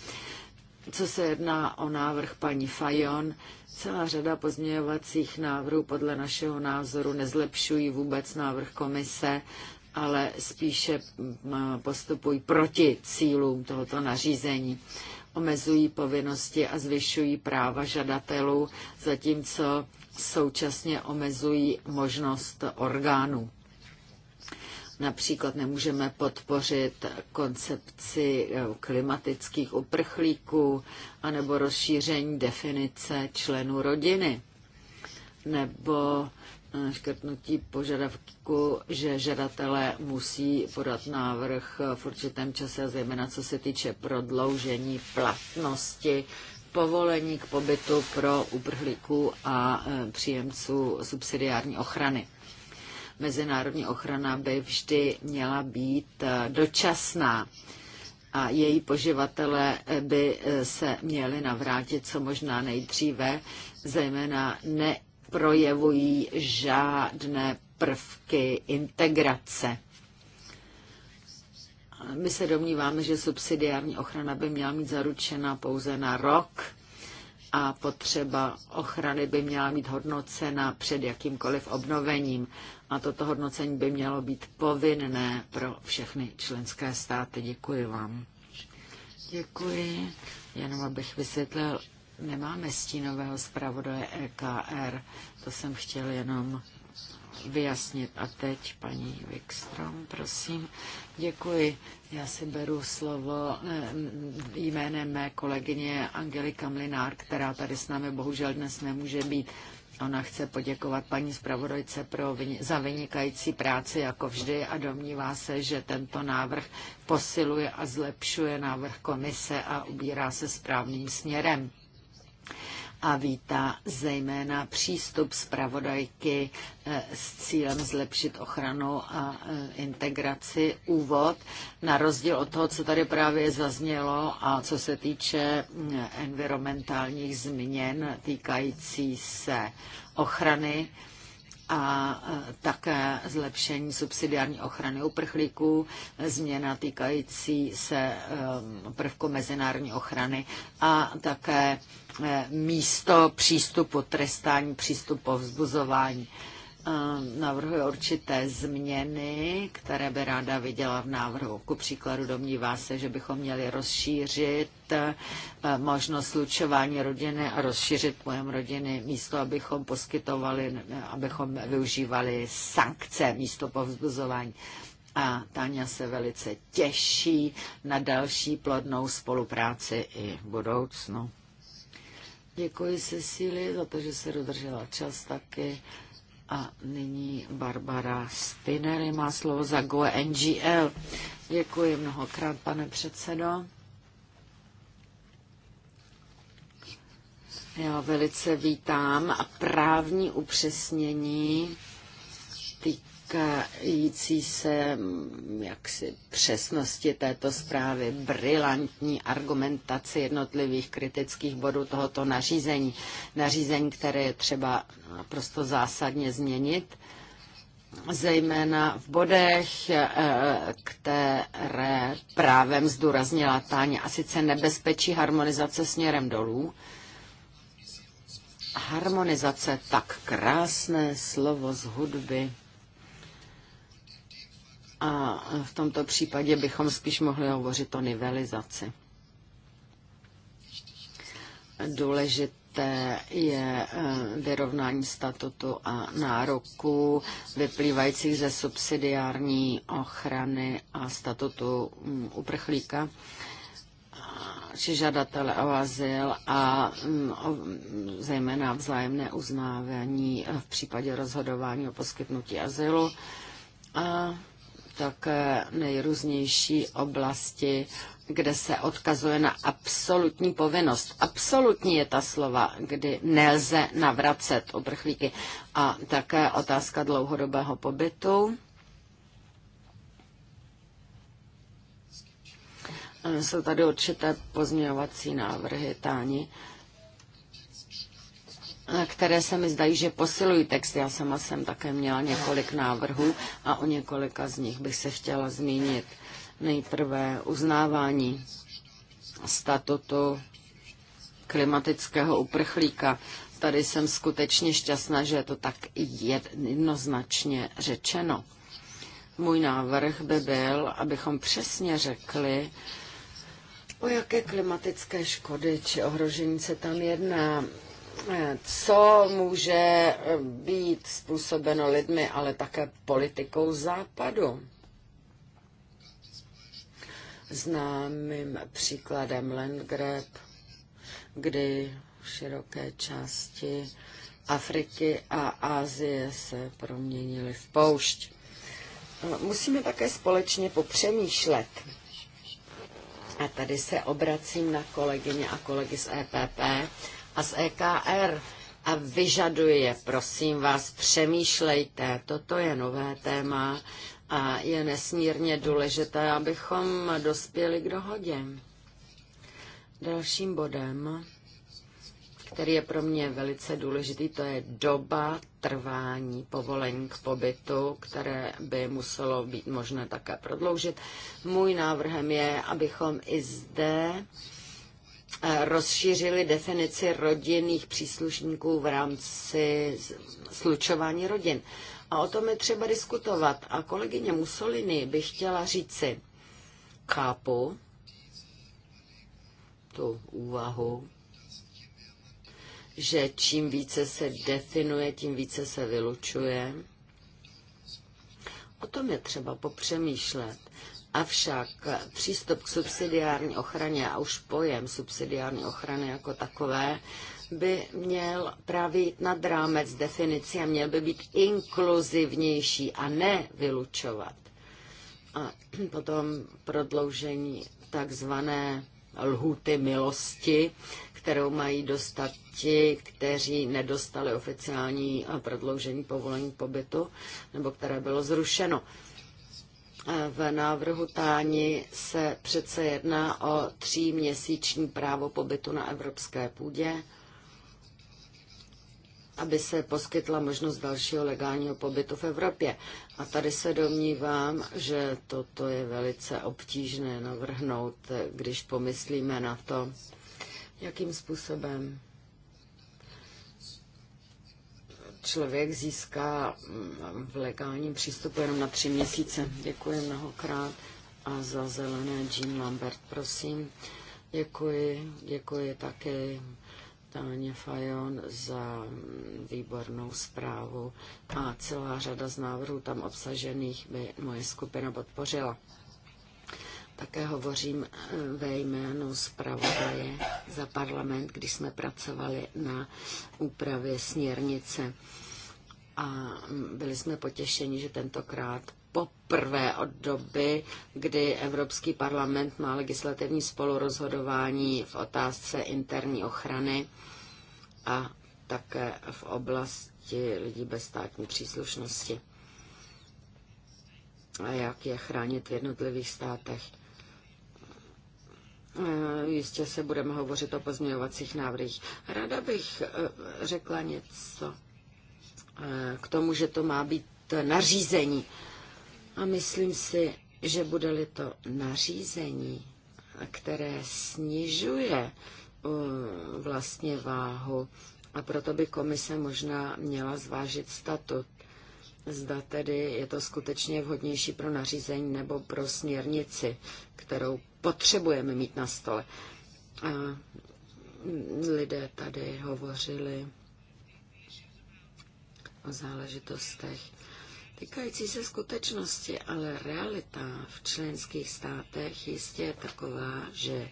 Co se jedná o návrh paní Fajon, celá řada pozměňovacích návrhů podle našeho názoru nezlepšují vůbec návrh komise, ale spíše mm, postupují proti cílům tohoto nařízení. Omezují povinnosti a zvyšují práva žadatelů, zatímco současně omezují možnost orgánů. Například nemůžeme podpořit koncepci eh, klimatických uprchlíků anebo rozšíření definice členů rodiny nebo eh, škrtnutí požadavku, že žadatelé musí podat návrh eh, v určitém čase, zejména co se týče prodloužení platnosti povolení k pobytu pro uprchlíků a e, příjemců subsidiární ochrany. Mezinárodní ochrana by vždy měla být e, dočasná a její poživatele e, by se měli navrátit co možná nejdříve, zejména neprojevují žádné prvky integrace. My se domníváme, že subsidiární ochrana by měla mít zaručena pouze na rok a potřeba ochrany by měla mít hodnocena před jakýmkoliv obnovením. A toto hodnocení by mělo být povinné pro všechny členské státy. Děkuji vám. Děkuji. Jenom abych vysvětlil, nemáme stínového zpravodaje EKR. To jsem chtěl jenom vyjasnit. A teď paní Wikstrom, prosím. Děkuji. Já si beru slovo eh, jménem mé kolegyně Angelika Mlinár, která tady s námi bohužel dnes nemůže být. Ona chce poděkovat paní zpravodajce pro, za vynikající práci, jako vždy, a domnívá se, že tento návrh posiluje a zlepšuje návrh komise a ubírá se správným směrem a vítá zejména přístup zpravodajky eh, s cílem zlepšit ochranu a eh, integraci úvod, na rozdíl od toho, co tady právě zaznělo a co se týče mm, environmentálních změn týkající se ochrany a eh, také zlepšení subsidiární ochrany uprchlíků, změna týkající se prvku mezinárodní ochrany a také Eh, místo přístupu trestání, přístupu povzbuzování. Eh, Navrhuje určité změny, které by ráda viděla v návrhu. Ku příkladu domnívá se, že bychom měli rozšířit eh, možnost slučování rodiny a rozšířit pojem rodiny místo, abychom poskytovali, abychom využívali sankce místo povzbuzování a Táňa se velice těší na další plodnou spolupráci i v budoucnu. Děkuji Cecílii za to, že se dodržela čas taky. A nyní Barbara Spinery má slovo za GOE NGL. Děkuji mnohokrát, pane předsedo. Já velice vítám a právní upřesnění týkající se mm, jaksi přesnosti této zprávy, brilantní argumentaci jednotlivých kritických bodů tohoto nařízení. Nařízení, které je třeba naprosto zásadně změnit, zejména v bodech, e, které právem zdůraznila Táně, a sice nebezpečí harmonizace směrem dolů, harmonizace, tak krásné slovo z hudby. A v tomto případě bychom spíš mohli hovořit o nivelizaci. Důležité je eh, vyrovnání statutu a nároků vyplývajících ze subsidiární ochrany a statutu mm, uprchlíka či žadatele o azyl a mm, mm, zejména vzájemné uznávání v případě rozhodování o poskytnutí azylu. A tak nejrůznější oblasti, kde se odkazuje na absolutní povinnost. Absolutní je ta slova, kdy nelze navracet obrchlíky A také otázka dlouhodobého pobytu. Jsou tady určité pozměňovací návrhy, Táni které se mi zdají, že posilují text. Já sama jsem také měla několik návrhů a o několika z nich bych se chtěla zmínit. Nejprve uznávání statutu klimatického uprchlíka. Tady jsem skutečně šťastná, že je to tak jednoznačně řečeno. Můj návrh by byl, abychom přesně řekli, o jaké klimatické škody či ohrožení se tam jedná co může eh, být způsobeno lidmi, ale také politikou západu. Známým příkladem Landgrab, kdy v široké části Afriky a Asie se proměnily v poušť. Eh, musíme také společně popřemýšlet. A tady se obracím na kolegyně a kolegy z EPP, a z EKR. A vyžaduje, prosím vás, přemýšlejte, toto je nové téma a je nesmírně důležité, abychom dospěli k dohodě. Dalším bodem, který je pro mě velice důležitý, to je doba trvání povolení k pobytu, které by muselo být možné také prodloužit. Můj návrhem je, abychom i zde Eh, rozšířili definici rodinných příslušníků v rámci slučování rodin. A o tom je třeba diskutovat. A kolegyně Mussolini by chtěla říci, chápu tu úvahu, že čím více se definuje, tím více se vylučuje. O tom je třeba popřemýšlet. Avšak přístup k subsidiární ochraně a už pojem subsidiární ochrany jako takové by měl právě jít nad rámec definice a měl by být inkluzivnější a ne vylučovat. A potom prodloužení takzvané lhuty milosti, kterou mají dostat ti, kteří nedostali oficiální prodloužení povolení pobytu, nebo které bylo zrušeno v návrhu Táni se přece jedná o tříměsíční právo pobytu na evropské půdě, aby se poskytla možnost dalšího legálního pobytu v Evropě. A tady se domnívám, že toto je velice obtížné navrhnout, když pomyslíme na to, jakým způsobem člověk získá mm, v legálním přístupu jenom na tři měsíce. Děkuji mnohokrát a za zelené Jean Lambert, prosím. Děkuji, děkuji také Táně Fajon za výbornou zprávu a celá řada z návrhů tam obsažených by moje skupina podpořila. Také hovořím eh, ve jménu zpravodaje za parlament, když jsme pracovali na úpravě směrnice a byli jsme potěšeni, že tentokrát poprvé od doby, kdy Evropský parlament má legislativní spolurozhodování v otázce interní ochrany a také v oblasti lidí bez státní příslušnosti a jak je chránit v jednotlivých státech. Eh, jistě se budeme hovořit o pozměňovacích návrhích. Rada bych eh, řekla něco k tomu, že to má být nařízení. A myslím si, že bude-li to nařízení, které snižuje vlastně váhu, a proto by komise možná měla zvážit statut. Zda tedy je to skutečně vhodnější pro nařízení nebo pro směrnici, kterou potřebujeme mít na stole. A lidé tady hovořili o záležitostech týkající se skutečnosti, ale realita v členských státech jistě je taková, že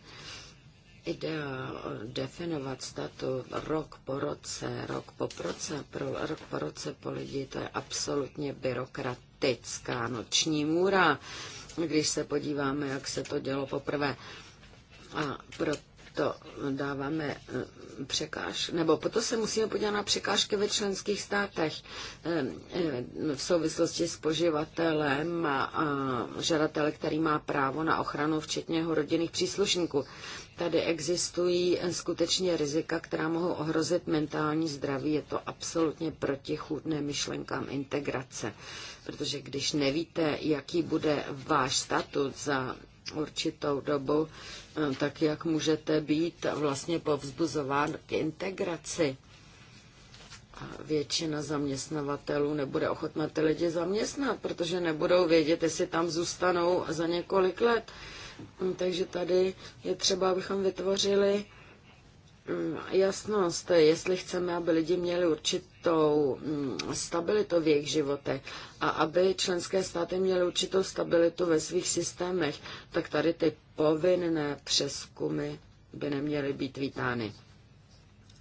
ideál definovat statut rok po roce, rok po roce, pro, rok po roce po lidi, to je absolutně byrokratická noční můra, když se podíváme, jak se to dělo poprvé. A proto to dáváme eh, překáž, nebo proto se musíme podívat na překážky ve členských státech eh, eh, v souvislosti s poživatelem a žadatele, který má právo na ochranu, včetně jeho rodinných příslušníků. Tady existují skutečně rizika, která mohou ohrozit mentální zdraví. Je to absolutně protichůdné myšlenkám integrace, protože když nevíte, jaký bude váš statut za určitou dobu, Eh, tak jak můžete být vlastně povzbuzován k integraci? A většina zaměstnavatelů nebude ochotná ty lidi zaměstnat, protože nebudou vědět, jestli tam zůstanou za několik let. Hm, takže tady je třeba, abychom vytvořili Eh, jasnost, jestli chceme, aby lidi měli určitou mm, stabilitu v jejich životech a aby členské státy měly určitou stabilitu ve svých systémech, tak tady ty povinné přeskumy by neměly být vítány.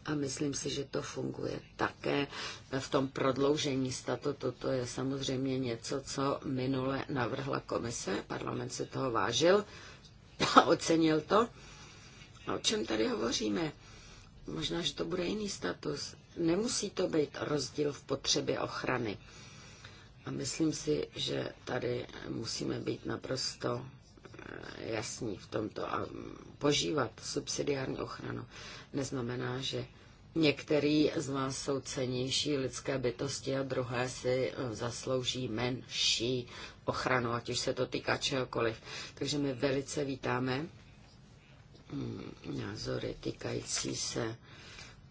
A myslím si, že to funguje také v tom prodloužení statutu. To je samozřejmě něco, co minule navrhla komise. Parlament se toho vážil a ocenil to. A o čem tady hovoříme? Možná, že to bude jiný status. Nemusí to být rozdíl v potřebě ochrany. A myslím si, že tady musíme být naprosto eh, jasní v tomto a požívat subsidiární ochranu neznamená, že některý z nás jsou cenější lidské bytosti a druhé si eh, zaslouží menší ochranu, ať už se to týká čehokoliv. Takže my velice vítáme Mm, názory týkající se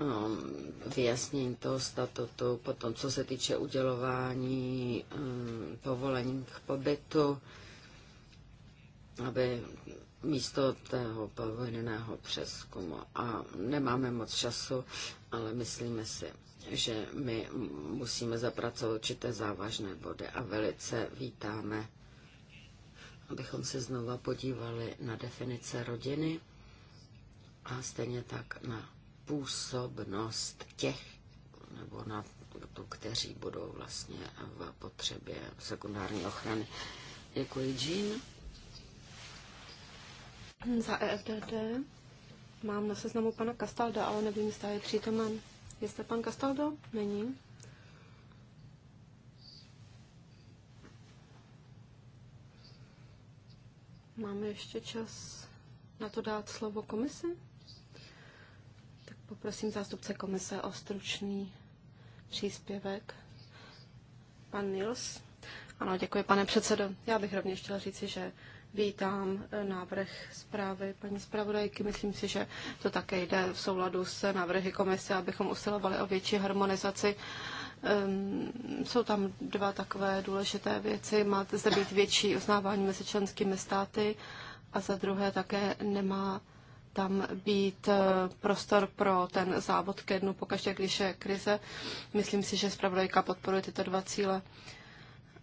um, vyjasnění toho statutu, potom co se týče udělování um, povolení k pobytu, aby místo toho povinného přeskumu. A nemáme moc času, ale myslíme si, že my musíme zapracovat určité závažné body a velice vítáme, abychom se znova podívali na definice rodiny a stejně tak na působnost těch, nebo na tu, kteří budou vlastně v potřebě sekundární ochrany. Děkuji, Jean. Za EFDD mám na seznamu pana Kastalda, ale nevím, jestli je přítomen. Jestli pan Kastaldo? Není. Máme ještě čas na to dát slovo komisi? Poprosím zástupce komise o stručný příspěvek. Pan Nils. Ano, děkuji, pane předsedo. Já bych rovněž chtěla říci, že vítám eh, návrh zprávy paní zpravodajky. Myslím si, že to také jde v souladu s návrhy komise, abychom usilovali o větší harmonizaci. Um, jsou tam dva takové důležité věci. Máte zde být větší uznávání mezi členskými státy a za druhé také nemá tam být eh, prostor pro ten závod ke dnu pokaždé, když je krize. Myslím si, že zpravodajka podporuje tyto dva cíle.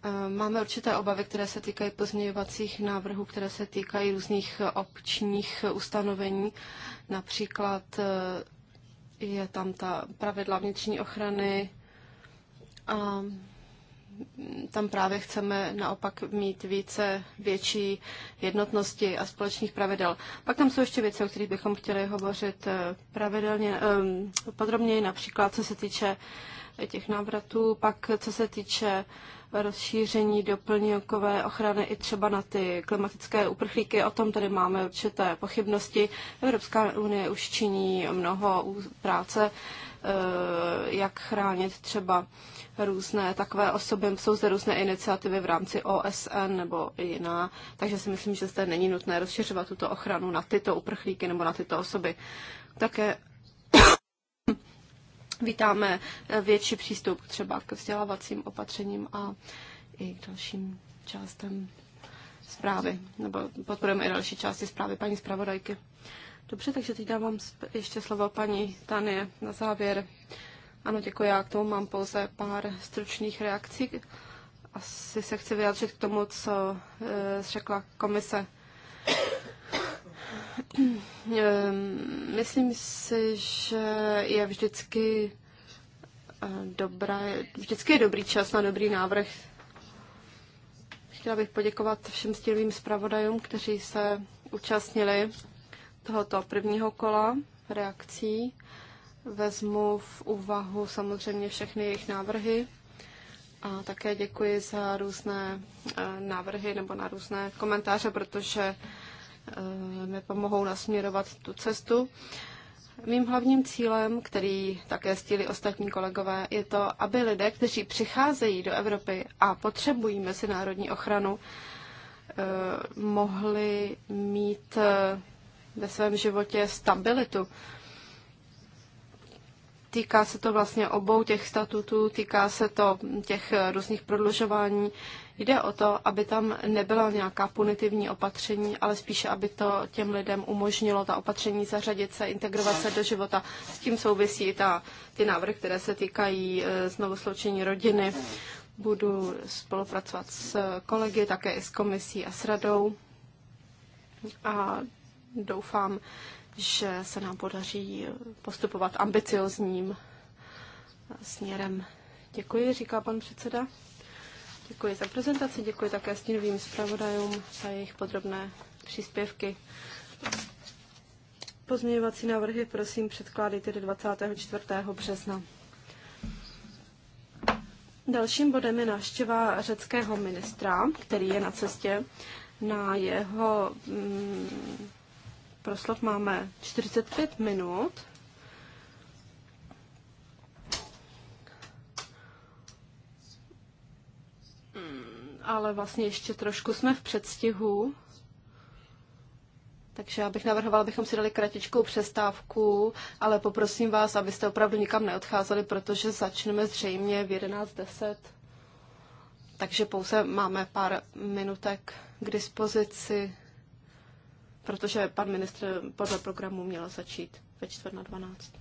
Eh, máme určité obavy, které se týkají pozměňovacích návrhů, které se týkají různých eh, občních ustanovení. Například je tam ta pravidla vnitřní ochrany a tam právě chceme naopak mít více větší jednotnosti a společných pravidel. Pak tam jsou ještě věci, o kterých bychom chtěli hovořit eh, pravidelně, eh, podrobněji, například co se týče eh, těch návratů, pak co se týče rozšíření doplňkové ochrany i třeba na ty klimatické uprchlíky. O tom tady máme určité pochybnosti. Evropská unie už činí mnoho práce, jak chránit třeba různé takové osoby, jsou zde různé iniciativy v rámci OSN nebo jiná, takže si myslím, že zde není nutné rozšiřovat tuto ochranu na tyto uprchlíky nebo na tyto osoby. Také vítáme větší přístup třeba k vzdělávacím opatřením a i k dalším částem zprávy, nebo podporujeme i další části zprávy paní zpravodajky. Dobře, takže teď dávám ještě slovo paní Tanie na závěr. Ano, děkuji. Já k tomu mám pouze pár stručných reakcí. Asi se chci vyjádřit k tomu, co eh, řekla komise. Eh, myslím si, že je vždycky eh, dobrá, vždycky je dobrý čas na dobrý návrh. Chtěla bych poděkovat všem stílovým zpravodajům, kteří se účastnili tohoto prvního kola reakcí. Vezmu v úvahu samozřejmě všechny jejich návrhy a také děkuji za různé eh, návrhy nebo na různé komentáře, protože eh, mi pomohou nasměrovat tu cestu. Mým hlavním cílem, který také stíli ostatní kolegové, je to, aby lidé, kteří přicházejí do Evropy a potřebují mezinárodní ochranu, eh, mohli mít ve svém životě stabilitu. Týká se to vlastně obou těch statutů, týká se to těch různých prodlužování. Jde o to, aby tam nebyla nějaká punitivní opatření, ale spíše, aby to těm lidem umožnilo ta opatření zařadit se, integrovat se do života. S tím souvisí ta, ty návrhy, které se týkají e, znovu sloučení rodiny. Budu spolupracovat s kolegy, také i s komisí a s radou. A doufám, že se nám podaří postupovat ambiciozním směrem. Děkuji, říká pan předseda. Děkuji za prezentaci, děkuji také stínovým zpravodajům za jejich podrobné příspěvky. Pozměňovací návrhy prosím předkládejte do 24. března. Dalším bodem je návštěva řeckého ministra, který je na cestě. Na jeho mm, proslov máme 45 minut. Mm, ale vlastně ještě trošku jsme v předstihu. Takže já bych navrhovala, abychom si dali kratičkou přestávku, ale poprosím vás, abyste opravdu nikam neodcházeli, protože začneme zřejmě v 11.10. Takže pouze máme pár minutek k dispozici protože pan ministr podle programu měl začít ve čtvrt na 12.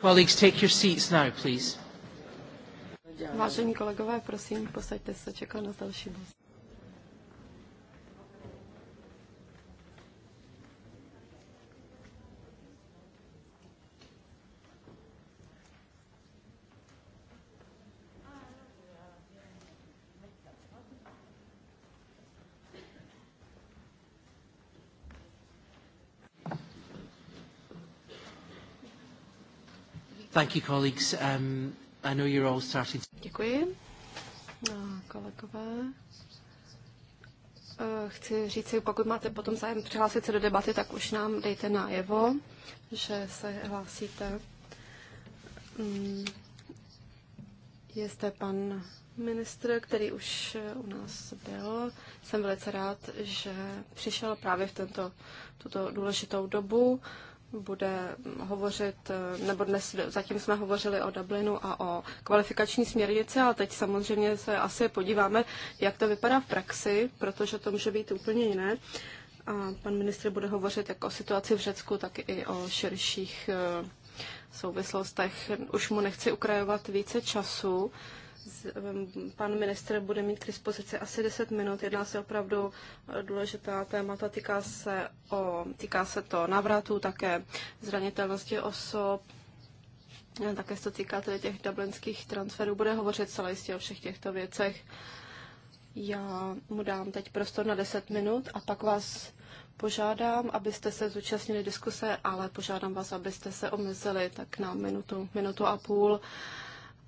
Colleagues, take your seats now, please. Vážení kolegové, prosím, posaďte se, čeká na další bod. Thank you, colleagues. Um, I know you're all starting. Děkuji. No, kolegové. Eh, chci říct, pokud máte potom zájem přihlásit se do debaty, tak už nám dejte najevo, že se hlásíte. Mm, je zde pan ministr, který už u nás byl. Jsem velice rád, že přišel právě v tento, tuto důležitou dobu bude hovořit, nebo dnes zatím jsme hovořili o Dublinu a o kvalifikační směrnici, ale teď samozřejmě se asi podíváme, jak to vypadá v praxi, protože to může být úplně jiné. A pan ministr bude hovořit jak o situaci v Řecku, tak i o širších eh, souvislostech. Už mu nechci ukrajovat více času. Pan ministr bude mít k dispozici asi 10 minut. Jedná se opravdu eh, důležitá témata. Týká se, o, týká se to návratu, také zranitelnosti osob, eh, také se to týká tedy těch dublinských transferů. Bude hovořit celé jistě o všech těchto věcech. Já mu dám teď prostor na 10 minut a pak vás požádám, abyste se zúčastnili diskuse, ale požádám vás, abyste se omezili tak na minutu, minutu a půl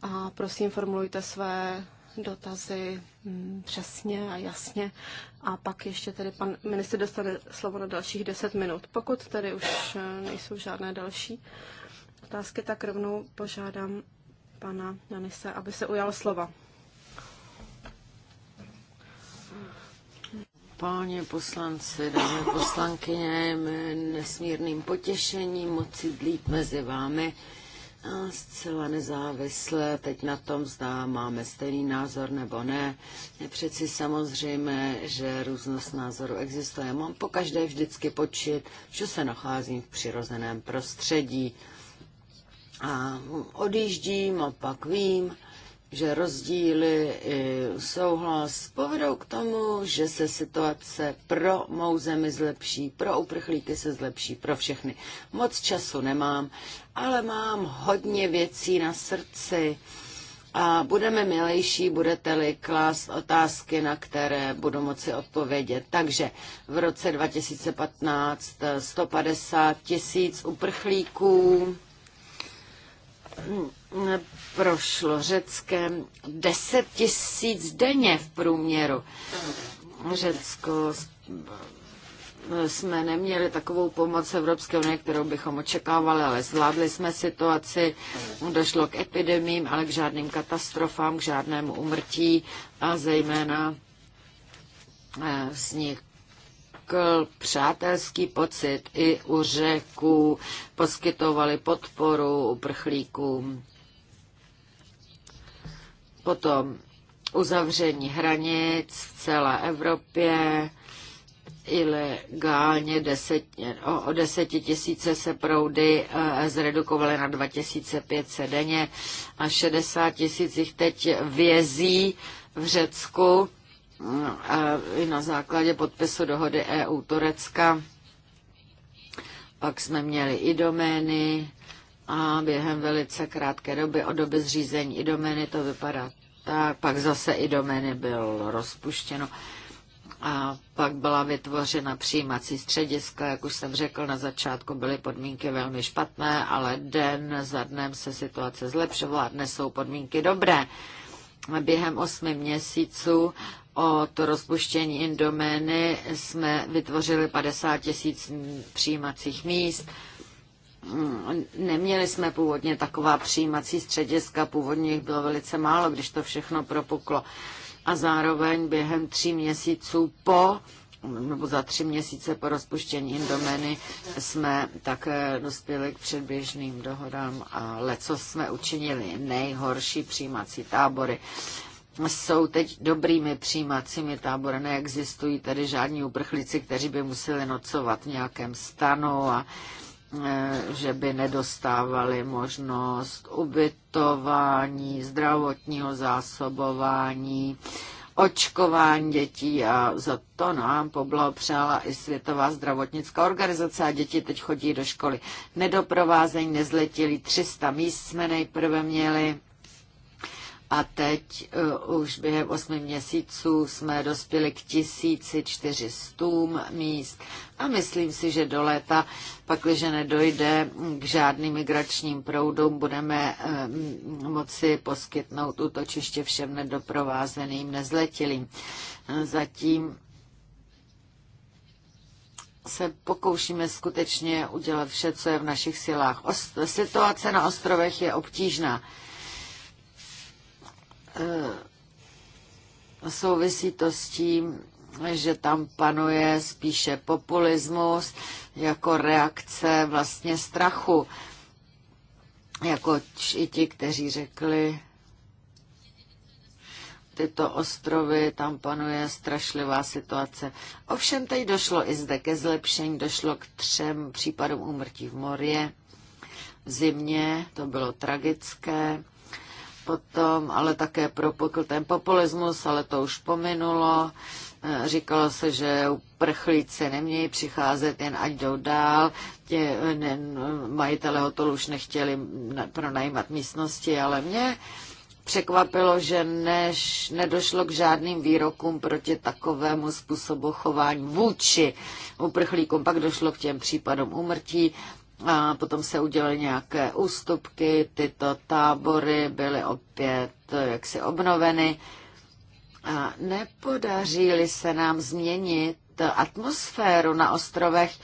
a prosím formulujte své dotazy mm, přesně a jasně. A pak ještě tedy pan minister dostane slovo na dalších 10 minut. Pokud tedy už eh, nejsou žádné další otázky, tak rovnou požádám pana Janise, aby se ujal slova. Páni poslanci, dámy poslankyně, nesmírným potěšením moci dlít mezi vámi zcela nezávisle teď na tom, zda máme stejný názor nebo ne. Je přeci samozřejmé, že různost názoru existuje. Mám po každé vždycky počít, že se nacházím v přirozeném prostředí. A odjíždím a pak vím, že rozdíly i eh, souhlas povedou k tomu, že se situace pro mou zemi zlepší, pro uprchlíky se zlepší, pro všechny. Moc času nemám, ale mám hodně věcí na srdci a budeme milejší, budete-li klást otázky, na které budu moci odpovědět. Takže v roce 2015 150 tisíc uprchlíků prošlo Řeckem 10 tisíc denně v průměru. Řecko jsme neměli takovou pomoc Evropské unie, kterou bychom očekávali, ale zvládli jsme situaci, došlo k epidemím, ale k žádným katastrofám, k žádnému umrtí a zejména vznik eh, vznikl přátelský pocit i u řeků, poskytovali podporu uprchlíkům. Potom uzavření hranic v celé Evropě, ilegálně deset, o, o tisíce se proudy e, zredukovaly na 2500 denně a 60 tisíc jich teď vězí v Řecku e, i na základě podpisu dohody EU Turecka. Pak jsme měli i domény, a během velice krátké doby od doby zřízení i domény to vypadá tak, pak zase i domény bylo rozpuštěno a pak byla vytvořena přijímací střediska, jak už jsem řekl, na začátku byly podmínky velmi špatné, ale den za dnem se situace zlepšovala, dnes jsou podmínky dobré. Během osmi měsíců o to rozpuštění indomény jsme vytvořili 50 tisíc přijímacích míst Neměli jsme původně taková přijímací střediska, původně jich bylo velice málo, když to všechno propuklo. A zároveň během tří měsíců po nebo za tři měsíce po rozpuštění Indomeny jsme také eh, dospěli k předběžným dohodám a leco jsme učinili nejhorší přijímací tábory. Jsou teď dobrými přijímacími tábory, neexistují tady žádní uprchlíci, kteří by museli nocovat v nějakém stanu a Eh, že by nedostávali možnost ubytování, zdravotního zásobování, očkování dětí a za to nám poblahopřála i Světová zdravotnická organizace a děti teď chodí do školy. Nedoprovázení nezletili 300 míst jsme nejprve měli a teď eh, už během osmi měsíců jsme dospěli k 1400 míst a myslím si, že do léta, pakliže nedojde k žádným migračním proudům, budeme eh, moci poskytnout útočiště všem nedoprovázeným nezletilým. Zatím se pokoušíme skutečně udělat vše, co je v našich silách. Ost- situace na ostrovech je obtížná. Eh, souvisí to s tím, že tam panuje spíše populismus jako reakce vlastně strachu. Jako i ti, kteří řekli, tyto ostrovy, tam panuje strašlivá situace. Ovšem teď došlo i zde ke zlepšení, došlo k třem případům úmrtí v morě. V zimě to bylo tragické, potom, ale také propukl ten populismus, ale to už pominulo. Eh, říkalo se, že uprchlíci nemějí přicházet, jen ať jdou dál. Tě, eh, ne, eh, majitele hotelu už nechtěli pronajímat místnosti, ale mě překvapilo, že než nedošlo k žádným výrokům proti takovému způsobu chování vůči uprchlíkům. Pak došlo k těm případům umrtí a potom se udělaly nějaké ústupky, tyto tábory byly opět jaksi obnoveny. A nepodaří se nám změnit atmosféru na ostrovech,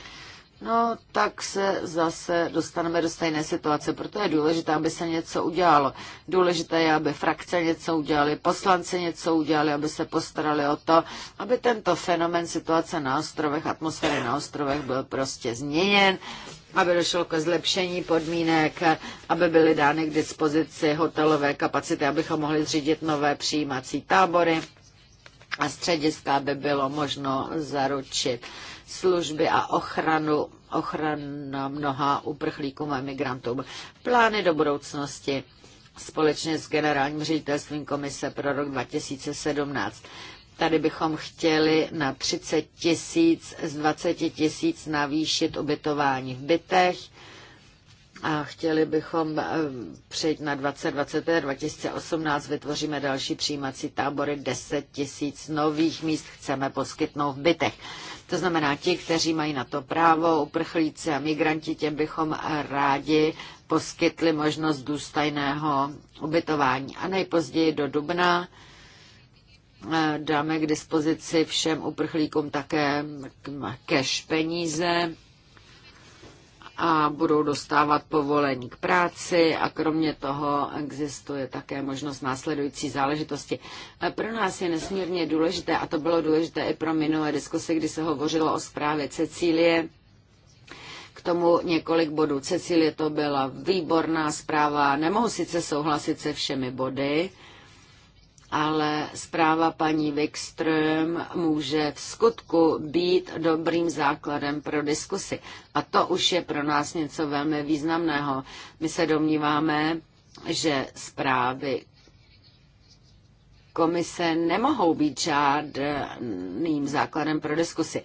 no tak se zase dostaneme do stejné situace. Proto je důležité, aby se něco udělalo. Důležité je, aby frakce něco udělali, poslanci něco udělali, aby se postarali o to, aby tento fenomen situace na ostrovech, atmosféry na ostrovech byl prostě změněn aby došlo ke zlepšení podmínek, aby byly dány k dispozici hotelové kapacity, abychom mohli zřídit nové přijímací tábory a střediska, aby bylo možno zaručit služby a ochranu ochrana mnoha uprchlíkům a migrantům. Plány do budoucnosti společně s generálním ředitelstvím komise pro rok 2017. Tady bychom chtěli na 30 tisíc z 20 tisíc navýšit ubytování v bytech a chtěli bychom eh, přejít na 2020 2018 vytvoříme další přijímací tábory, 10 tisíc nových míst chceme poskytnout v bytech. To znamená, ti, kteří mají na to právo, uprchlíci a migranti, těm bychom rádi poskytli možnost důstojného ubytování. A nejpozději do dubna eh, dáme k dispozici všem uprchlíkům také cash peníze a budou dostávat povolení k práci a kromě toho existuje také možnost následující záležitosti. E, pro nás je nesmírně důležité, a to bylo důležité i pro minulé diskuse, kdy se hovořilo o zprávě Cecílie, k tomu několik bodů. Cecílie to byla výborná zpráva, nemohu sice souhlasit se všemi body, ale zpráva paní Wikström může v skutku být dobrým základem pro diskusy. A to už je pro nás něco velmi významného. My se domníváme, že zprávy komise nemohou být žádným základem pro diskusy.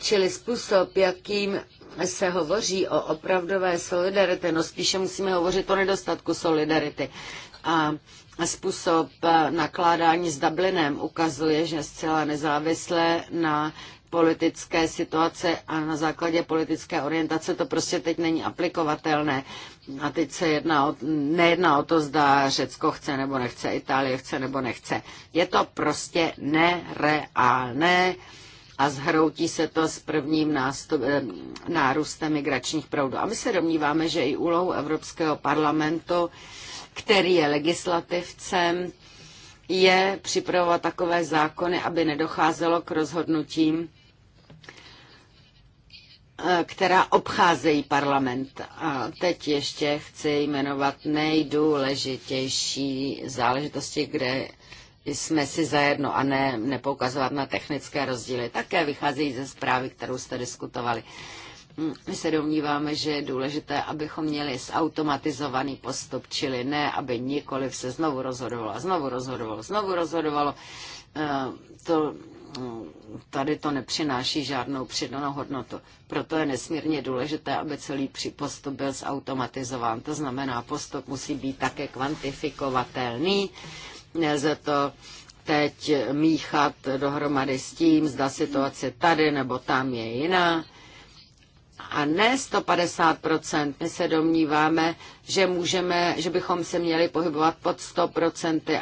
Čili způsob, jakým se hovoří o opravdové solidarity, no spíše musíme hovořit o nedostatku solidarity. A způsob eh, nakládání s Dublinem ukazuje, že zcela nezávisle na politické situace a na základě politické orientace to prostě teď není aplikovatelné. A teď se jedná o, nejedná o to, zda Řecko chce nebo nechce, Itálie chce nebo nechce. Je to prostě nereálné a zhroutí se to s prvním nástup, eh, nárůstem migračních proudů. A my se domníváme, že i úlohou Evropského parlamentu který je legislativcem, je připravovat takové zákony, aby nedocházelo k rozhodnutím, eh, která obcházejí parlament. A teď ještě chci jmenovat nejdůležitější záležitosti, kde jsme si zajedno a ne, nepoukazovat na technické rozdíly. Také vycházejí ze zprávy, kterou jste diskutovali. My se domníváme, že je důležité, abychom měli zautomatizovaný postup, čili ne, aby nikoliv se znovu rozhodovalo, znovu rozhodovalo, znovu rozhodovalo. Eh, to mm, tady to nepřináší žádnou přidanou hodnotu. Proto je nesmírně důležité, aby celý postup byl zautomatizován. To znamená, postup musí být také kvantifikovatelný. Nelze to teď míchat dohromady s tím, zda situace tady nebo tam je jiná a ne 150 My se domníváme, že, můžeme, že bychom se měli pohybovat pod 100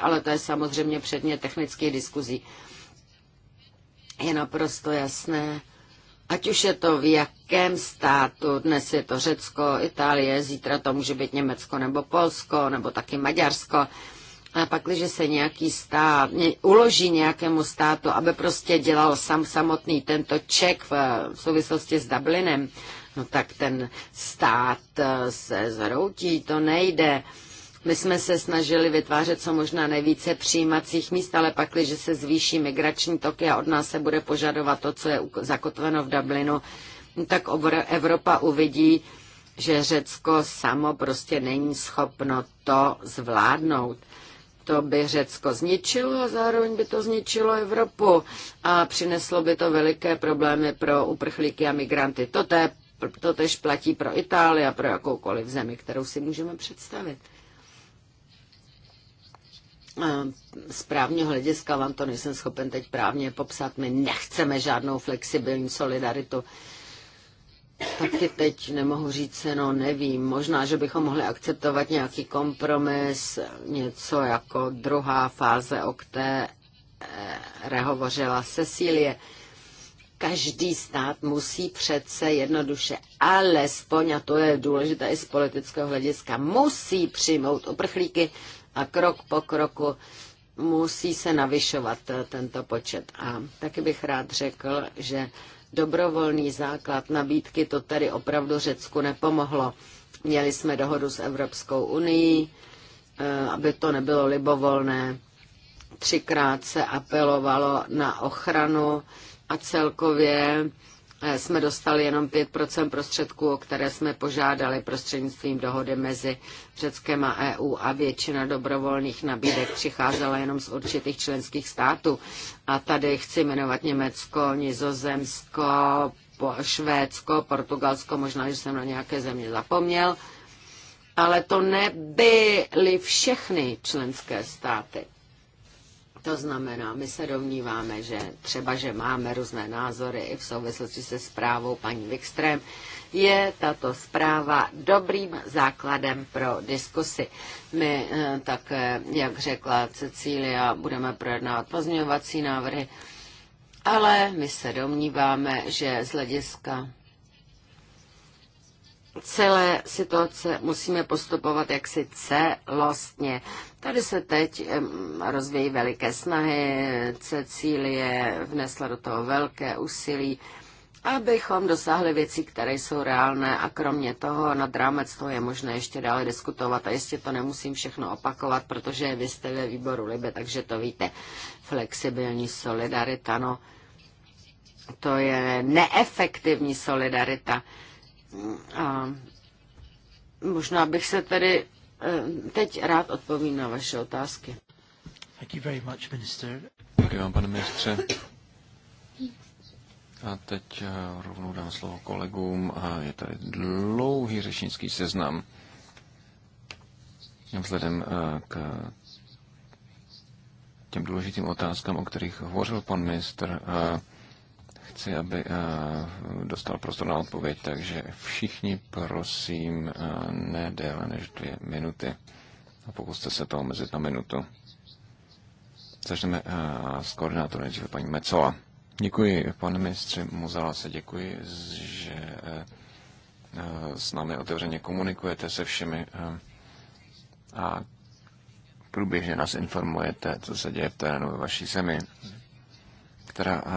ale to je samozřejmě předně technických diskuzí. Je naprosto jasné, ať už je to v jakém státu, dnes je to Řecko, Itálie, zítra to může být Německo nebo Polsko, nebo taky Maďarsko, a pak, když se nějaký stát uloží nějakému státu, aby prostě dělal sam samotný tento ček v, v souvislosti s Dublinem, no tak ten stát eh, se zroutí, to nejde. My jsme se snažili vytvářet co možná nejvíce přijímacích míst, ale pak, když se zvýší migrační toky a od nás se bude požadovat to, co je zakotveno v Dublinu, no tak Evropa uvidí, že Řecko samo prostě není schopno to zvládnout. To by Řecko zničilo a zároveň by to zničilo Evropu a přineslo by to veliké problémy pro uprchlíky a migranty. To, té, to tež platí pro Itálii a pro jakoukoliv zemi, kterou si můžeme představit. Z právního hlediska vám to nejsem schopen teď právně popsat. My nechceme žádnou flexibilní solidaritu. Taky teď nemohu říct, no nevím, možná, že bychom mohli akceptovat nějaký kompromis, něco jako druhá fáze, o které hovořila Cecílie. Každý stát musí přece jednoduše, alespoň, a to je důležité i z politického hlediska, musí přijmout uprchlíky a krok po kroku musí se navyšovat tento počet. A taky bych rád řekl, že dobrovolný základ nabídky, to tady opravdu Řecku nepomohlo. Měli jsme dohodu s Evropskou unii, eh, aby to nebylo libovolné. Třikrát se apelovalo na ochranu a celkově Eh, jsme dostali jenom 5% prostředků, o které jsme požádali prostřednictvím dohody mezi Řeckem a EU a většina dobrovolných nabídek přicházela jenom z určitých členských států. A tady chci jmenovat Německo, Nizozemsko, Švédsko, Portugalsko, možná, že jsem na nějaké země zapomněl, ale to nebyly všechny členské státy. To znamená, my se domníváme, že třeba, že máme různé názory i v souvislosti se zprávou paní Wikström, je tato zpráva dobrým základem pro diskusy. My eh, tak, eh, jak řekla Cecília, budeme projednávat pozměňovací návrhy, ale my se domníváme, že z hlediska celé situace musíme postupovat jaksi celostně. Tady se teď rozvíjí veliké snahy, Cecílie vnesla do toho velké úsilí, abychom dosáhli věcí, které jsou reálné a kromě toho nad rámec toho je možné ještě dále diskutovat a jistě to nemusím všechno opakovat, protože vy jste ve výboru Libe, takže to víte. Flexibilní solidarita, no to je neefektivní solidarita a možná bych se tedy eh, teď rád odpovím na vaše otázky. Thank you very much, minister. Děkuji vám, pane ministře. A teď eh, rovnou dám slovo kolegům. A je tady dlouhý řečnický seznam. Vzhledem eh, k těm důležitým otázkám, o kterých hovořil pan ministr, Chci, aby eh, dostal prostor na odpověď, takže všichni prosím eh, ne déle než dvě minuty. A pokuste se to omezit na minutu. Začneme eh, s koordinátorem nejdříve paní Mecova. Děkuji, pane ministře Muzala, se děkuji, že s námi otevřeně komunikujete se všemi a průběžně nás informujete, co se děje v terénu ve vaší zemi která eh,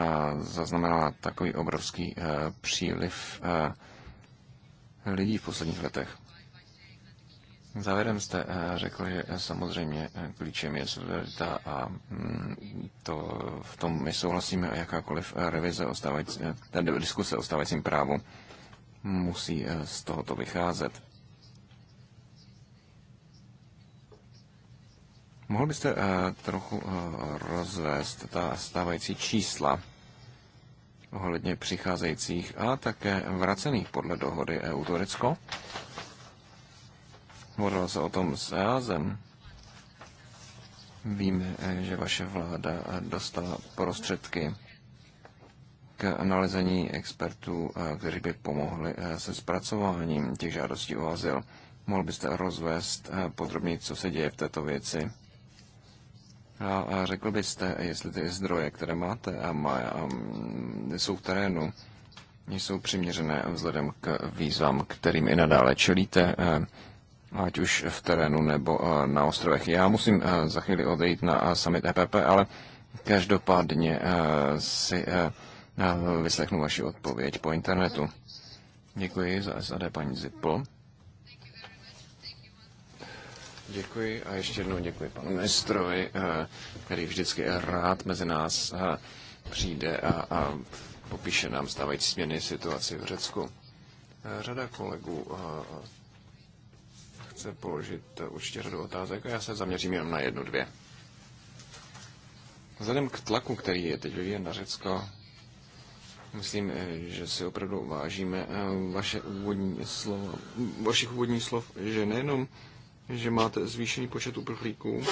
zaznamenala takový obrovský eh, příliv eh, lidí v posledních letech. Závěrem jste řekl, že samozřejmě klíčem je solidarita a mm, to v tom my souhlasíme a jakákoliv revize ostávající, diskuse o stávajícím právu musí z tohoto vycházet. Mohl byste eh, trochu eh, rozvést ta stávající čísla ohledně přicházejících a také vracených podle dohody EU Turecko? Hovořilo se o tom s EASem. Víme, eh, že vaše vláda dostala prostředky k nalezení expertů, kteří by pomohli se zpracováním těch žádostí o azyl. Mohl byste rozvést podrobněji, co se děje v této věci? A, řekl byste, jestli ty zdroje, které máte a, má, jsou v terénu, jsou přiměřené vzhledem k výzvám, kterým i nadále čelíte, eh, ať už v terénu nebo eh, na ostrovech. Já musím eh, za chvíli odejít na summit EPP, ale každopádně si vyslechnu vaši odpověď po internetu. Děkuji za SAD paní Zippo. Děkuji a ještě jednou děkuji panu ministrovi, eh, který vždycky rád mezi nás eh, přijde a, a popíše nám stávající směny situaci v Řecku. Eh, řada kolegů chce položit určitě řadu otázek a já se zaměřím jenom na jednu, dvě. Vzhledem k tlaku, který je teď vyvíjen na Řecko, myslím, že si opravdu vážíme vaše úvodní slova, vašich úvodních slov, že nejenom že máte zvýšený počet uprchlíků,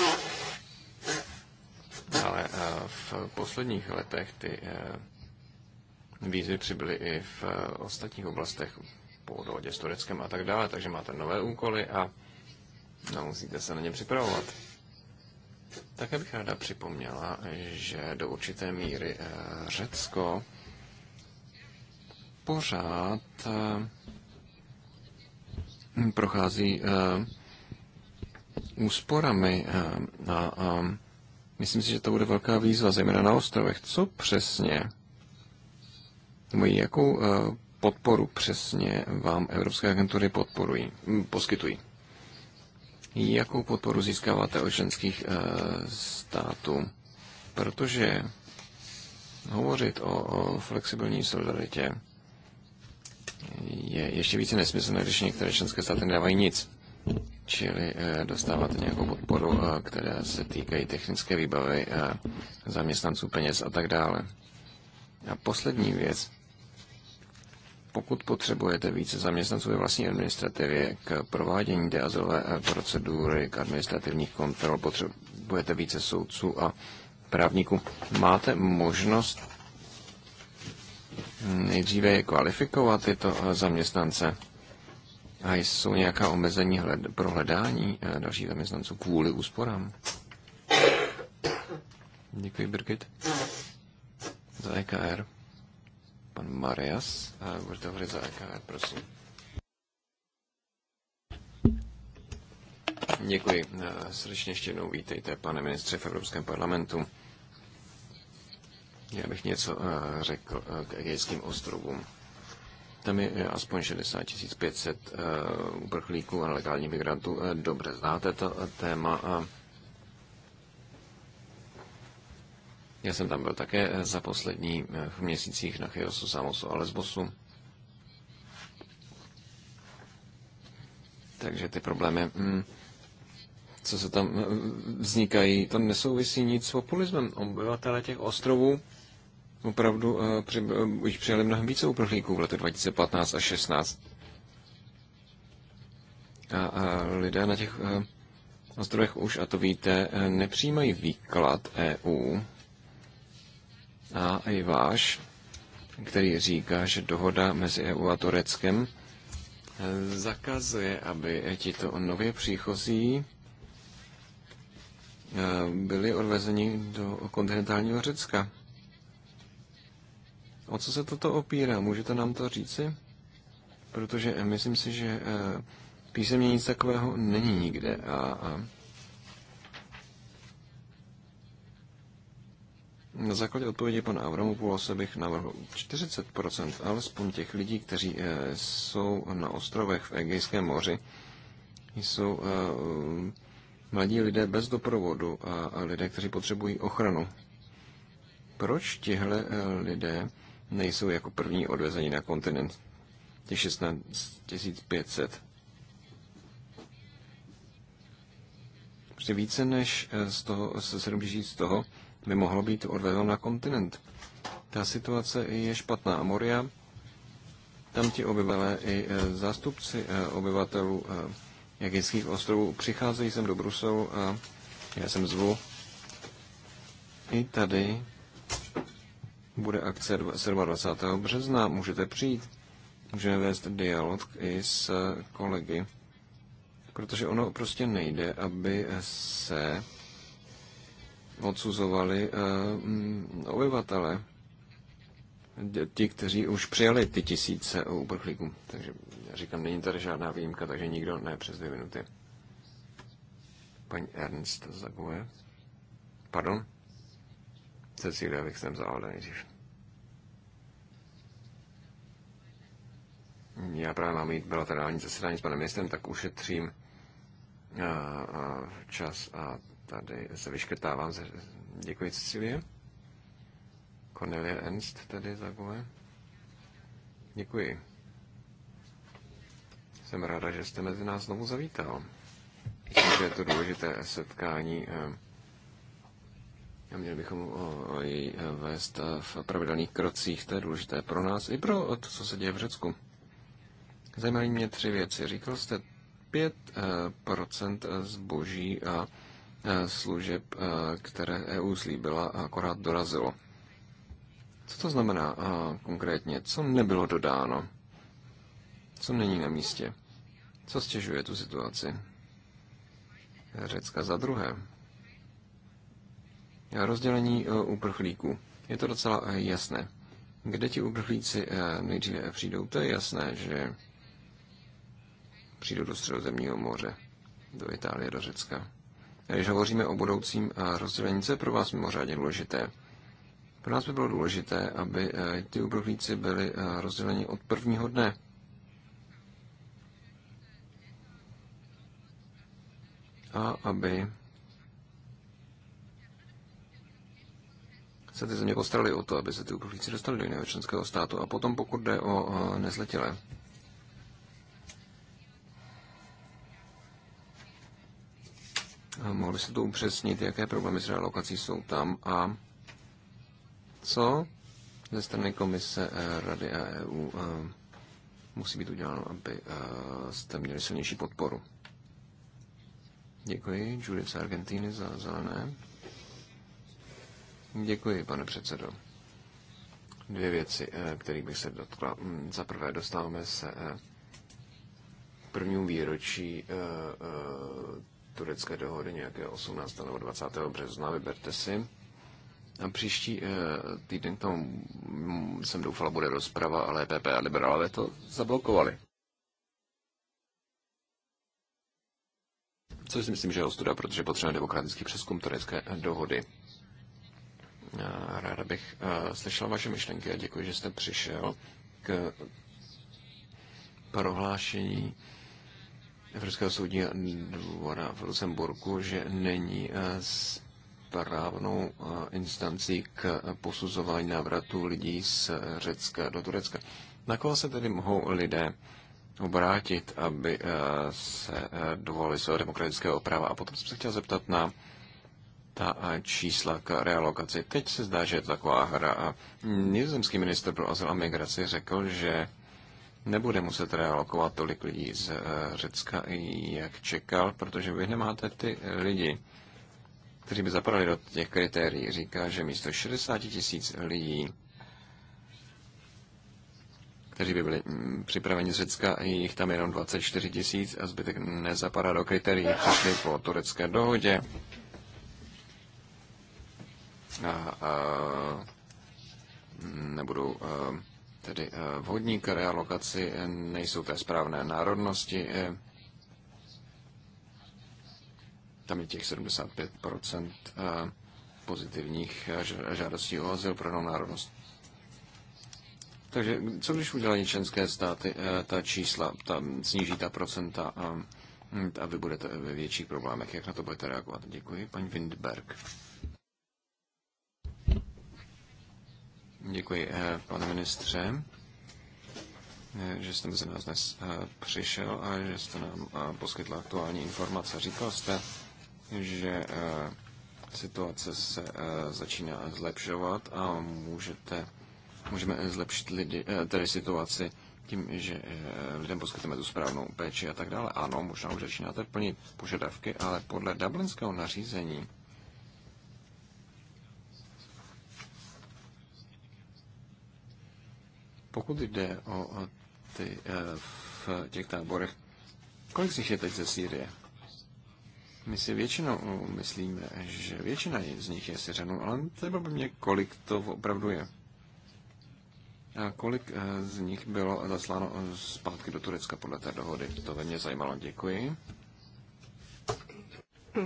ale eh, v posledních letech ty eh, výzvy přibyly i v eh, ostatních oblastech po dohodě s Tureckem a tak dále, takže máte nové úkoly a no, musíte se na ně připravovat. Také bych ráda připomněla, že do určité míry Řecko pořád prochází úsporami a, eh, a, a myslím si, že to bude velká výzva, zejména na ostrovech. Co přesně, nebo jakou eh, podporu přesně vám Evropské agentury podporují, hm, poskytují? Jakou podporu získáváte od členských eh, států? Protože hovořit o, o flexibilní solidaritě je ještě více nesmyslné, když některé členské státy nedávají nic čili eh, dostáváte nějakou podporu, eh, která se týkají technické výbavy, eh, zaměstnanců peněz a tak dále. A poslední věc. Pokud potřebujete více zaměstnanců ve vlastní administrativě k provádění deazové procedury, k administrativních kontrol, potřebujete více soudců a právníků, máte možnost nejdříve je kvalifikovat tyto zaměstnance a jsou nějaká omezení hled, pro hledání eh, dalších zaměstnanců kvůli úsporám? Děkuji, Birgit. Za EKR. Pan Marias, a eh, budete hovořit za EKR, prosím. Děkuji. Eh, srdečně ještě jednou vítejte, pane ministře, v Evropském parlamentu. Já bych něco řekl k Egejským ostrovům. Tam je aspoň 60 500 eh, uprchlíků a legálních migrantů. Eh, dobře znáte to eh, téma. Já jsem tam byl také za poslední měsících na Chiosu, Samosu a Lesbosu. Takže ty problémy, hm, co se tam vznikají, to nesouvisí nic s populismem. Obyvatele těch ostrovů opravdu už eh, eh, přijali mnohem více uprchlíků v letech 2015 a 16. A, a lidé na těch a, eh, ostrovech už, a to víte, nepřijímají výklad EU a i váš, který říká, že dohoda mezi EU a Tureckem zakazuje, aby tito nově příchozí byli odvezeni do kontinentálního Řecka. O co se toto opírá? Můžete nám to říci? Protože myslím si, že eh, písemně nic takového není nikde. A, a na základě odpovědi pana Avramopulose bych navrhl 40% alespoň těch lidí, kteří eh, jsou na ostrovech v Egejském moři, jsou eh, mladí lidé bez doprovodu a lidé, kteří potřebují ochranu. Proč tihle lidé nejsou jako první odvezeni na kontinent. Těch 16 500. Prostě více než eh, z toho, se 7 000 z toho by mohlo být odvezeno na kontinent. Ta situace je špatná. A Moria, tam ti obyvatelé i eh, zástupci eh, obyvatelů Jagických ostrovů přicházejí sem do Bruselu a já jsem zvu i tady bude akce 27. března, můžete přijít. Můžeme vést dialog i s kolegy, protože ono prostě nejde, aby se odsuzovali uh, obyvatele, ti, kteří už přijali ty tisíce uprchlíků. Takže já říkám, není tady žádná výjimka, takže nikdo ne přes dvě minuty. Paní Ernst zaguje. Pardon? Cecilia Wikström za Alda nejdřív. Já právě mám mít bilaterální zasedání s panem ministrem, tak ušetřím a, a čas a tady se vyškrtávám. Děkuji, Cecilie. Cornelia Ernst tady za GUE. Děkuji. Jsem ráda, že jste mezi nás znovu zavítal. Myslím, že je to důležité setkání. Eh, a měli bychom její e, vést e, v pravidelných krocích. To je důležité pro nás i pro to, co se děje v Řecku. Zajímaly mě tři věci. Říkal jste 5% e, zboží a služeb, které EU slíbila, akorát dorazilo. Co to znamená konkrétně? Co nebylo dodáno? Co není na místě? Co stěžuje tu situaci? Řecka za druhé. Rozdělení eh, uprchlíků. Je to docela eh, jasné. Kde ti uprchlíci eh, nejdříve přijdou? To je jasné, že přijdou do Středozemního moře, do Itálie, do Řecka. Když hovoříme o budoucím rozdělení, co je pro vás mimořádně důležité? Pro nás by bylo důležité, aby ty uprchlíci byli rozděleni od prvního dne. A aby se ty země postarali o to, aby se ty uprchlíci dostali do jiného členského státu. A potom, pokud jde o e, nezletilé, Mohli se to upřesnit, jaké problémy s realokací jsou tam a co ze strany komise e, Rady a EU e, musí být uděláno, aby jste měli silnější podporu. Děkuji Judith z Argentiny za zelené. Děkuji, pane předsedo. Dvě věci, eh, kterých bych se dotkla. Mm, za prvé dostáváme se eh, k prvnímu výročí eh, turecké dohody nějaké 18. nebo 20. března, vyberte si. A příští týden k tomu mm, jsem doufala bude rozprava, ale PP a liberálové to zablokovali. Což si myslím, že je ostuda, protože potřebujeme demokratický přeskum turecké dohody. Eh, ráda bych eh, slyšel vaše myšlenky a děkuji, že jste přišel k prohlášení Evropského soudního dvora v Lucemburku, že není eh, správnou instancí k posuzování návratu lidí z Řecka do Turecka. Na koho se tedy mohou lidé obrátit, aby se dovolili svého demokratického práva? A potom jsem se chtěl zeptat na ta čísla k realokaci. Teď se zdá, že je to taková hra a nizozemský minister pro azyl a migraci řekl, že nebude muset realokovat tolik lidí z eh, Řecka, jak čekal, protože vy nemáte ty lidi, kteří by zapadali do těch kritérií. Říká, že místo 60 tisíc lidí, kteří by byli mm, připraveni z Řecka, jich tam jenom 24 tisíc a zbytek nezapadá do kritérií, přišli po turecké dohodě nebudou tedy vhodní k realokaci, nejsou té správné národnosti. E, tam je těch 75 pozitivních žádostí o azyl pro národnost. Takže co když udělají členské státy e, ta čísla, ta, sníží ta procenta a, a vy budete ve větších problémech? Jak na to budete reagovat? Děkuji, paní Windberg. Děkuji, eh, pane ministře, eh, že jste mezi nás dnes eh, přišel a že jste nám poskytl aktuální informace. Říkal jste, že situace se začíná zlepšovat a můžete, můžeme zlepšit lidi, tedy situaci tím, že lidem poskytneme tu správnou péči a tak dále. Ano, možná už začínáte plnit požadavky, ale podle dublinského nařízení Pokud jde o ty eh, v těch táborech, kolik z nich je teď ze Sýrie? My si většinou eh, myslíme, že většina z nich je Syřanů, ale třeba by mě, kolik to opravdu je. A kolik eh, z nich bylo zasláno zpátky do Turecka podle té dohody? To ve mě zajímalo. Děkuji.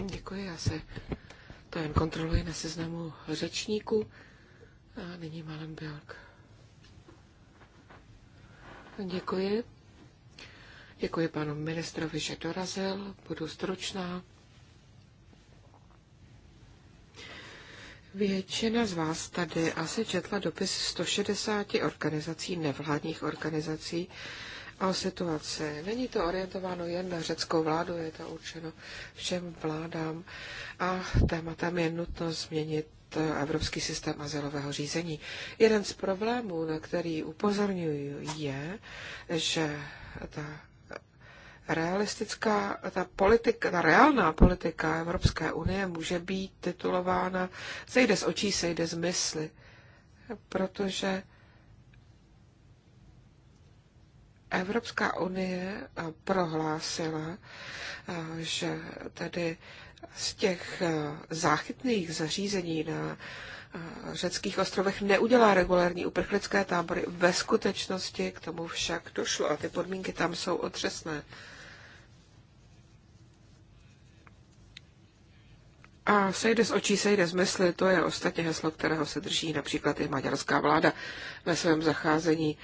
Děkuji, já se to jen kontroluji na seznamu řečníků. A nyní malem Björk. Děkuji. Děkuji panu ministrovi, že dorazil. Budu stručná. Většina z vás tady asi četla dopis 160 organizací, nevládních organizací o situaci. Není to orientováno jen na řeckou vládu, je to určeno všem vládám a tématem je nutno změnit Eh, evropský systém azylového řízení. Jeden z problémů, na který upozorňuji, je, že ta realistická, ta politika, ta reálná politika Evropské unie může být titulována sejde z očí, sejde z mysli, protože Evropská unie eh, prohlásila, eh, že tedy z těch eh, záchytných zařízení na řeckých ostrovech neudělá regulární uprchlické tábory. Ve skutečnosti k tomu však došlo a ty podmínky tam jsou otřesné. A sejde z očí, sejde z mysli, to je ostatně heslo, kterého se drží například i maďarská vláda ve svém zacházení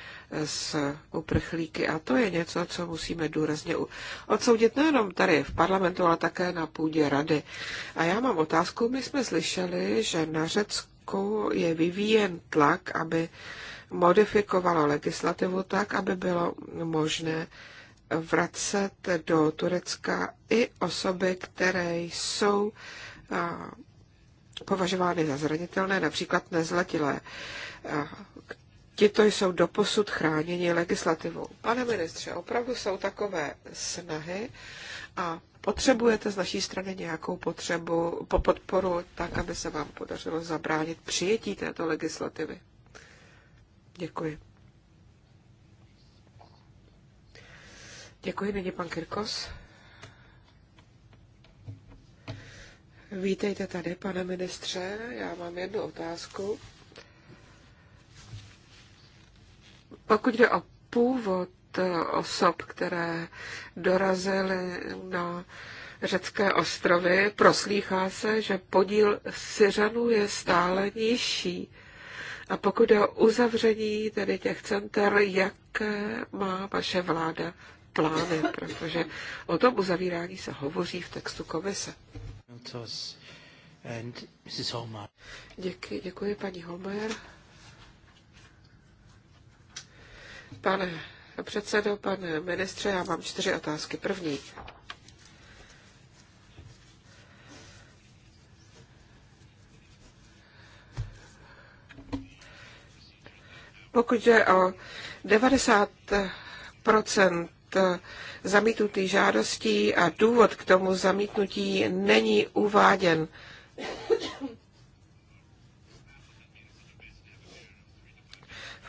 s uprchlíky. A to je něco, co musíme důrazně odsoudit nejenom tady v parlamentu, ale také na půdě rady. A já mám otázku, my jsme slyšeli, že na Řecku je vyvíjen tlak, aby modifikovalo legislativu tak, aby bylo možné vracet do Turecka i osoby, které jsou považovány za zranitelné, například nezletilé. Tito jsou doposud chráněni legislativou. Pane ministře, opravdu jsou takové snahy a potřebujete z naší strany nějakou potřebu, po podporu, tak, aby se vám podařilo zabránit přijetí této legislativy. Děkuji. Děkuji, nyní pan Kirkos. Vítejte tady, pane ministře. Já mám jednu otázku. Pokud jde o původ osob, které dorazily na řecké ostrovy, proslýchá se, že podíl Syřanů je stále nižší. A pokud je o uzavření tedy těch center, jaké má vaše vláda plány, protože o tom uzavírání se hovoří v textu komise. And Mrs. Holmeyer. Děkuji, děkuji paní Holmeyer. Pane předsedo, pane ministře, já mám čtyři otázky. První. Pokud jde o 90 procent Eh, zamítnutý žádostí a důvod k tomu zamítnutí není uváděn.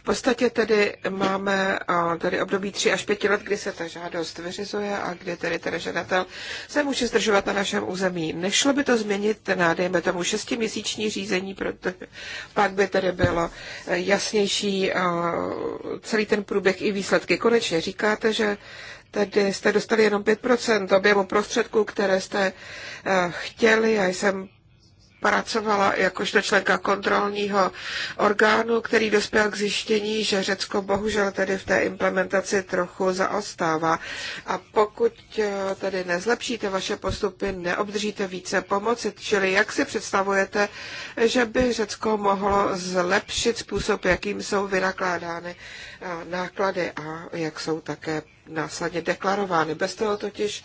podstatě tedy máme tady období 3 až 5 let, kdy se ta žádost vyřizuje a kdy tedy ten žadatel se může zdržovat na našem území. Nešlo by to změnit na, dejme tomu, šestiměsíční řízení, protože pak by tedy bylo eh, jasnější eh, celý ten průběh i výsledky. Konečně říkáte, že tedy jste dostali jenom 5% objemu prostředků, které jste eh, chtěli. Já jsem pracovala jakožto členka kontrolního orgánu, který dospěl k zjištění, že Řecko bohužel tedy v té implementaci trochu zaostává. A pokud eh, tedy nezlepšíte vaše postupy, neobdržíte více pomoci, čili jak si představujete, že by Řecko mohlo zlepšit způsob, jakým jsou vynakládány náklady a jak jsou také následně deklarovány. Bez toho totiž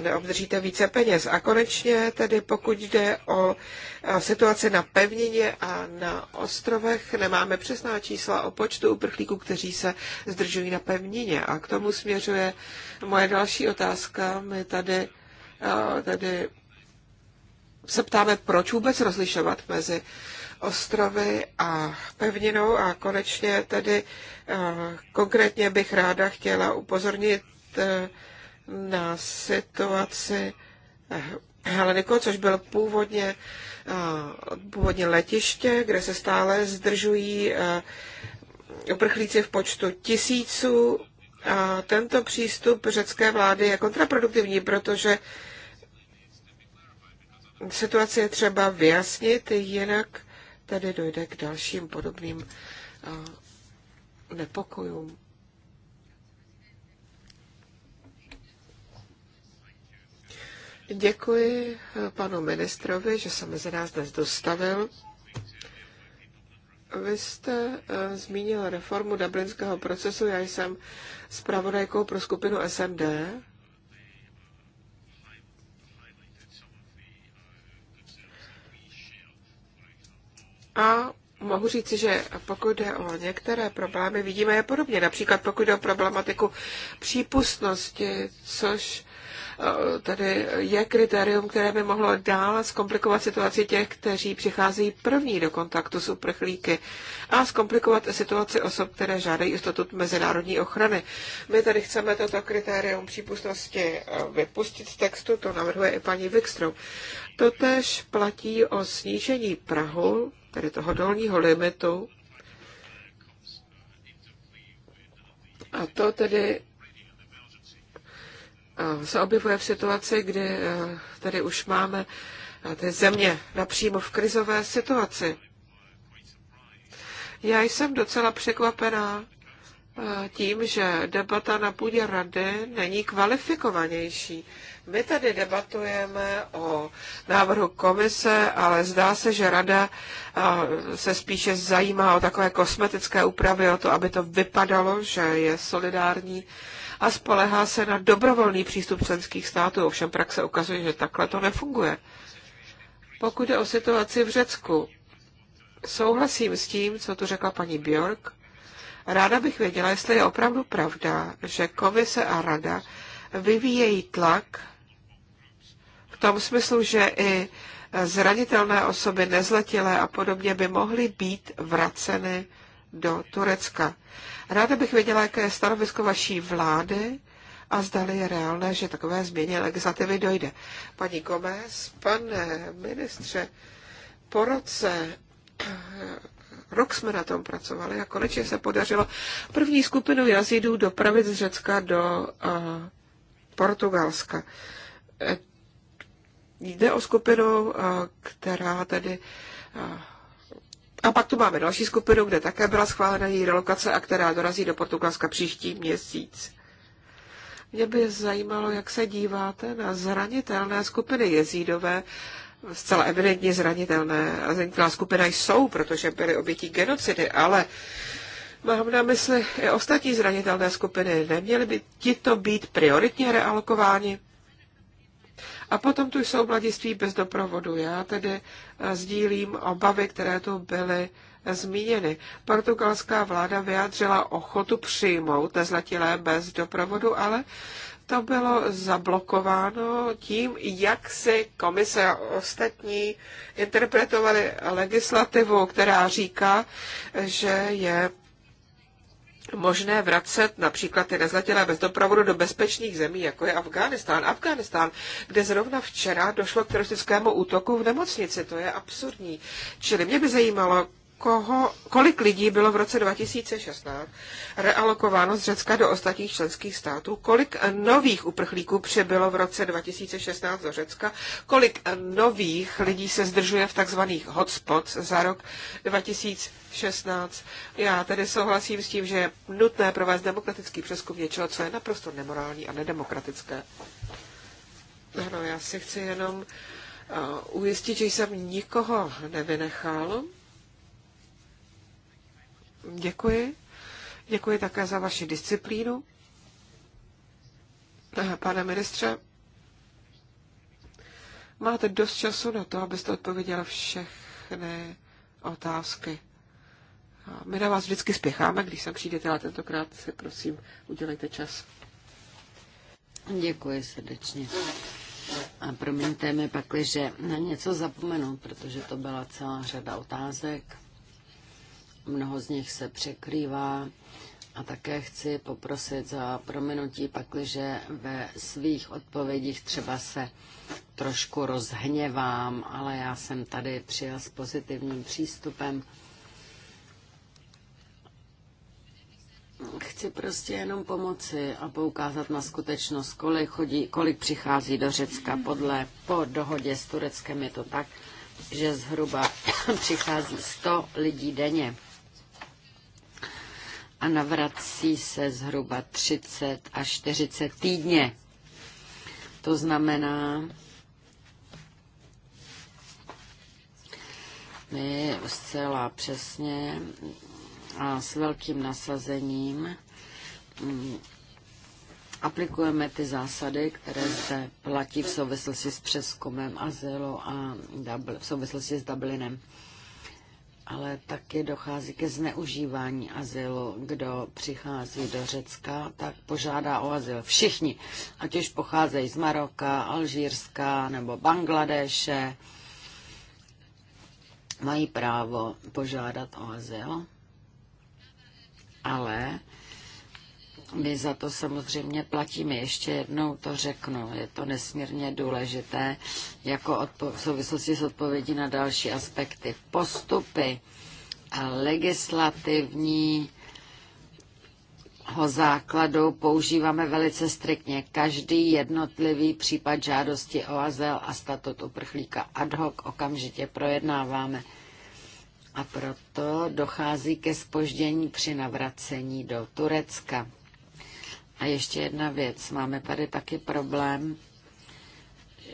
neobdržíte více peněz. A konečně tedy pokud jde o situaci na pevnině a na ostrovech, nemáme přesná čísla o počtu uprchlíků, kteří se zdržují na pevnině. A k tomu směřuje moje další otázka. My tady, tady se ptáme, proč vůbec rozlišovat mezi ostrovy a pevninou a konečně tedy eh, konkrétně bych ráda chtěla upozornit eh, na situaci eh, Heleniko, což bylo původně, původně letiště, kde se stále zdržují uprchlíci v počtu tisíců. A tento přístup řecké vlády je kontraproduktivní, protože situace je třeba vyjasnit, jinak tedy dojde k dalším podobným eh, nepokojům. Děkuji eh, panu ministrovi, že se mezi nás dnes dostavil. Vy jste eh, zmínil reformu dublinského procesu. Já jsem zpravodajkou pro skupinu SMD A mohu říci, že pokud jde o některé problémy, vidíme je podobně. Například pokud jde o problematiku přípustnosti, což eh, tady je kritérium, které by mohlo dále zkomplikovat situaci těch, kteří přicházejí první do kontaktu s uprchlíky a zkomplikovat situaci osob, které žádají o statut mezinárodní ochrany. My tady chceme toto kritérium přípustnosti eh, vypustit z textu, to navrhuje i paní Wikström. Totež platí o snížení Prahu tedy toho dolního limitu. A to tedy eh, se objevuje v situaci, kdy eh, tady už máme eh, ty země napřímo v krizové situaci. Já jsem docela překvapená tím, že debata na půdě rady není kvalifikovanější. My tady debatujeme o návrhu komise, ale zdá se, že rada se spíše zajímá o takové kosmetické úpravy, o to, aby to vypadalo, že je solidární a spolehá se na dobrovolný přístup členských států. Ovšem praxe ukazuje, že takhle to nefunguje. Pokud je o situaci v Řecku, souhlasím s tím, co tu řekla paní Bjork, Ráda bych věděla, jestli je opravdu pravda, že komise a rada vyvíjejí tlak v tom smyslu, že i zranitelné osoby, nezletilé a podobně by mohly být vraceny do Turecka. Ráda bych věděla, jaké je stanovisko vaší vlády a zdali je reálné, že takové změně legislativy dojde. Paní Gomez, pane ministře, po roce Rok jsme na tom pracovali a konečně se podařilo první skupinu jazidů dopravit z Řecka do eh, Portugalska. Eh, jde o skupinu, eh, která tedy a pak tu máme další skupinu, kde také byla schválena její relokace a která dorazí do Portugalska příští měsíc. Mě by zajímalo, jak se díváte na zranitelné skupiny jezídové, zcela evidentně zranitelné a zranitelná skupina jsou, protože byly obětí genocidy, ale mám na mysli i ostatní zranitelné skupiny. Neměly by tito být prioritně realokováni? A potom tu jsou mladiství bez doprovodu. Já tedy eh, sdílím obavy, které tu byly eh, zmíněny. Portugalská vláda vyjádřila ochotu přijmout nezletilé bez doprovodu, ale to bylo zablokováno tím, jak si komise a ostatní interpretovali legislativu, která říká, že je možné vracet například ty nezletělé bez doprovodu do bezpečných zemí, jako je Afghánistán. Afghánistán, kde zrovna včera došlo k teroristickému útoku v nemocnici, to je absurdní. Čili mě by zajímalo, koho, kolik lidí bylo v roce 2016 realokováno z Řecka do ostatních členských států, kolik nových uprchlíků přebylo v roce 2016 do Řecka, kolik nových lidí se zdržuje v takzvaných hotspots za rok 2016. Já tedy souhlasím s tím, že je nutné provést demokratický přeskum něčeho, co je naprosto nemorální a nedemokratické. Ano, já si chci jenom uh, ujistit, že jsem nikoho nevynechal. Děkuji. Děkuji také za vaši disciplínu. Eh, pane ministře, máte dost času na to, abyste odpověděl všechny otázky. My na vás vždycky spěcháme, když sem přijdete, ale tentokrát si prosím udělejte čas. Děkuji srdečně. A promiňte mi pak, že na něco zapomenu, protože to byla celá řada otázek mnoho z nich se překrývá. A také chci poprosit za prominutí, pakliže ve svých odpovědích třeba se trošku rozhněvám, ale já jsem tady přijel s pozitivním přístupem. Chci prostě jenom pomoci a poukázat na skutečnost, kolik, chodí, kolik přichází do Řecka podle, po dohodě s Tureckem je to tak, že zhruba přichází 100 lidí denně a navrací se zhruba 30 až 40 týdně. To znamená, my zcela přesně a s velkým nasazením mm, aplikujeme ty zásady, které zde platí v souvislosti s přeskumem azylu a v souvislosti s Dublinem ale taky dochází ke zneužívání azylu. Kdo přichází do Řecka, tak požádá o azyl. Všichni, ať už pocházejí z Maroka, Alžírska nebo Bangladeše, mají právo požádat o azyl, ale my za to samozřejmě platíme. Ještě jednou to řeknu. Je to nesmírně důležité jako odpo- v souvislosti s odpovědí na další aspekty. Postupy a legislativní ho základu používáme velice striktně. Každý jednotlivý případ žádosti o azyl a statut uprchlíka ad hoc okamžitě projednáváme. A proto dochází ke spoždění při navracení do Turecka. A ještě jedna věc. Máme tady taky problém,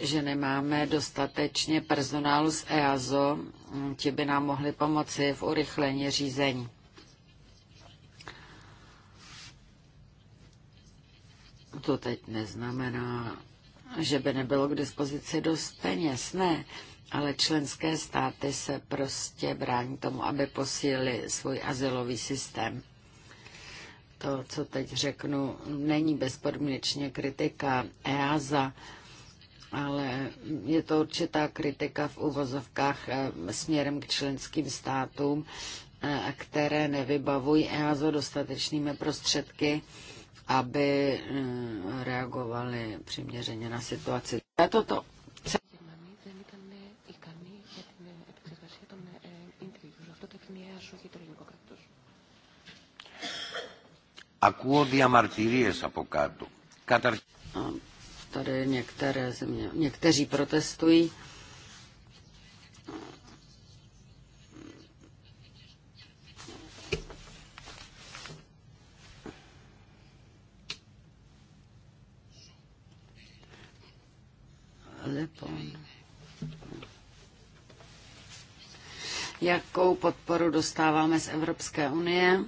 že nemáme dostatečně personálu z EASO, ti by nám mohli pomoci v urychlení řízení. To teď neznamená, že by nebylo k dispozici dost peněz, ne, ale členské státy se prostě brání tomu, aby posílili svůj asilový systém to, co teď řeknu, není bezpodmínečně kritika EASA, ale je to určitá kritika v uvozovkách eh, směrem k členským státům, eh, které nevybavují EASO dostatečnými prostředky, aby eh, reagovali přiměřeně na situaci. Já Toto Ακούω διαμαρτυρίες από κάτω. Καταρχήν... Hm, tady některé země, někteří protestují. Jakou podporu dostáváme z Evropské unie?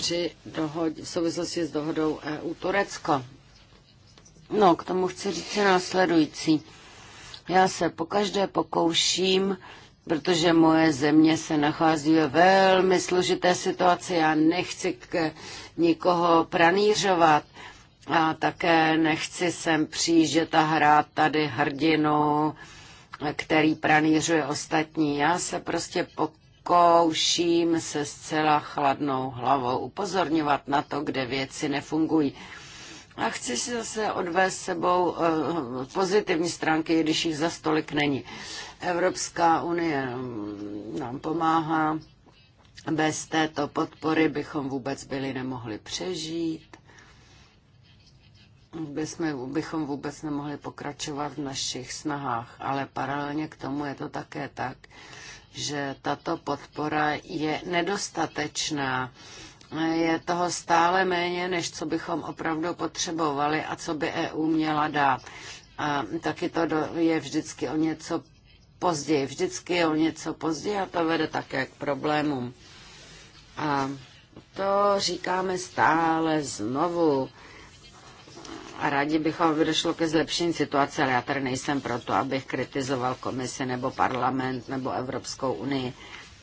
při dohod v souvislosti s dohodou EU Turecko. No, k tomu chci říct následující. Já se pokaždé pokouším, protože moje země se nachází ve velmi složité situaci. Já nechci k nikoho pranířovat a také nechci sem přijíždět a hrát tady hrdinu, který pranířuje ostatní. Já se prostě pokouším zkouším se zcela chladnou hlavou upozorňovat na to, kde věci nefungují. A chci si zase odvést sebou eh, pozitivní stránky, když jich za stolik není. Evropská unie mm, nám pomáhá. Bez této podpory bychom vůbec byli nemohli přežít. Bychom, bychom vůbec nemohli pokračovat v našich snahách, ale paralelně k tomu je to také tak, že tato podpora je nedostatečná. Je toho stále méně, než co bychom opravdu potřebovali a co by EU měla dát. A taky to je vždycky o něco později. Vždycky je o něco později a to vede také k problémům. A to říkáme stále znovu a rádi bychom, aby došlo ke zlepšení situace, ale já tady nejsem proto, abych kritizoval komisi nebo parlament nebo Evropskou unii.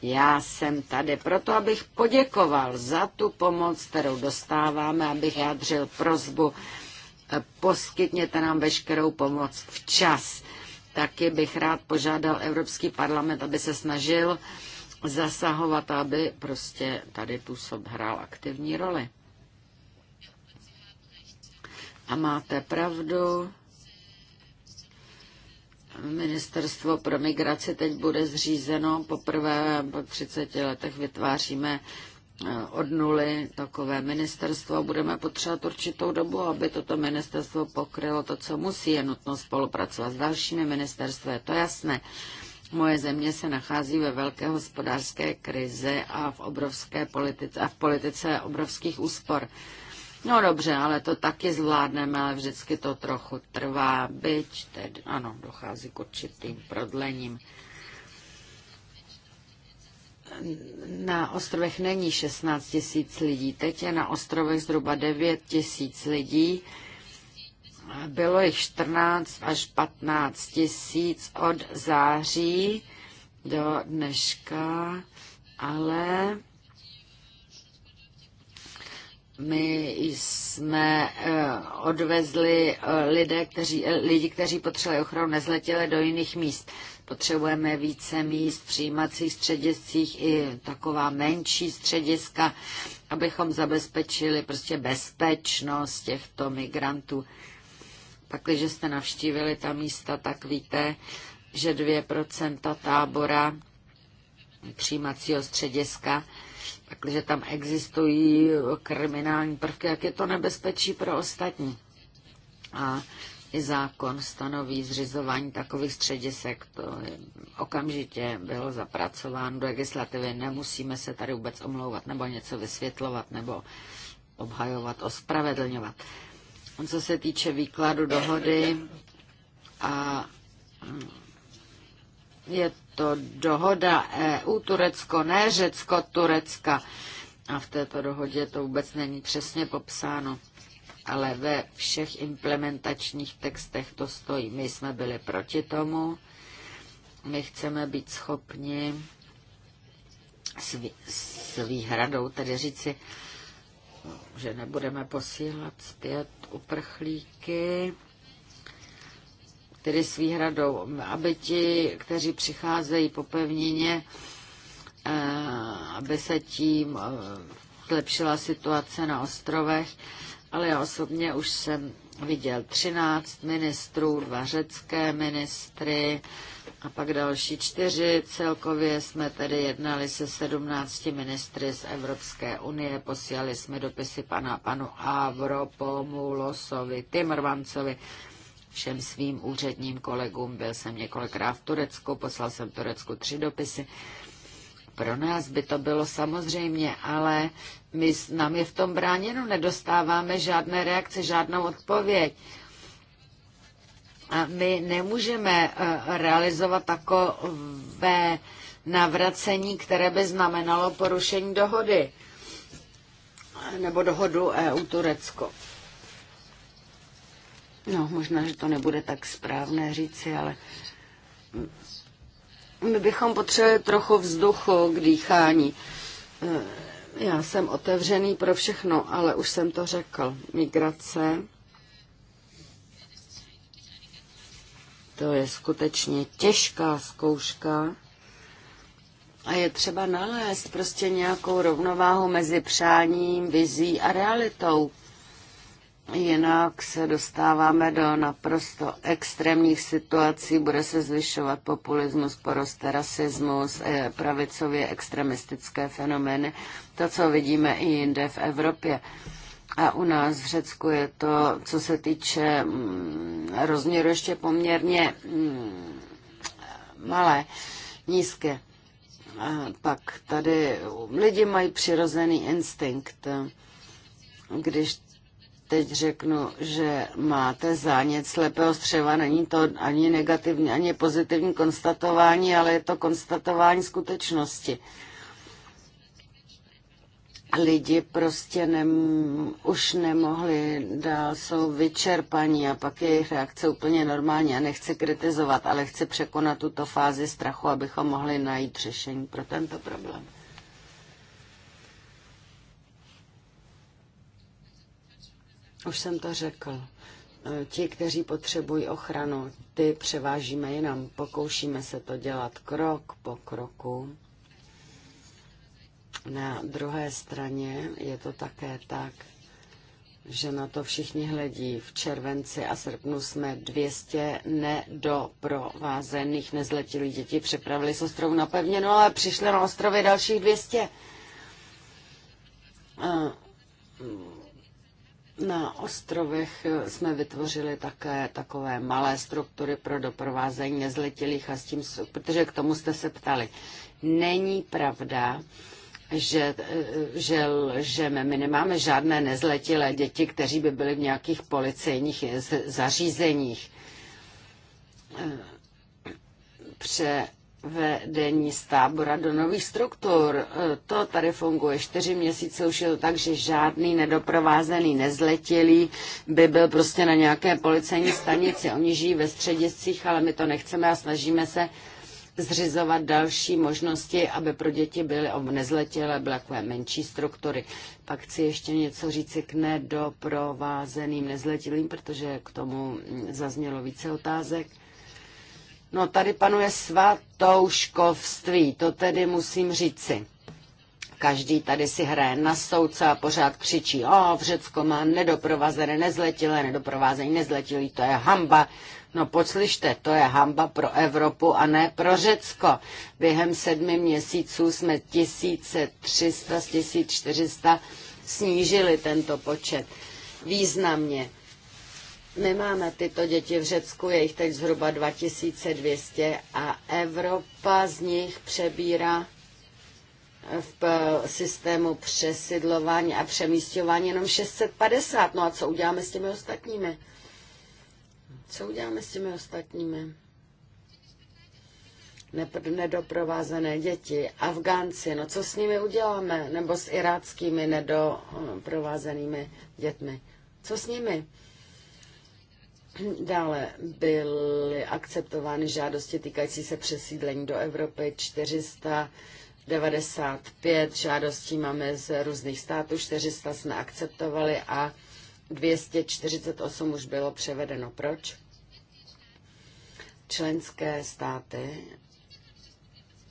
Já jsem tady proto, abych poděkoval za tu pomoc, kterou dostáváme, abych jádřil prozbu, eh, poskytněte nám veškerou pomoc včas. Taky bych rád požádal Evropský parlament, aby se snažil zasahovat, aby prostě tady působ hrál aktivní roli. A máte pravdu. Ministerstvo pro migraci teď bude zřízeno. Poprvé po 30 letech vytváříme eh, od nuly takové ministerstvo. Budeme potřebovat určitou dobu, aby toto ministerstvo pokrylo to, co musí. Je nutno spolupracovat s dalšími ministerstvy, je to jasné. Moje země se nachází ve velké hospodářské krizi a v obrovské politice, a v politice obrovských úspor. No dobře, ale to taky zvládneme, ale vždycky to trochu trvá, byť tedy, ano, dochází k určitým prodlením. Na ostrovech není 16 tisíc lidí, teď je na ostrovech zhruba 9 tisíc lidí. Bylo jich 14 až 15 tisíc od září do dneška, ale my jsme eh, odvezli eh, lidé, kteří, eh, lidi, kteří potřebovali ochranu nezletěle do jiných míst. Potřebujeme více míst v přijímacích střediscích i taková menší střediska, abychom zabezpečili prostě bezpečnost těchto migrantů. Pak, když jste navštívili ta místa, tak víte, že 2% tábora přijímacího střediska takže tam existují kriminální prvky, jak je to nebezpečí pro ostatní. A i zákon stanoví zřizování takových středisek. To okamžitě bylo zapracováno do legislativy. Nemusíme se tady vůbec omlouvat nebo něco vysvětlovat nebo obhajovat, ospravedlňovat. Co se týče výkladu dohody a je to dohoda EU, Turecko, ne Řecko, Turecka. A v této dohodě to vůbec není přesně popsáno. Ale ve všech implementačních textech to stojí. My jsme byli proti tomu. My chceme být schopni s, výhradou tedy říci, že nebudeme posílat zpět uprchlíky tedy s výhradou, aby ti, kteří přicházejí po pevnině, eh, aby se tím eh, zlepšila situace na ostrovech, ale já osobně už jsem viděl 13 ministrů, dva řecké ministry a pak další čtyři. Celkově jsme tedy jednali se 17 ministry z Evropské unie, posílali jsme dopisy pana, panu Avropomu, Losovi, Timrvancovi, všem svým úředním kolegům. Byl jsem několikrát v Turecku, poslal jsem Turecku tři dopisy. Pro nás by to bylo samozřejmě, ale my, nám je v tom bráněno, nedostáváme žádné reakce, žádnou odpověď. A my nemůžeme eh, realizovat takové navracení, které by znamenalo porušení dohody nebo dohodu EU-Turecko. No, možná, že to nebude tak správné říci, ale my bychom potřebovali trochu vzduchu k dýchání. Eh, já jsem otevřený pro všechno, ale už jsem to řekl. Migrace, to je skutečně těžká zkouška. A je třeba nalézt prostě nějakou rovnováhu mezi přáním, vizí a realitou. Jinak se dostáváme do naprosto extrémních situací, bude se zvyšovat populismus, poroste rasismus, eh, pravicově extremistické fenomény, to, co vidíme i jinde v Evropě. A u nás v Řecku je to, co se týče mm, rozměru ještě poměrně mm, malé, nízké. A pak tady lidi mají přirozený instinkt. Když teď řeknu, že máte zánět slepého střeva, není to ani negativní, ani pozitivní konstatování, ale je to konstatování skutečnosti. Lidi prostě nem, už nemohli dál, jsou vyčerpaní a pak je jejich reakce úplně normální. Já nechci kritizovat, ale chci překonat tuto fázi strachu, abychom mohli najít řešení pro tento problém. Už jsem to řekl. E, ti, kteří potřebují ochranu, ty převážíme jinam. Pokoušíme se to dělat krok po kroku. Na druhé straně je to také tak, že na to všichni hledí. V červenci a srpnu jsme 200 nedoprovázených nezletilých dětí přepravili s ostrovu na pevněnu, ale přišli na ostrově dalších 200. A e, na ostrovech jsme vytvořili také takové malé struktury pro doprovázení nezletilých a s tím, protože k tomu jste se ptali. Není pravda, že, že lžeme. My nemáme žádné nezletilé děti, kteří by byli v nějakých policejních zařízeních. Pře vedení z tábora do nových struktur. E, to tady funguje čtyři měsíce, už je to tak, že žádný nedoprovázený nezletilý by byl prostě na nějaké policejní stanici. Oni žijí ve střediscích, ale my to nechceme a snažíme se zřizovat další možnosti, aby pro děti byly nezletilé, byly takové menší struktury. Pak chci ještě něco říci k nedoprovázeným nezletilým, protože k tomu mm, zaznělo více otázek. No tady panuje svatouškovství, to tedy musím říci. Každý tady si hraje na soudce a pořád křičí, o, v Řecko má nedoprovazené, nezletilé, nedoprovázení, nezletilí, to je hamba. No poslyšte, to je hamba pro Evropu a ne pro Řecko. Během sedmi měsíců jsme 1300 z 1400 snížili tento počet významně. My máme tyto děti v Řecku, je jich teď zhruba 2200 a Evropa z nich přebírá eh, v eh, systému přesidlování a přemístování jenom 650. No a co uděláme s těmi ostatními? Co uděláme s těmi ostatními? nedoprovázené děti, Afgánci, no co s nimi uděláme? Nebo s iráckými nedoprovázenými dětmi? Co s nimi? Dále byly akceptovány žádosti týkající se přesídlení do Evropy 495 žádostí máme z různých států, 400 jsme akceptovali a 248 už bylo převedeno. Proč? Členské státy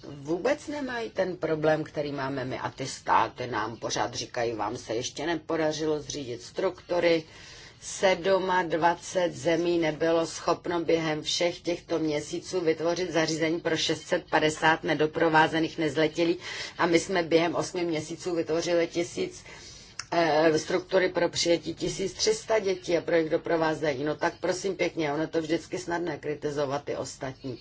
vůbec nemají ten problém, který máme my a ty státy nám pořád říkají, vám se ještě nepodařilo zřídit struktury, 27 zemí nebylo schopno během všech těchto měsíců vytvořit zařízení pro 650 nedoprovázených nezletilých a my jsme během 8 měsíců vytvořili tisíc eh, struktury pro přijetí 1300 dětí a pro jejich doprovázení. No tak prosím pěkně, ono to vždycky snadné kritizovat ty ostatní.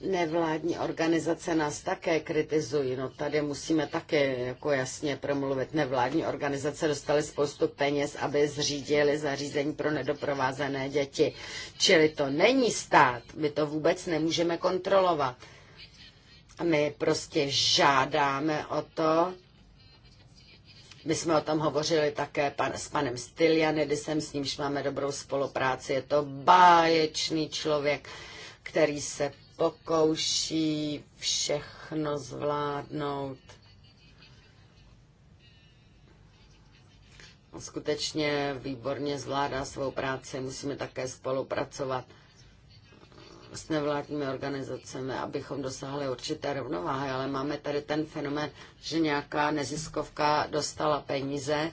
Nevládní organizace nás také kritizují, no tady musíme také jako jasně promluvit. Nevládní organizace dostaly spoustu peněz, aby zřídili zařízení pro nedoprovázené děti. Čili to není stát, my to vůbec nemůžeme kontrolovat. My prostě žádáme o to, my jsme o tom hovořili také pan, s panem Stylianidisem, s nímž máme dobrou spolupráci. Je to báječný člověk, který se pokouší všechno zvládnout. Skutečně výborně zvládá svou práci, musíme také spolupracovat s nevládními organizacemi, abychom dosáhli určité rovnováhy, ale máme tady ten fenomén, že nějaká neziskovka dostala peníze,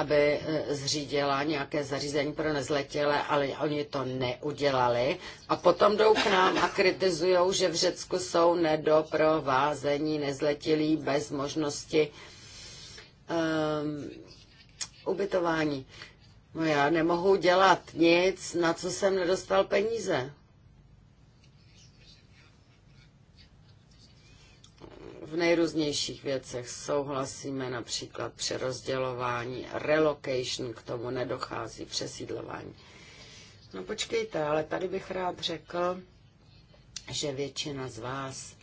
aby eh, zřídila nějaké zařízení pro nezletilé, ale oni to neudělali. A potom jdou k nám a kritizují, že v Řecku jsou nedoprovázení nezletilí bez možnosti um, ubytování. No já nemohu dělat nic, na co jsem nedostal peníze. v nejrůznějších věcech souhlasíme, například přerozdělování, relocation, k tomu nedochází, přesídlování. No počkejte, ale tady bych rád řekl, že většina z vás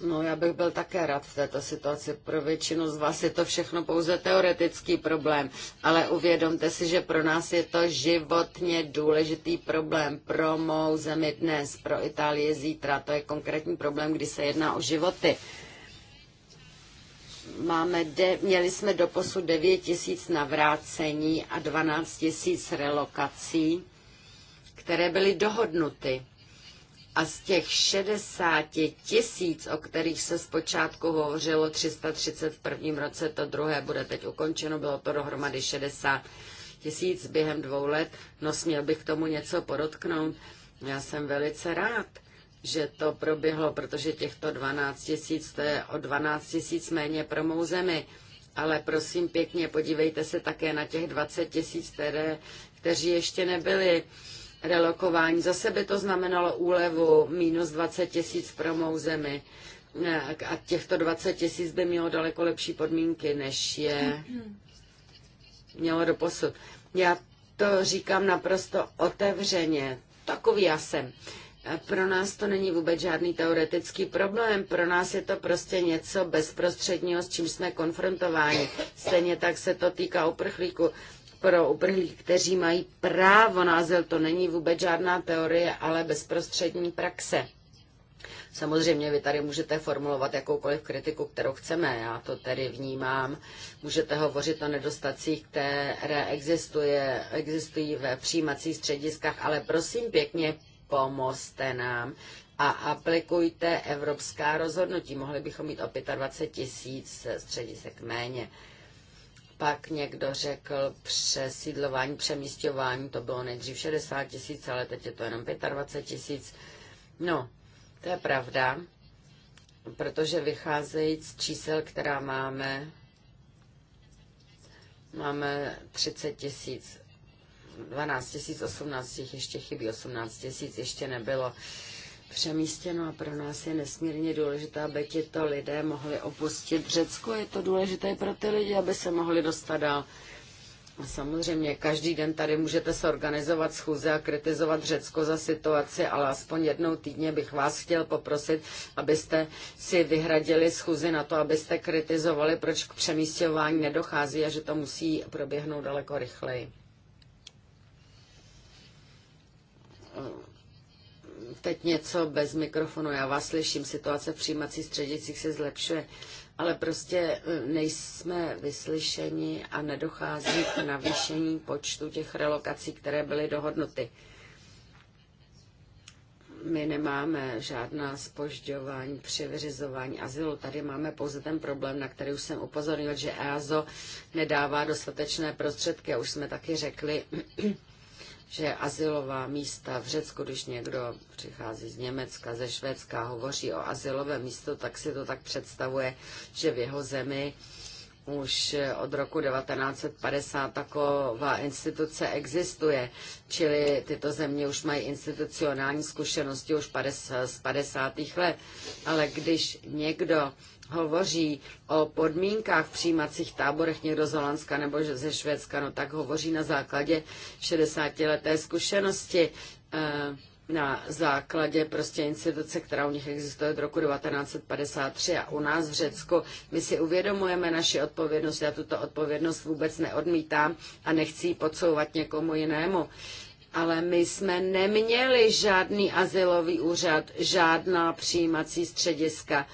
No, já bych byl také rád v této situaci. Pro většinu z vás je to všechno pouze teoretický problém, ale uvědomte si, že pro nás je to životně důležitý problém. Pro mou zemi dnes, pro Itálii zítra. To je konkrétní problém, kdy se jedná o životy. Máme de, měli jsme doposud 9 tisíc navrácení a 12 tisíc relokací, které byly dohodnuty a z těch 60 tisíc, o kterých se zpočátku hovořilo 330 v prvním roce, to druhé bude teď ukončeno, bylo to dohromady 60 tisíc během dvou let. No směl bych k tomu něco podotknout. Já jsem velice rád, že to proběhlo, protože těchto 12 tisíc, to je o 12 tisíc méně pro mou zemi. Ale prosím pěkně, podívejte se také na těch 20 tisíc, které, kteří ještě nebyli relokování. Za sebe to znamenalo úlevu minus 20 tisíc pro mou zemi. A těchto 20 tisíc by mělo daleko lepší podmínky, než je mělo do posud. Já to říkám naprosto otevřeně. Takový já jsem. Pro nás to není vůbec žádný teoretický problém, pro nás je to prostě něco bezprostředního, s čím jsme konfrontováni. Stejně tak se to týká uprchlíku pro uprhlí, kteří mají právo na azyl. To není vůbec žádná teorie, ale bezprostřední praxe. Samozřejmě vy tady můžete formulovat jakoukoliv kritiku, kterou chceme, já to tedy vnímám. Můžete hovořit o nedostacích, které existuje, existují ve přijímacích střediskách, ale prosím pěkně, pomozte nám a aplikujte evropská rozhodnutí. Mohli bychom mít o 25 tisíc středisek méně. Pak někdo řekl přesídlování, přemístování, to bylo nejdřív 60 tisíc, ale teď je to jenom 25 tisíc. No, to je pravda, protože vycházejí z čísel, která máme, máme 30 tisíc, 12 tisíc, 18 tisíc, ještě chybí 18 tisíc, ještě nebylo přemístěno a pro nás je nesmírně důležité, aby tito lidé mohli opustit Řecko. Je to důležité pro ty lidi, aby se mohli dostat dál. A samozřejmě každý den tady můžete sorganizovat schůze a kritizovat Řecko za situaci, ale aspoň jednou týdně bych vás chtěl poprosit, abyste si vyhradili schůzi na to, abyste kritizovali, proč k přemístěvání nedochází a že to musí proběhnout daleko rychleji Teď něco bez mikrofonu. Já vás slyším. Situace v přijímacích středicích se zlepšuje, ale prostě e, nejsme vyslyšeni a nedochází k navýšení počtu těch relokací, které byly dohodnuty my nemáme žádná spožďování při vyřizování azylu. Tady máme pouze ten problém, na který už jsem upozornil, že EASO nedává dostatečné prostředky. A už jsme taky řekli, že asilová místa v Řecku, když někdo přichází z Německa, ze Švédska a hovoří o asilovém místu, tak si to tak představuje, že v jeho zemi už od roku 1950 taková instituce existuje, čili tyto země už mají institucionální zkušenosti už z 50. let. Ale když někdo hovoří o podmínkách v přijímacích táborech někdo z Holandska nebo ze Švédska, no tak hovoří na základě 60-leté zkušenosti eh, na základě prostě instituce, která u nich existuje od roku 1953 a u nás v Řecku. My si uvědomujeme naši odpovědnost, já tuto odpovědnost vůbec neodmítám a nechci ji podsouvat někomu jinému. Ale my jsme neměli žádný asilový úřad, žádná přijímací střediska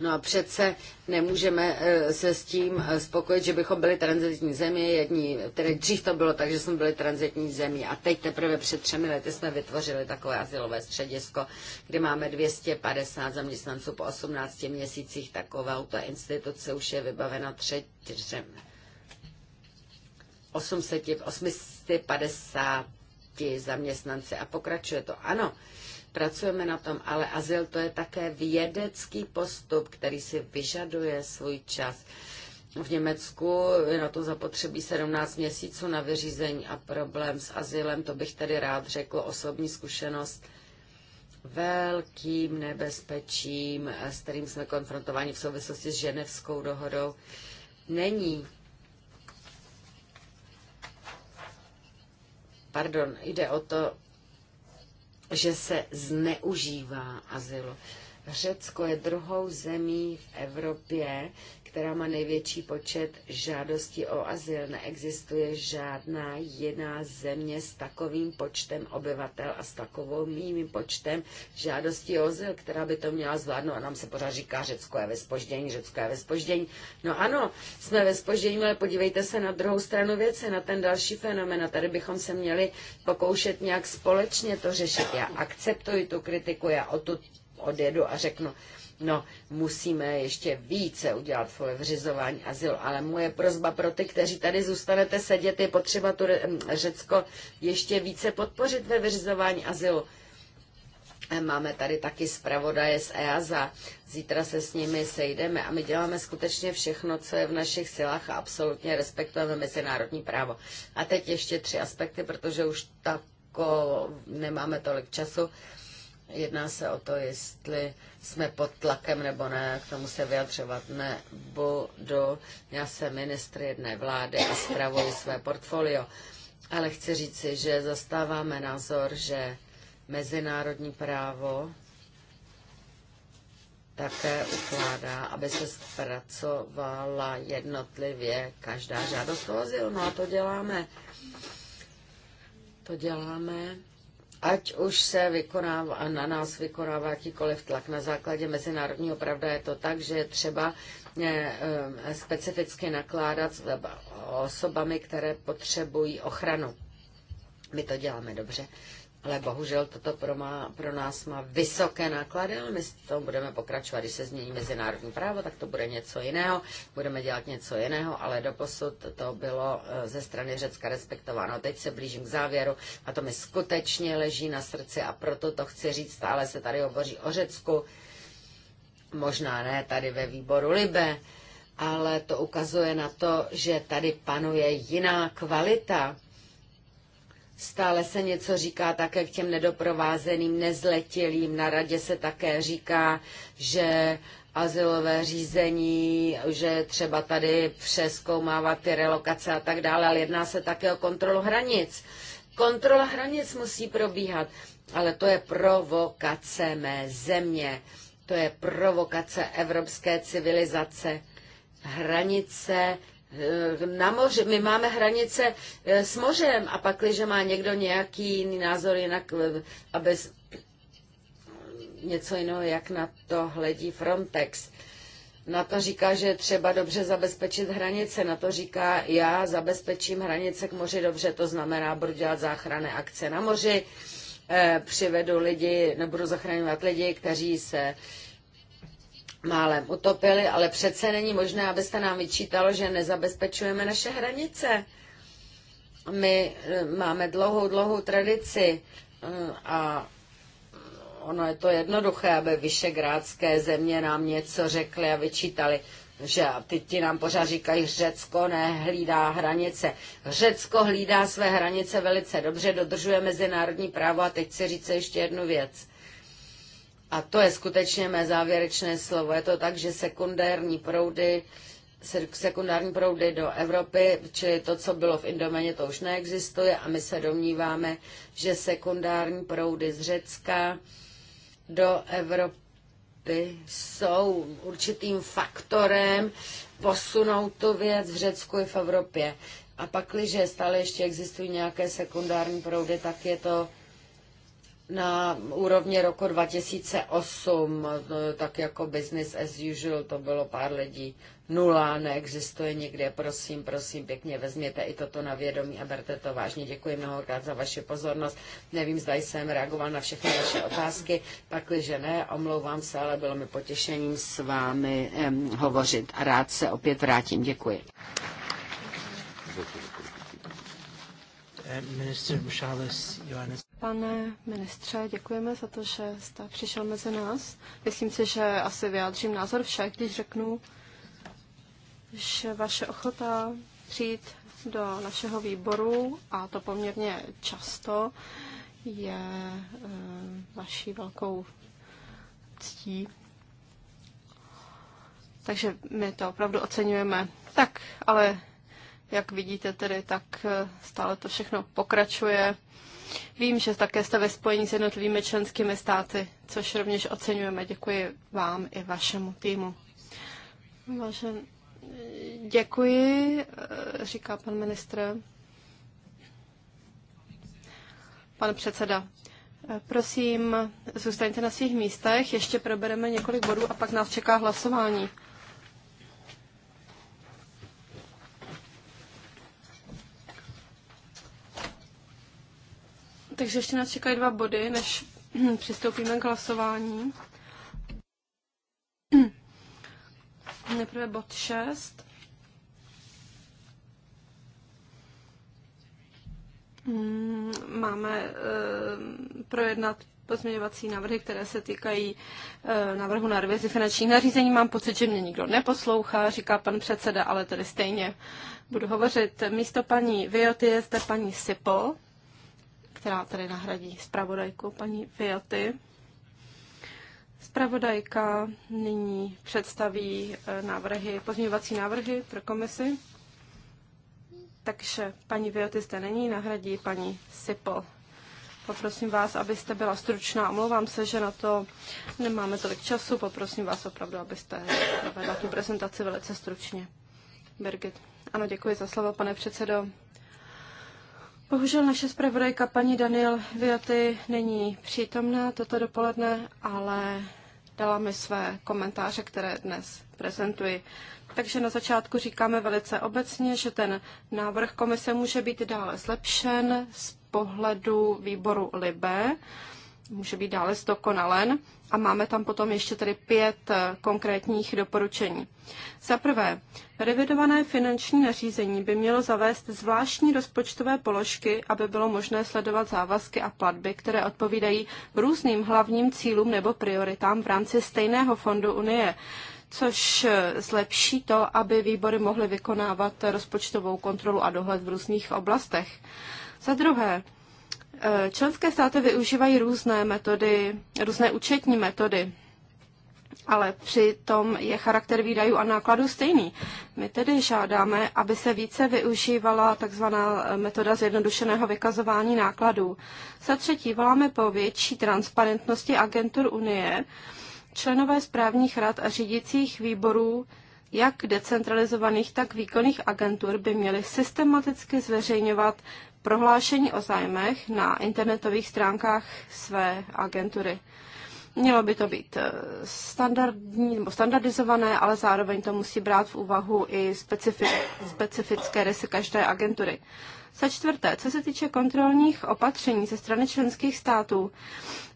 No a přece nemůžeme eh, se s tím eh, spokojit, že bychom byli transitní zemi, jední, tedy dřív to bylo tak, že jsme byli transitní zemi a teď teprve před třemi lety jsme vytvořili takové asilové středisko, kde máme 250 zaměstnanců po 18 měsících takovou, ta instituce už je vybavena třetím 800, 850 zaměstnanci a pokračuje to. Ano, Pracujeme na tom, ale azyl to je také vědecký postup, který si vyžaduje svůj čas. V Německu je na to zapotřebí 17 měsíců na vyřízení a problém s azylem, to bych tady rád řekl, osobní zkušenost velkým nebezpečím, s kterým jsme konfrontováni v souvislosti s ženevskou dohodou, není. Pardon, jde o to, že se zneužívá azylu. Řecko je druhou zemí v Evropě, která má největší počet žádostí o azyl. Neexistuje žádná jiná země s takovým počtem obyvatel a s takovou mým počtem žádostí o azyl, která by to měla zvládnout. A nám se pořád říká, Řecko je ve spoždění, Řecko je ve spoždění. No ano, jsme ve spoždění, ale podívejte se na druhou stranu věce, na ten další fenomen. A tady bychom se měli pokoušet nějak společně to řešit. Já akceptuji tu kritiku, já o tu odjedu a řeknu, No, musíme ještě více udělat v vyřizování azylu, ale moje prozba pro ty, kteří tady zůstanete sedět, je potřeba tu eh, Řecko ještě více podpořit ve vyřizování azylu. Eh, máme tady taky zpravodaje z EASA. Zítra se s nimi sejdeme a my děláme skutečně všechno, co je v našich silách a absolutně respektujeme mezinárodní právo. A teď ještě tři aspekty, protože už tako nemáme tolik času. Jedná se o to, jestli jsme pod tlakem nebo ne, k tomu se vyjadřovat nebudu. Já jsem ministr jedné vlády a zpravuji své portfolio. Ale chci říci, že zastáváme názor, že mezinárodní právo také ukládá, aby se zpracovala jednotlivě každá žádost o azyl. No a to děláme. To děláme ať už se vykonává, na nás vykonává jakýkoliv tlak na základě mezinárodního pravda, je to tak, že je třeba eh, eh, specificky nakládat s osobami, které potřebují ochranu. My to děláme dobře ale bohužel toto pro, má, pro nás má vysoké náklady, ale my s tom budeme pokračovat. Když se změní mezinárodní právo, tak to bude něco jiného, budeme dělat něco jiného, ale doposud to bylo eh, ze strany Řecka respektováno. Teď se blížím k závěru a to mi skutečně leží na srdci a proto to chci říct, stále se tady hovoří o Řecku, možná ne tady ve výboru Libe, ale to ukazuje na to, že tady panuje jiná kvalita Stále se něco říká také k těm nedoprovázeným nezletilým. Na radě se také říká, že azylové řízení, že třeba tady přeskoumávat ty relokace a tak dále, ale jedná se také o kontrolu hranic. Kontrola hranic musí probíhat, ale to je provokace mé země, to je provokace evropské civilizace. Hranice Eh, na moře, my máme hranice eh, s mořem a pak, když má někdo nějaký jiný názor, jinak, eh, aby něco jiného, jak na to hledí Frontex. Na to říká, že je třeba dobře zabezpečit hranice. Na to říká, já zabezpečím hranice k moři dobře, to znamená, budu dělat záchranné akce na moři, přivedu lidi, nebudu zachraňovat lidi, kteří se málem utopili, ale přece není možné, abyste nám vyčítalo, že nezabezpečujeme naše hranice. My e, máme dlouhou, dlouhou tradici e, a ono je to jednoduché, aby vyšegrádské země nám něco řekly a vyčítali, že ty ti nám pořád říkají, Řecko nehlídá hranice. Řecko hlídá své hranice velice dobře, dodržuje mezinárodní právo a teď si říct ještě jednu věc a to je skutečně mé závěrečné slovo, je to tak, že sekundární proudy sekundární proudy do Evropy, čili to, co bylo v Indoméně, to už neexistuje a my se domníváme, že sekundární proudy z Řecka do Evropy jsou určitým faktorem posunout tu věc v Řecku i v Evropě. A pak, když stále ještě existují nějaké sekundární proudy, tak je to na úrovni roku 2008, tak jako business as usual, to bylo pár lidí. Nula neexistuje nikde, prosím, prosím, pěkně vezměte i toto na vědomí a berte to vážně. Děkuji mnohokrát za vaši pozornost. Nevím, zda jsem reagoval na všechny vaše otázky, pakliže ne, omlouvám se, ale bylo mi potěšením s vámi eh, hovořit a rád se opět vrátím. Děkuji. Děkuji. Pane ministře, děkujeme za to, že jste přišel mezi nás. Myslím si, že asi vyjádřím názor všech, když řeknu, že vaše ochota přijít do našeho výboru, a to poměrně často, je eh, vaší velkou ctí. Takže my to opravdu oceňujeme. Tak, ale jak vidíte tedy, tak eh, stále to všechno pokračuje. Vím, že také jste ve spojení s jednotlivými členskými státy, což rovněž oceňujeme. Děkuji vám i vašemu týmu. Vážen, děkuji, eh, říká pan ministr. Pan předseda, eh, prosím, zůstaňte na svých místech, ještě probereme několik bodů a pak nás čeká hlasování. Takže ještě nás čekají dva body, než přistoupíme k hlasování. Nejprve bod 6. Hmm, máme eh, projednat pozměňovací návrhy, které se týkají uh, návrhu na revizi finančních nařízení. Mám pocit, že mě nikdo neposlouchá, říká pan předseda, ale tedy stejně budu hovořit. Místo paní Vioty je zde paní Sipol která tady nahradí zpravodajku paní Fiaty. Spravodajka nyní představí eh, návrhy, pozměňovací návrhy pro komisi. Takže paní Vioty zde není, nahradí paní Sipol. Poprosím vás, abyste byla stručná. Omlouvám se, že na to nemáme tolik času. Poprosím vás opravdu, abyste vedla tu prezentaci velice stručně. Birgit. Ano, děkuji za slovo, pane předsedo. Bohužel naše zpravodajka paní Daniel Viaty není přítomná toto dopoledne, ale dala mi své komentáře, které dnes prezentuji. Takže na začátku říkáme velice obecně, že ten návrh komise může být dále zlepšen z pohledu výboru LIBE může být dále zdokonalen. A máme tam potom ještě tedy pět eh, konkrétních doporučení. Za prvé, revidované finanční nařízení by mělo zavést zvláštní rozpočtové položky, aby bylo možné sledovat závazky a platby, které odpovídají různým hlavním cílům nebo prioritám v rámci stejného fondu Unie což eh, zlepší to, aby výbory mohly vykonávat rozpočtovou kontrolu a dohled v různých oblastech. Za druhé, Eh, členské státy využívají různé metody, různé účetní metody, ale přitom je charakter výdajů a nákladů stejný. My tedy žádáme, aby se více využívala tzv. Eh, metoda zjednodušeného vykazování nákladů. Za třetí voláme po větší transparentnosti agentur Unie, členové správních rad a řídících výborů jak decentralizovaných, tak výkonných agentur by měly systematicky zveřejňovat prohlášení o zájmech na internetových stránkách své agentury. Mělo by to být eh, standardní nebo standardizované, ale zároveň to musí brát v úvahu i specifi, specifické rysy každé agentury. Za čtvrté, co se týče kontrolních opatření ze strany členských států,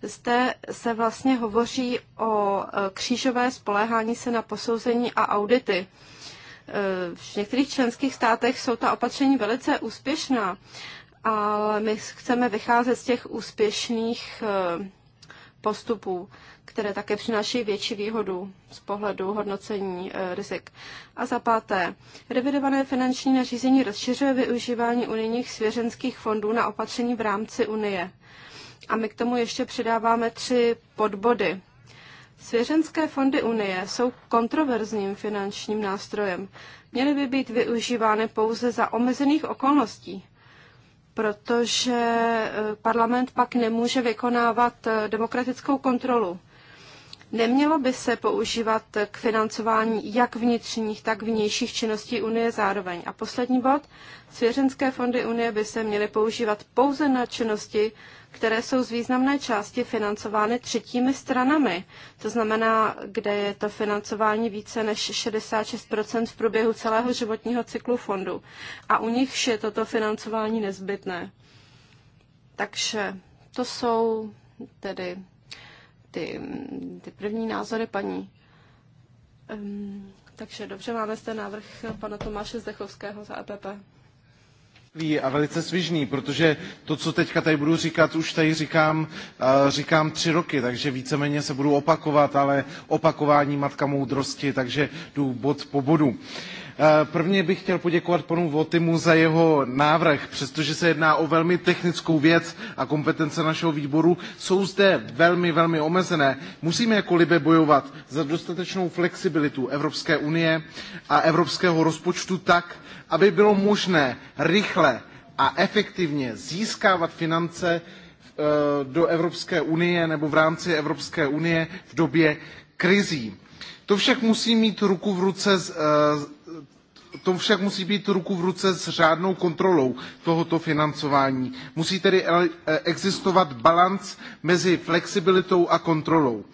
zde se vlastně hovoří o eh, křížové spoléhání se na posouzení a audity. Eh, v některých členských státech jsou ta opatření velice úspěšná ale my chceme vycházet z těch úspěšných eh, postupů, které také přináší větší výhodu z pohledu hodnocení eh, rizik. A za páté, revidované finanční nařízení rozšiřuje využívání unijních svěřenských fondů na opatření v rámci Unie. A my k tomu ještě přidáváme tři podbody. Svěřenské fondy Unie jsou kontroverzním finančním nástrojem. Měly by být využívány pouze za omezených okolností protože eh, parlament pak nemůže vykonávat eh, demokratickou kontrolu. Nemělo by se používat k financování jak vnitřních, tak vnějších činností Unie zároveň. A poslední bod. Svěřenské fondy Unie by se měly používat pouze na činnosti, které jsou z významné části financovány třetími stranami. To znamená, kde je to financování více než 66 v průběhu celého životního cyklu fondu. A u nich je toto financování nezbytné. Takže to jsou tedy ty, ty první názory paní. Um, takže dobře, máme zde návrh pana Tomáše Zdechovského za EPP a velice svižný, protože to, co teďka tady budu říkat, už tady říkám, eh, říkám tři roky, takže víceméně se budu opakovat, ale opakování matka moudrosti, takže jdu bod po bodu. Eh, prvně bych chtěl poděkovat panu Votimu za jeho návrh, přestože se jedná o velmi technickou věc a kompetence našeho výboru jsou zde velmi, velmi omezené. Musíme jako Libe bojovat za dostatečnou flexibilitu Evropské unie a evropského rozpočtu tak, aby bylo možné rychle a efektivně získávat finance Eh, do Evropské unie nebo v rámci Evropské unie v době krizí. To však musí mít ruku v ruce s, eh, to však musí být ruku v ruce s řádnou kontrolou tohoto financování. Musí tedy eh, existovat balanc mezi flexibilitou a kontrolou. Uh,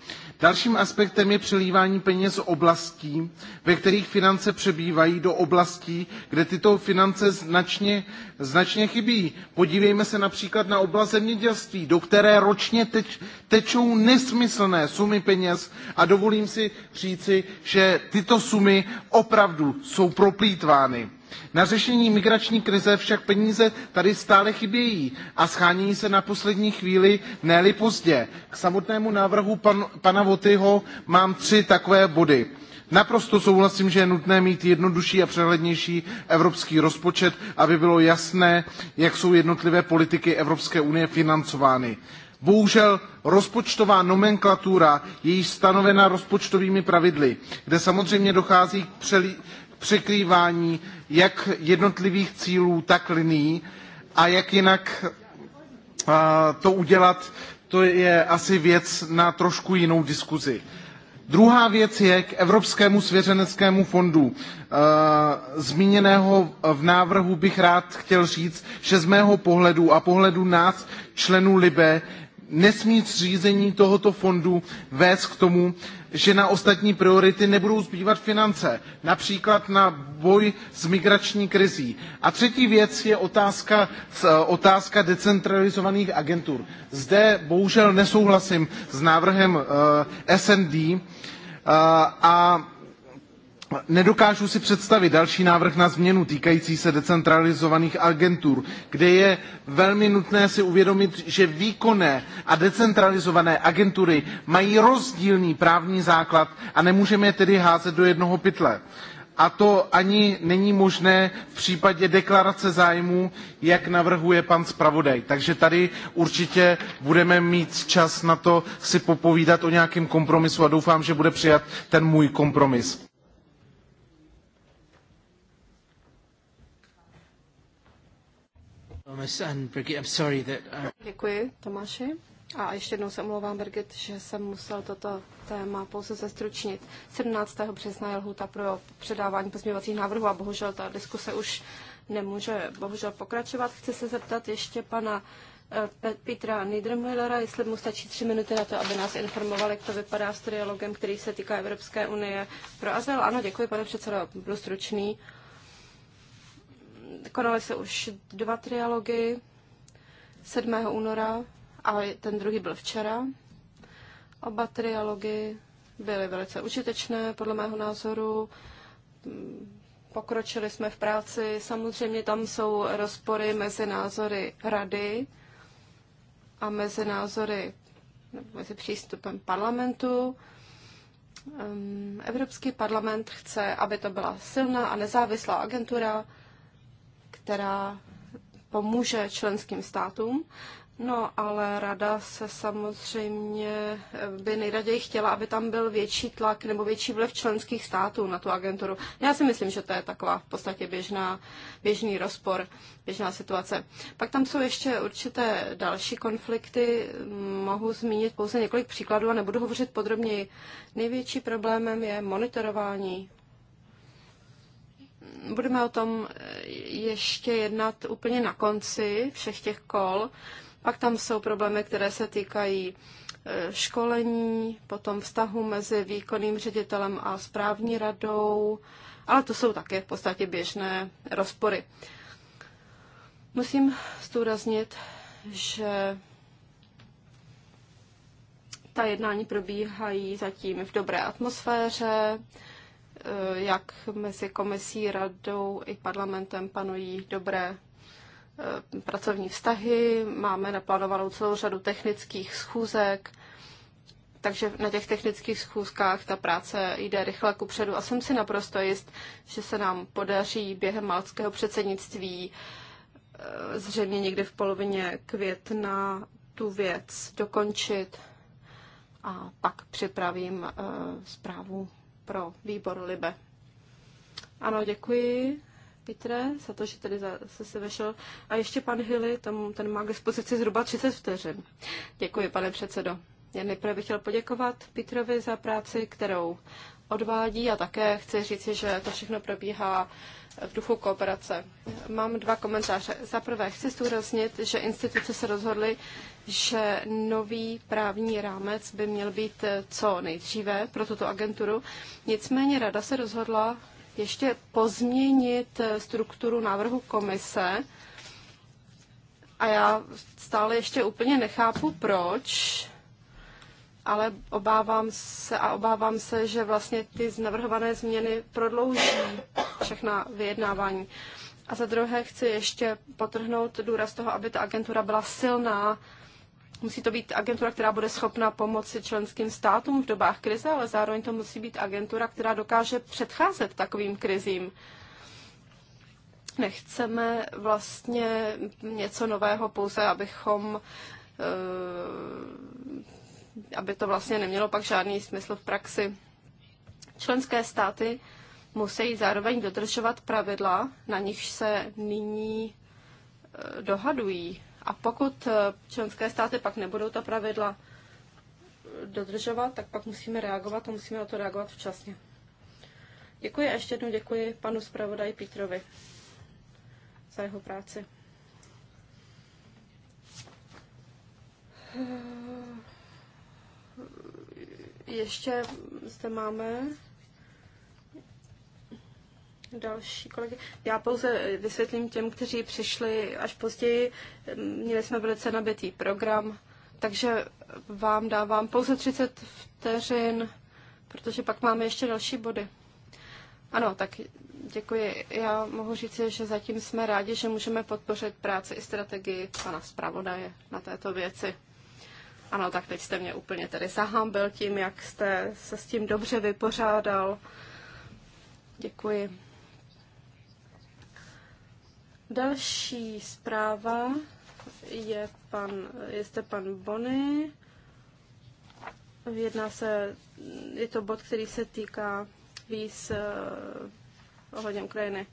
Dalším aspektem je přelívání peněz oblastí, ve kterých finance přebývají do oblastí, kde tyto finance značně, značně chybí. Podívejme se například na oblast zemědělství, do které ročně teč, tečou nesmyslné sumy peněz a dovolím si říci, že tyto sumy opravdu jsou proplýtvány. Na řešení migrační krize však peníze tady stále chybějí a schánějí se na poslední chvíli, ne pozdě. K samotnému návrhu pan, pana Votyho mám tři takové body. Naprosto souhlasím, že je nutné mít jednodušší a přehlednější evropský rozpočet, aby bylo jasné, jak jsou jednotlivé politiky Evropské unie financovány. Bohužel rozpočtová nomenklatura je již stanovena rozpočtovými pravidly, kde samozřejmě dochází k přelí překrývání jak jednotlivých cílů, tak linií a jak jinak to udělat, to je asi věc na trošku jinou diskuzi. Druhá věc je k Evropskému svěřeneckému fondu. Zmíněného v návrhu bych rád chtěl říct, že z mého pohledu a pohledu nás, členů LIBE, nesmí zřízení tohoto fondu vést k tomu, že na ostatní priority nebudou zbývat finance, například na boj s migrační krizí. A třetí věc je otázka, eh, otázka decentralizovaných agentur. Zde bohužel nesouhlasím s návrhem eh, SND eh, a Nedokážu si představit další návrh na změnu týkající se decentralizovaných agentur, kde je velmi nutné si uvědomit, že výkonné a decentralizované agentury mají rozdílný právní základ a nemůžeme je tedy házet do jednoho pytle. A to ani není možné v případě deklarace zájmů, jak navrhuje pan zpravodaj. Takže tady určitě budeme mít čas na to si popovídat o nějakém kompromisu a doufám, že bude přijat ten můj kompromis. Uh, děkuji, Tomáši. A ještě jednou se omlouvám, Birgit, že jsem musel toto téma pouze zestručnit. 17. března je lhuta pro předávání pozměňovacích návrhů a bohužel ta diskuse už nemůže bohužel pokračovat. Chci se zeptat ještě pana eh, Petra Niedermüllera, jestli mu stačí tři minuty na to, aby nás informoval, jak to vypadá s trialogem, který se týká Evropské unie pro azyl. Ano, děkuji, pane předsedo, byl stručný konaly se už dva trialogy 7. února a ten druhý byl včera. Oba trialogy byly velice užitečné, podle mého názoru. Pokročili jsme v práci. Samozřejmě tam jsou rozpory mezi názory rady a mezi názory, mezi přístupem parlamentu. Evropský parlament chce, aby to byla silná a nezávislá agentura, která pomůže členským státům. No, ale rada se samozřejmě eh, by nejraději chtěla, aby tam byl větší tlak nebo větší vliv členských států na tu agenturu. Já si myslím, že to je taková v podstatě běžná, běžný rozpor, běžná situace. Pak tam jsou ještě určité další konflikty. Mohu zmínit pouze několik příkladů a nebudu hovořit podrobněji. Největší problémem je monitorování budeme o tom eh, ještě jednat úplně na konci všech těch kol. Pak tam jsou problémy, které se týkají eh, školení, potom vztahu mezi výkonným ředitelem a správní radou, ale to jsou také v podstatě běžné rozpory. Musím zdůraznit, že ta jednání probíhají zatím v dobré atmosféře, Eh, jak mezi komisí, radou i parlamentem panují dobré eh, pracovní vztahy, máme naplánovanou celou řadu technických schůzek, takže na těch technických schůzkách ta práce jde rychle ku předu a jsem si naprosto jist, že se nám podaří během malckého předsednictví eh, zřejmě někdy v polovině května tu věc dokončit a pak připravím zprávu pro výbor Libe. Ano, děkuji, Petre, za to, že tady se si vešel. A ještě pan Hilly, tam, ten má k dispozici zhruba 30 vteřin. Děkuji, pane předsedo. Já nejprve bych chtěl poděkovat Petrovi za práci, kterou odvádí a také chci říci, že to všechno probíhá v duchu kooperace. Mám dva komentáře. Za prvé chci zdůraznit, že instituce se rozhodly, že nový právní rámec by měl být co nejdříve pro tuto agenturu. Nicméně rada se rozhodla ještě pozměnit strukturu návrhu komise a já stále ještě úplně nechápu, proč ale obávám se a obávám se, že vlastně ty navrhované změny prodlouží všechna vyjednávání. A za druhé chci ještě potrhnout důraz toho, aby ta agentura byla silná. Musí to být agentura, která bude schopna pomoci členským státům v dobách krize, ale zároveň to musí být agentura, která dokáže předcházet takovým krizím. Nechceme vlastně něco nového pouze, abychom eh, aby to vlastně nemělo pak žádný smysl v praxi. Členské státy musí zároveň dodržovat pravidla, na nichž se nyní eh, dohadují. A pokud eh, členské státy pak nebudou ta pravidla eh, dodržovat, tak pak musíme reagovat a musíme na to reagovat včasně. Děkuji a ještě jednou děkuji panu zpravodaji Pítrovi za jeho práci. Ještě zde máme další kolegy. Já pouze vysvětlím těm, kteří přišli až později. Měli jsme velice nabitý program, takže vám dávám pouze 30 vteřin, protože pak máme ještě další body. Ano, tak děkuji. Já mohu říct, že zatím jsme rádi, že můžeme podpořit práci i strategii pana zpravodaje na této věci. Ano, tak teď jste mě úplně tady zahambil tím, jak jste se s tím dobře vypořádal. Děkuji. Další zpráva je, pan, jste pan Bony. Jedná se, je to bod, který se týká víz eh, ohledně Ukrajiny.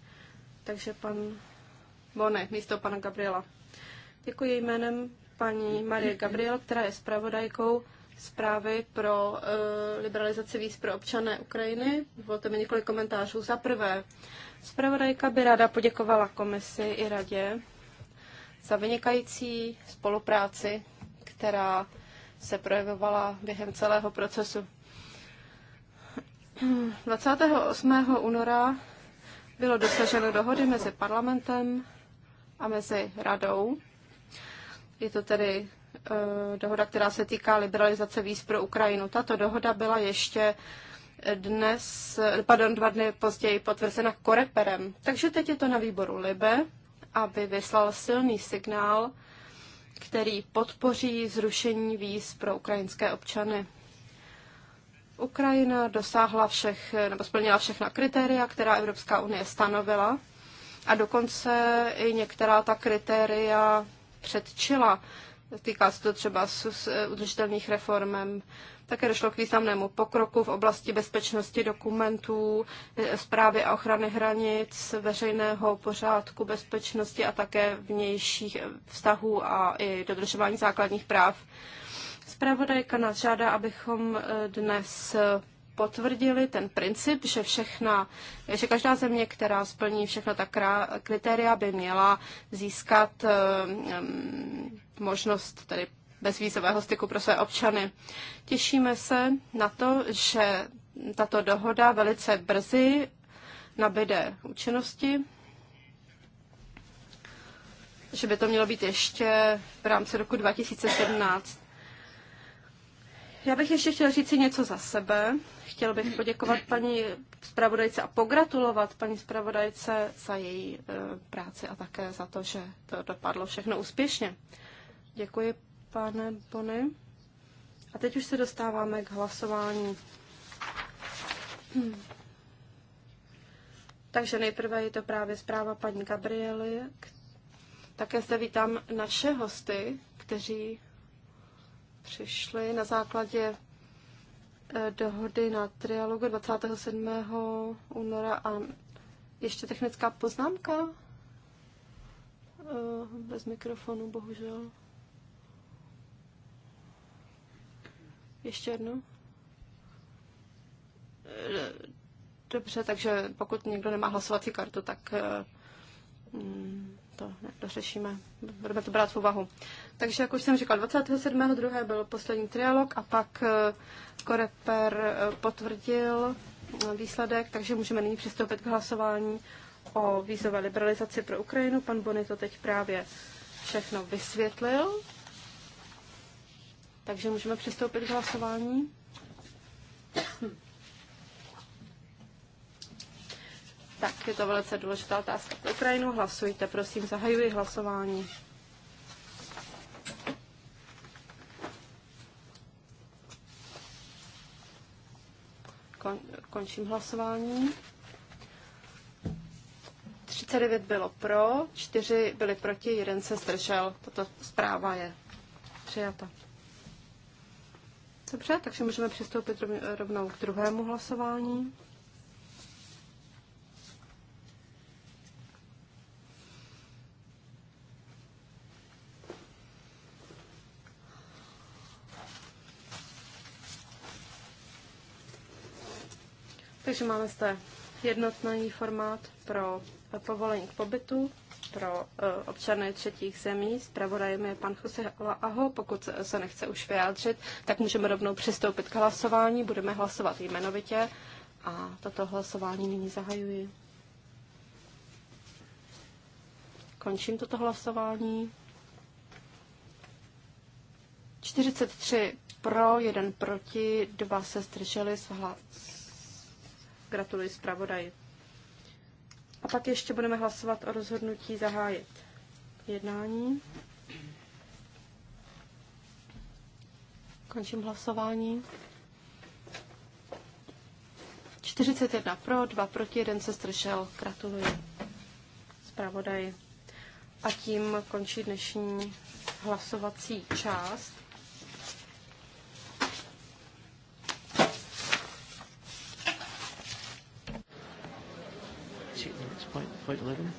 Takže pan Bony, místo pana Gabriela. Děkuji jménem paní Marie Gabriel, která je zpravodajkou zprávy pro uh, liberalizaci víz pro občané Ukrajiny. Dovolte mi několik komentářů. Za prvé, zpravodajka by ráda poděkovala komisi i radě za vynikající spolupráci, která se projevovala během celého procesu. 28. února bylo dosaženo dohody mezi parlamentem a mezi radou je to tedy eh, dohoda, která se týká liberalizace víz pro Ukrajinu. Tato dohoda byla ještě dnes, pardon, dva dny později potvrzena koreperem. Takže teď je to na výboru Libe, aby vyslal silný signál, který podpoří zrušení víz pro ukrajinské občany. Ukrajina dosáhla všech, nebo splnila všechna kritéria, která Evropská unie stanovila a dokonce i některá ta kritéria předčila. Týká se to třeba eh, udržitelných reformem. Také došlo k významnému pokroku v oblasti bezpečnosti dokumentů, eh, zprávy a ochrany hranic, veřejného pořádku, bezpečnosti a také vnějších eh, vztahů a i dodržování základních práv. Zpravodajka nás žádá, abychom dnes potvrdili ten princip, že všechna, že každá země, která splní všechna ta kritéria, by měla získat um, možnost tedy bezvízového styku pro své občany. Těšíme se na to, že tato dohoda velice brzy nabide účinnosti, že by to mělo být ještě v rámci roku 2017. Já bych ještě říct si něco za sebe. Chtěl bych poděkovat paní zpravodajce a pogratulovat paní zpravodajce za její eh, práci a také za to, že to dopadlo všechno úspěšně. Děkuji, pane Bony. A teď už se dostáváme k hlasování. Takže nejprve je to právě zpráva paní Gabriely. Také se vítám naše hosty, kteří přišli na základě Eh, dohody na trialogu 27. února a ještě technická poznámka eh, bez mikrofonu, bohužel. Ještě jednou. Eh, dobře, takže pokud někdo nemá hlasovací kartu, tak mm, to dořešíme. Budeme to brát v úvahu. Takže, jak už jsem říkal, 27.2. byl poslední trialog a pak eh, Koreper eh, potvrdil eh, výsledek, takže můžeme nyní přistoupit k hlasování o vízové liberalizaci pro Ukrajinu. Pan Bony to teď právě všechno vysvětlil, takže můžeme přistoupit k hlasování. Tak, je to velice důležitá otázka pro Ukrajinu. Hlasujte, prosím, zahajuji hlasování. Kon, končím hlasování. 39 bylo pro, 4 byli proti, 1 se zdržel. Tato zpráva je přijata. Dobře, takže můžeme přistoupit rovnou k druhému hlasování. Takže máme zde jednotný formát pro povolení k pobytu pro e, občany třetích zemí. Zpravodajem je pan Jose Aho. Pokud se nechce už vyjádřit, tak můžeme rovnou přistoupit k hlasování. Budeme hlasovat jmenovitě a toto hlasování nyní zahajuji. Končím toto hlasování. 43 pro, jeden proti, dva se zdrželi, Gratuluji zpravodaji. A pak ještě budeme hlasovat o rozhodnutí zahájit jednání. Končím hlasování. 41 pro, 2 proti, 1 se stršel. Gratuluji zpravodaji. A tím končí dnešní hlasovací část. point 11?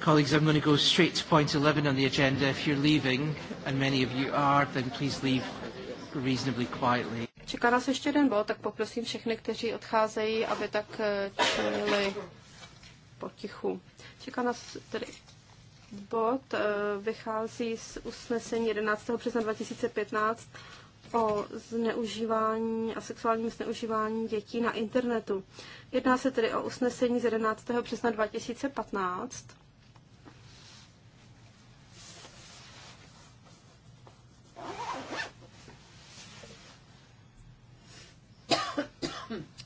Colleagues, I'm going to go straight to point 11 on the agenda. If you're leaving, and many of you are, then please leave reasonably quietly. Čeká nás ještě jeden bod, tak poprosím všechny, kteří odcházejí, aby tak eh, činili potichu. Čeká nás tedy bod, eh, vychází z usnesení 11. března 2015 o zneužívání a sexuálním zneužívání dětí na internetu. Jedná se tedy o usnesení z 11. března 2015.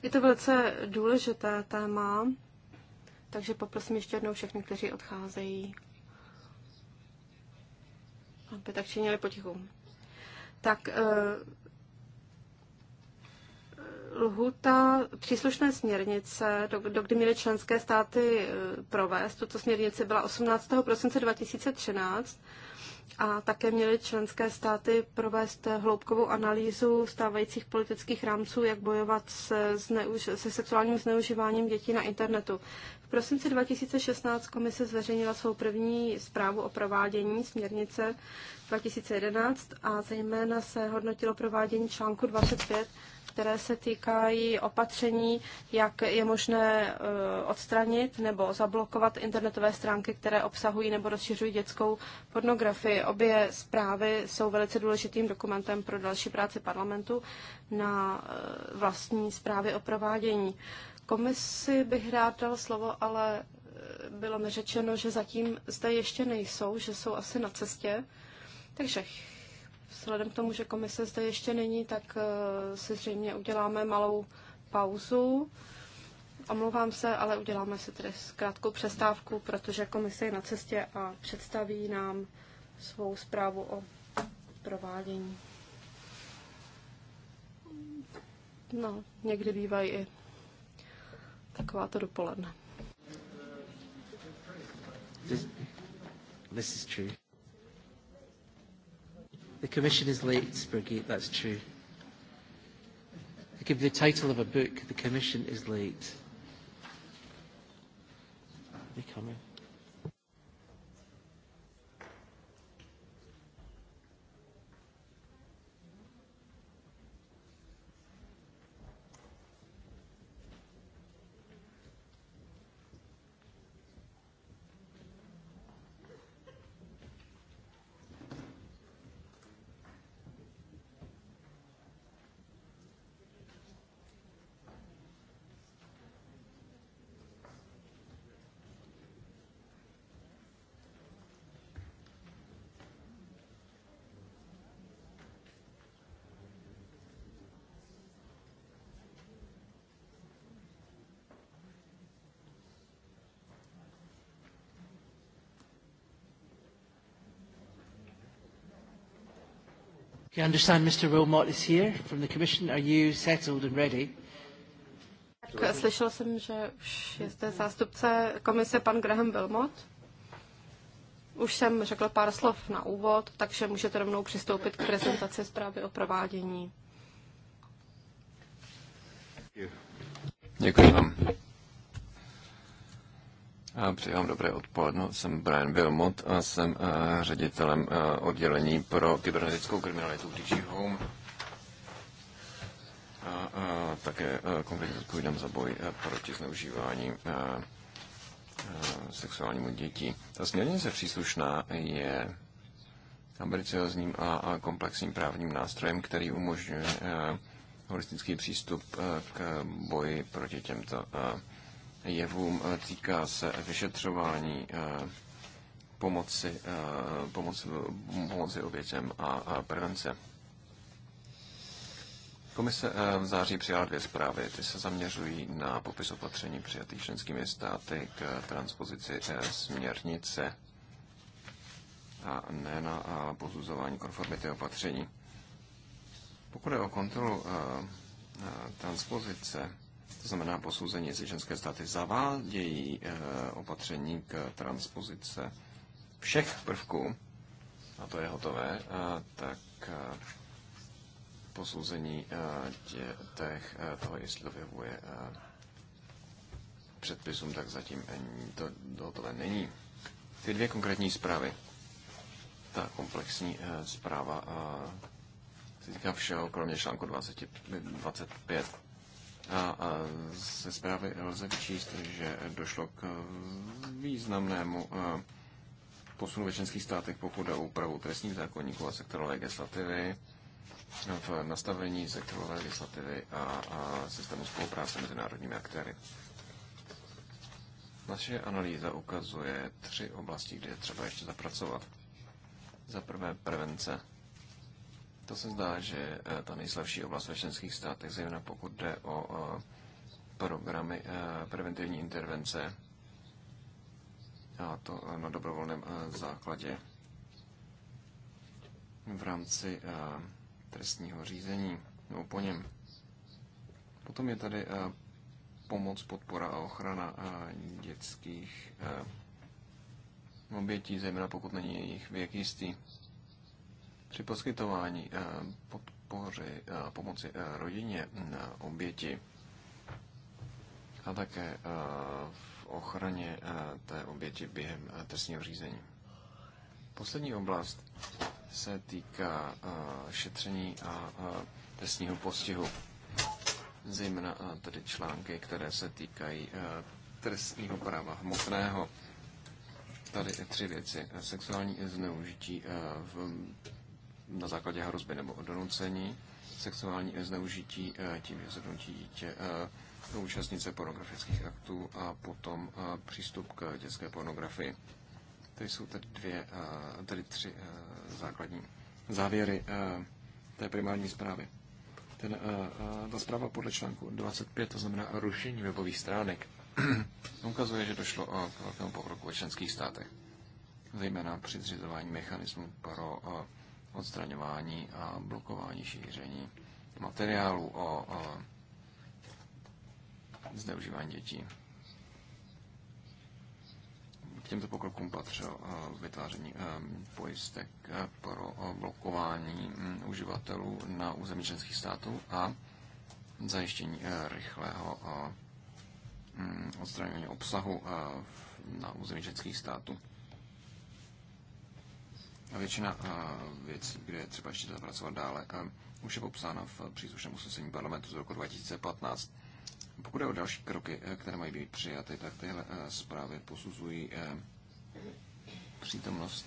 Je to velice důležité téma, takže poprosím ještě jednou všechny, kteří odcházejí, aby tak činili potichu tak eh, lhuta příslušné směrnice, do, do kdy měly členské státy eh, provést tuto směrnici, byla 18. prosince 2013 a také měly členské státy provést hloubkovou analýzu stávajících politických rámců, jak bojovat se, zneuž- se sexuálním zneužíváním dětí na internetu. V prosinci 2016 komise zveřejnila svou první zprávu o provádění směrnice 2011 a zejména se hodnotilo provádění článku 25, které se týkají opatření, jak je možné eh, odstranit nebo zablokovat internetové stránky, které obsahují nebo rozšiřují dětskou pornografii. Obě zprávy jsou velice důležitým dokumentem pro další práci parlamentu na eh, vlastní zprávy o provádění. Komisi bych rád dal slovo, ale eh, bylo mi řečeno, že zatím zde ještě nejsou, že jsou asi na cestě. Takže vzhledem k tomu, že komise zde ještě není, tak eh, si zřejmě uděláme malou pauzu. Omlouvám se, ale uděláme si tedy krátkou přestávku, protože komise je na cestě a představí nám svou zprávu o provádění. No, někdy bývají i to dopoledne. This, this is true. The Commission is late, Brigitte, that's true. It could be the title of a book, The Commission is Late. Are They coming. I understand Mr. Wilmot is here from the Commission. Are you settled and ready? Tak eh, slyšel jsem, že už je zde zástupce komise pan Graham Wilmot. Už jsem řekl pár slov na úvod, takže můžete rovnou přistoupit k prezentaci zprávy o provádění. Děkuji vám. A přeji vám dobré odpoledne. Jsem Brian Wilmot a jsem eh, ředitelem eh, oddělení pro kybernetickou kriminalitu DG Home. A, a eh, také konkrétně odpovídám za boj proti zneužívání a, a, sexuálnímu dětí. Ta směrnice příslušná je ambiciozním a, komplexním právním nástrojem, který umožňuje holistický přístup k boji proti těmto a, jevům. Eh, týká se vyšetřování eh, pomoci, eh, pomoci, pomoci obětem a prevence. Komise v září přijala dvě zprávy. Ty se zaměřují na popis opatření přijatých členskými státy k transpozici směrnice a ne na posuzování konformity opatření. Pokud je o kontrolu transpozice, to znamená posouzení, jestli členské státy zavádějí eh, opatření k transpozice všech prvků, a to je hotové, eh, tak eh, posouzení těch, toho, jestli to vyhovuje předpisům, tak zatím to, to hotové není. Ty dvě konkrétní zprávy. Ta komplexní zpráva se týká všeho, kromě článku 20, 25 a, ze zprávy lze vyčíst, že došlo k významnému posunu ve členských státech, pokud o úpravu trestních zákonníků a sektorové legislativy, v nastavení sektorové legislativy a, a systému spolupráce mezi národními aktéry. Naše analýza ukazuje tři oblasti, kde je třeba ještě zapracovat. Za prvé prevence to se zdá, že eh, ta nejslabší oblast ve členských státech, zejména pokud jde o programy eh, preventivní intervence, a to eh, na dobrovolném základě v rámci trestního řízení nebo po něm. Potom je tady pomoc, podpora a ochrana dětských obětí, zejména pokud není jejich věk jistý. Při poskytování eh, podpory eh, pomoci eh, rodině na oběti a také v ochraně té oběti během trestního řízení. Poslední oblast se týká šetření a trestního postihu. Zejména tedy články, které se týkají trestního práva hmotného. Tady tři věci. Sexuální zneužití v na základě hrozby nebo donucení, sexuální zneužití eh, tím, že se donutí dítě eh, účastnice pornografických aktů a potom eh, přístup k dětské pornografii. To jsou tedy, dvě, tedy tři základní závěry té primární zprávy. Ten, ta zpráva podle článku 25, to znamená rušení webových stránek, ukazuje, že došlo k velkému pokroku ve členských státech, zejména při zřizování mechanismů pro odstraňování a blokování šíření materiálu o, o zneužívání dětí. K těmto pokrokům patřilo e, vytváření e, pojistek e, pro blokování mm, uživatelů na území členských států a zajištění rychlého mm, odstraňování obsahu na území členských států. Většina eh, věcí, kde je třeba ještě zapracovat dále, eh, už je popsána v eh, příslušném usnesení parlamentu z roku 2015. Pokud je o další kroky, které mají být přijaty, tak tyhle zprávy posuzují přítomnost,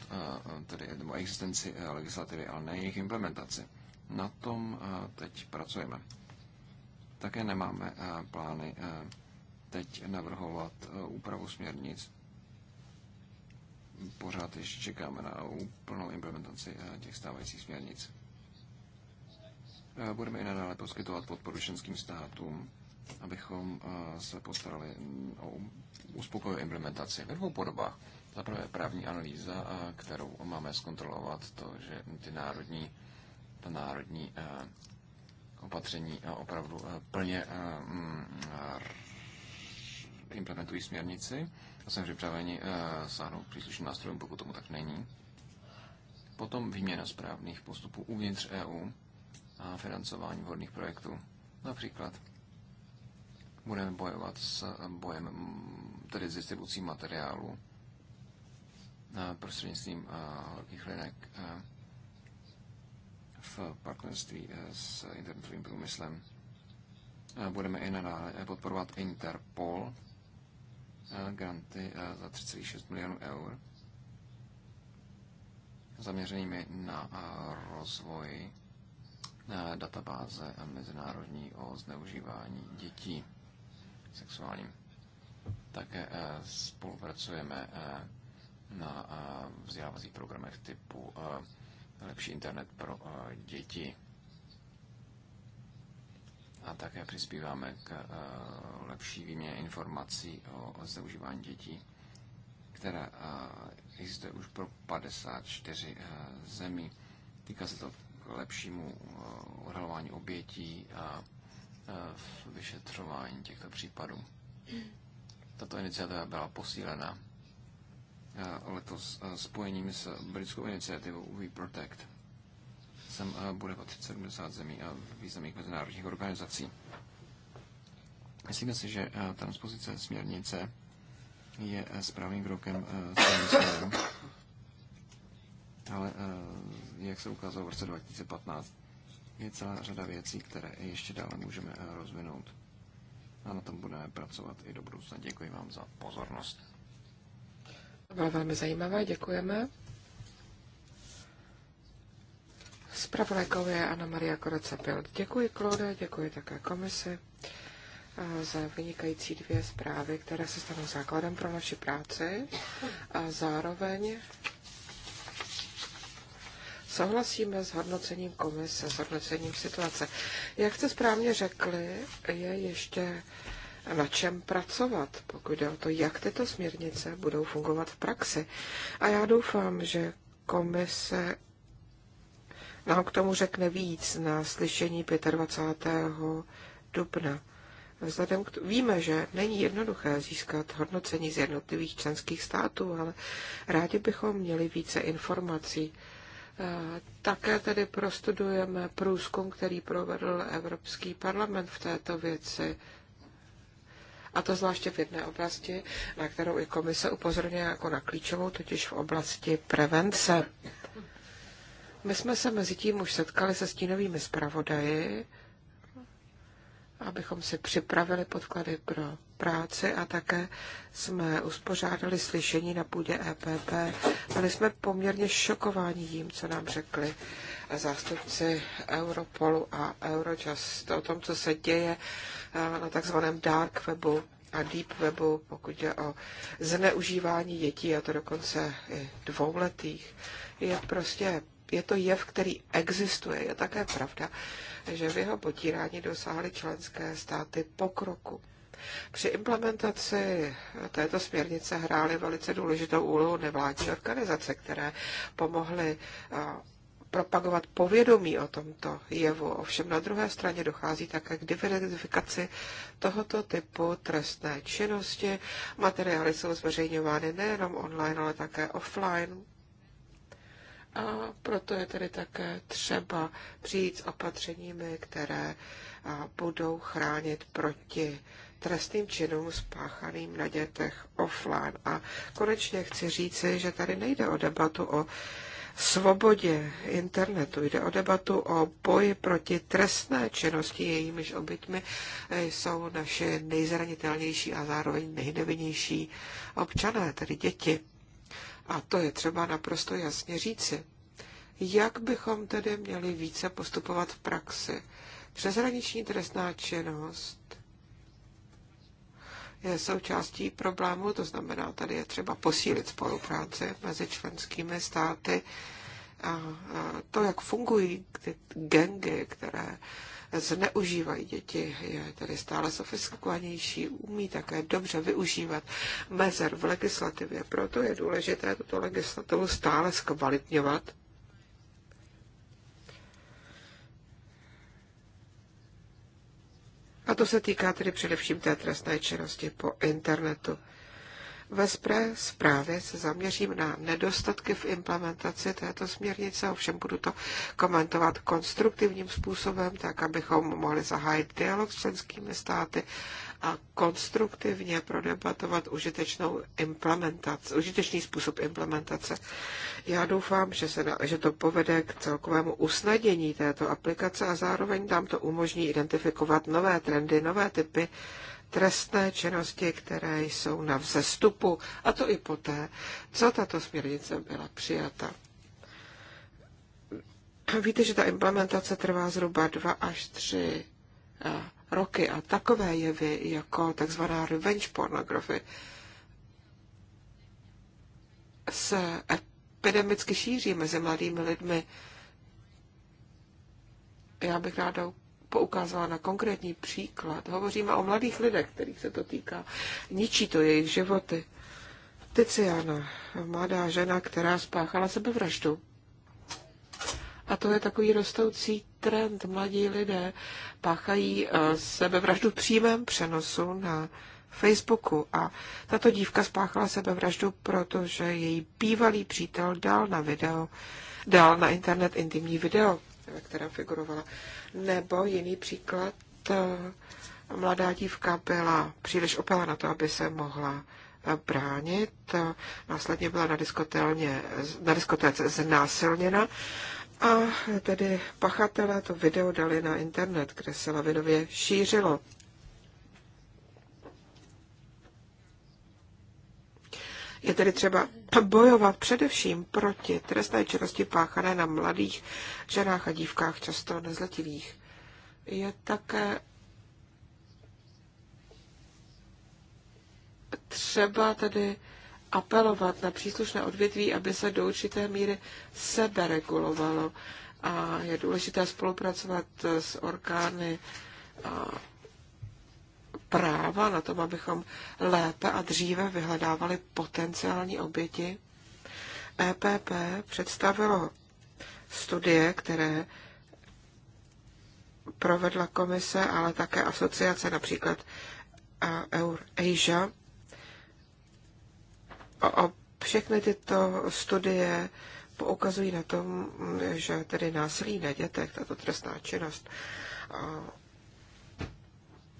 tedy nebo existenci legislativy, ale ne jejich implementaci. Na tom teď pracujeme. Také nemáme plány teď navrhovat úpravu směrnic pořád ještě čekáme na úplnou implementaci eh, těch stávajících směrnic. Eh, budeme i nadále poskytovat podporu členským státům, abychom eh, se postarali o uspokojivou implementaci ve dvou podobách. Za prvé právní analýza, kterou máme zkontrolovat, to, že ty národní, ta národní opatření opravdu plně mm, implementují směrnici jsem připraveni eh, sáhnout příslušným nástrojům, pokud tomu tak není. Potom výměna správných postupů uvnitř EU a financování vhodných projektů. Například budeme bojovat s eh, bojem, tedy s distribucí materiálu eh, prostřednictvím horkých linek v partnerství s internetovým průmyslem. Budeme i nadále podporovat Interpol, Eh, granty eh, za 3,6 milionů eur zaměřenými na eh, rozvoj databáze mezinárodní o zneužívání dětí sexuálním. Také spolupracujeme na vzdělávacích programech typu Lepší internet pro děti a také přispíváme k eh, lepší výměně informací o zneužívání dětí, která eh, existuje už pro 54 eh, zemí. Týká se to k lepšímu odhalování obětí a vyšetřování těchto případů. Tato iniciativa byla posílena letos spojením s britskou iniciativou We Protect sem eh, bude patřit 70 zemí a významných mezinárodních organizací. Myslíme si, že eh, transpozice směrnice je eh, správným krokem ale jak se ukázalo v roce 2015, je celá řada věcí, které ještě dále můžeme rozvinout. A na tom budeme pracovat i do budoucna. Děkuji vám za pozornost. To bylo velmi zajímavé, děkujeme. Spravodajkou je Anna Maria Koraca Pilt. Děkuji, Klode, děkuji také komisi eh, za vynikající dvě zprávy, které se stanou základem pro naši práci a zároveň souhlasíme s hodnocením komise, s hodnocením situace. Jak jste správně řekli, je ještě na čem pracovat, pokud jde o to, jak tyto směrnice budou fungovat v praxi. A já doufám, že komise nám k tomu řekne víc na slyšení 25. dubna. Vzhledem k víme, že není jednoduché získat hodnocení z jednotlivých členských států, ale rádi bychom měli více informací. E, také tedy prostudujeme průzkum, který provedl Evropský parlament v této věci. A to zvláště v jedné oblasti, na kterou i komise upozorňuje jako na klíčovou, totiž v oblasti prevence. My jsme se mezi tím už setkali se stínovými zpravodaji, abychom si připravili podklady pro práci a také jsme uspořádali slyšení na půdě EPP. Byli jsme poměrně šokováni tím, co nám řekli zástupci Europolu a Eurojust o tom, co se děje na takzvaném dark webu a deep webu, pokud je o zneužívání dětí, a to dokonce i dvouletých. Je prostě je to jev, který existuje. Je také pravda, že v jeho potírání dosáhly členské státy pokroku. Při implementaci této směrnice hrály velice důležitou úlohu nevládní organizace, které pomohly propagovat povědomí o tomto jevu. Ovšem na druhé straně dochází také k diverzifikaci tohoto typu trestné činnosti. Materiály jsou zveřejňovány nejenom online, ale také offline a proto je tedy také třeba přijít s opatřeními, které budou chránit proti trestným činům spáchaným na dětech offline. A konečně chci říci, že tady nejde o debatu o svobodě internetu, jde o debatu o boji proti trestné činnosti, jejímiž obytmi e, jsou naše nejzranitelnější a zároveň nejnevinnější občané, tedy děti. A to je třeba naprosto jasně říci. Jak bychom tedy měli více postupovat v praxi? Přeshraniční trestná činnost je součástí problému, to znamená, tady je třeba posílit spolupráci mezi členskými státy a to, jak fungují ty gengy, které zneužívají děti, je tedy stále sofistikovanější, umí také dobře využívat mezer v legislativě. Proto je důležité tuto legislativu stále zkvalitňovat. A to se týká tedy především té trestné činnosti po internetu. Ve SPRE zprávě se zaměřím na nedostatky v implementaci této směrnice, ovšem budu to komentovat konstruktivním způsobem, tak abychom mohli zahájit dialog s členskými státy a konstruktivně prodebatovat užitečnou implementaci, užitečný způsob implementace. Já doufám, že, se, že to povede k celkovému usnadnění této aplikace a zároveň nám to umožní identifikovat nové trendy, nové typy trestné činnosti, které jsou na vzestupu, a to i poté, co tato směrnice byla přijata. Víte, že ta implementace trvá zhruba dva až tři eh, roky a takové jevy jako takzvaná revenge pornografie se epidemicky šíří mezi mladými lidmi. Já bych ráda poukázala na konkrétní příklad. Hovoříme o mladých lidech, kterých se to týká. Ničí to jejich životy. Tiziana, mladá žena, která spáchala sebevraždu. A to je takový rostoucí trend. Mladí lidé páchají eh, sebevraždu přímém přenosu na Facebooku a tato dívka spáchala sebevraždu, protože její bývalý přítel dal na video, dal na internet intimní video ve kterém figurovala. Nebo jiný příklad, eh, mladá dívka byla příliš opela na to, aby se mohla eh, bránit. Následně byla na, na diskotéce znásilněna. A tedy pachatelé to video dali na internet, kde se lavinově šířilo. Je tedy třeba bojovat především proti trestné činnosti páchané na mladých ženách a dívkách, často nezletilých. Je také třeba tedy apelovat na příslušné odvětví, aby se do určité míry seberegulovalo. A je důležité spolupracovat s orgány práva na tom, abychom lépe a dříve vyhledávali potenciální oběti. EPP představilo studie, které provedla komise, ale také asociace, například EurAsia. O všechny tyto studie poukazují na tom, že tedy násilí na dětech, tato trestná činnost,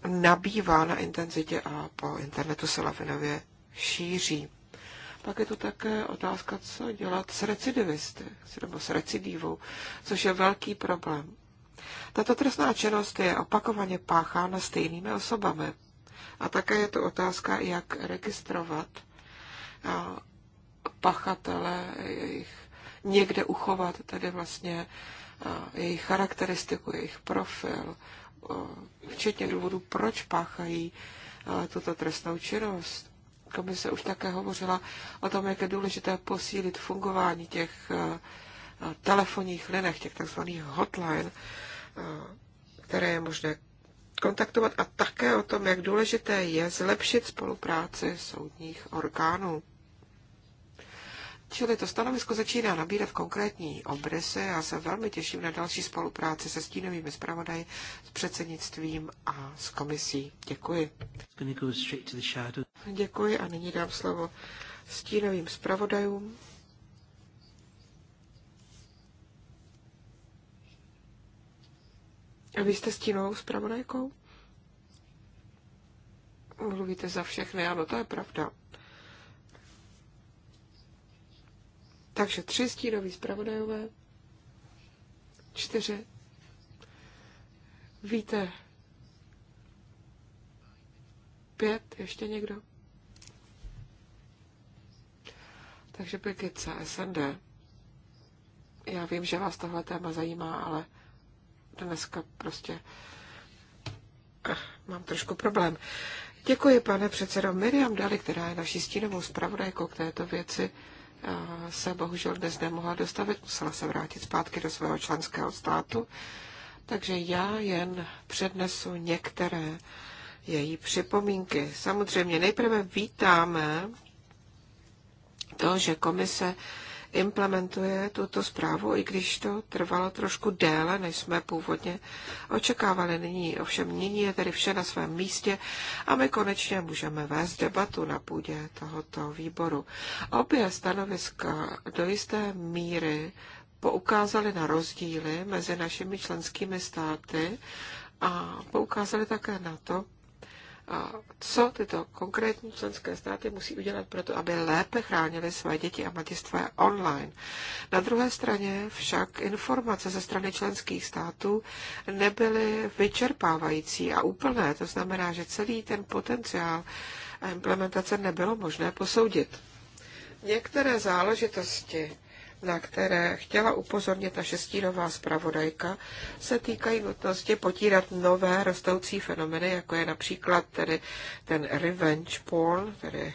nabývá na intenzitě a po internetu se lavinově šíří. Pak je tu také otázka, co dělat s recidivisty, nebo s recidivou, což je velký problém. Tato trestná činnost je opakovaně páchána stejnými osobami. A také je to otázka, jak registrovat pachatele, jejich, někde uchovat tedy vlastně jejich charakteristiku, jejich profil, Eh, včetně důvodu, proč páchají eh, tuto trestnou činnost. Komise už také hovořila o tom, jak je důležité posílit fungování těch eh, telefonních linech, těch tzv. hotline, které je možné kontaktovat a také o tom, jak důležité je zlepšit spolupráci soudních orgánů. Čili to stanovisko začíná nabírat konkrétní obrysy. Já se velmi těším na další spolupráci se stínovými zpravodaji, s předsednictvím a s komisí. Děkuji. Děkuji a nyní dám slovo stínovým zpravodajům. A vy jste stínovou zpravodajkou? Mluvíte za všechny, ano, to je pravda. Takže tři stínoví zpravodajové, čtyři. Víte, pět, ještě někdo? Takže Brigitte, SND. Já vím, že vás tohle téma zajímá, ale dneska prostě Ach, eh, mám trošku problém. Děkuji, pane předsedo Miriam Dali, která je naší stínovou zpravodajkou k této věci, se bohužel dnes nemohla dostavit, musela se vrátit zpátky do svého členského státu, takže já jen přednesu některé její připomínky. Samozřejmě nejprve vítáme to, že komise implementuje tuto zprávu, i když to trvalo trošku déle, než jsme původně očekávali. Nyní ovšem nyní je tedy vše na svém místě a my konečně můžeme vést debatu na půdě tohoto výboru. Obě stanoviska do jisté míry poukázali na rozdíly mezi našimi členskými státy a poukázali také na to, co tyto konkrétní členské státy musí udělat pro to, aby lépe chránili své děti a mladistvé online. Na druhé straně však informace ze strany členských států nebyly vyčerpávající a úplné. To znamená, že celý ten potenciál a implementace nebylo možné posoudit. Některé záležitosti na které chtěla upozornit ta šestinová zpravodajka, se týkají nutnosti potírat nové rostoucí fenomeny, jako je například tedy ten revenge porn, tedy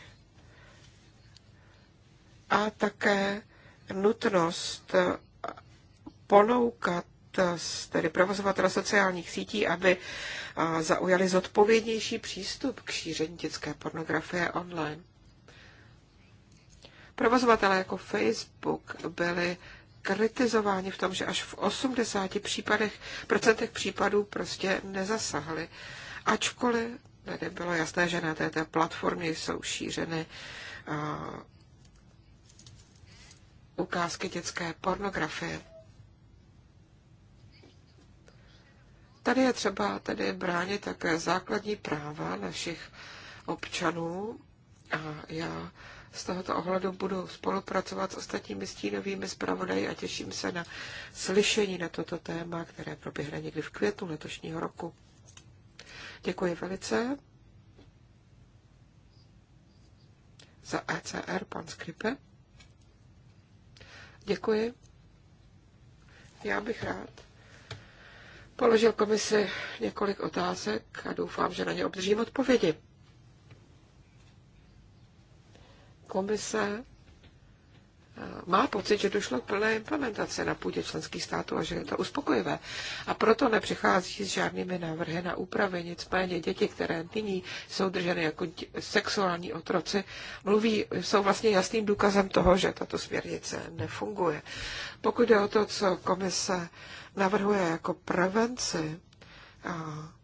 a také nutnost ponoukat tedy provozovatele sociálních sítí, aby zaujali zodpovědnější přístup k šíření dětské pornografie online. Provozovatelé jako Facebook byli kritizováni v tom, že až v 80 případech, procentech případů prostě nezasahli. Ačkoliv tady bylo jasné, že na této platformě jsou šířeny uh, ukázky dětské pornografie. Tady je třeba tedy bránit také základní práva našich občanů a já z tohoto ohledu budu spolupracovat s ostatními stínovými zpravodaji a těším se na slyšení na toto téma, které proběhne někdy v květnu letošního roku. Děkuji velice. Za ECR pan Skripe. Děkuji. Já bych rád položil komisi několik otázek a doufám, že na ně obdržím odpovědi. komise eh, má pocit, že došlo k plné implementaci na půdě členských států a že je to uspokojivé. A proto nepřichází s žádnými návrhy na úpravy. Nicméně děti, které nyní jsou drženy jako sexuální otroci, mluví, jsou vlastně jasným důkazem toho, že tato směrnice nefunguje. Pokud jde o to, co komise navrhuje jako prevenci, eh,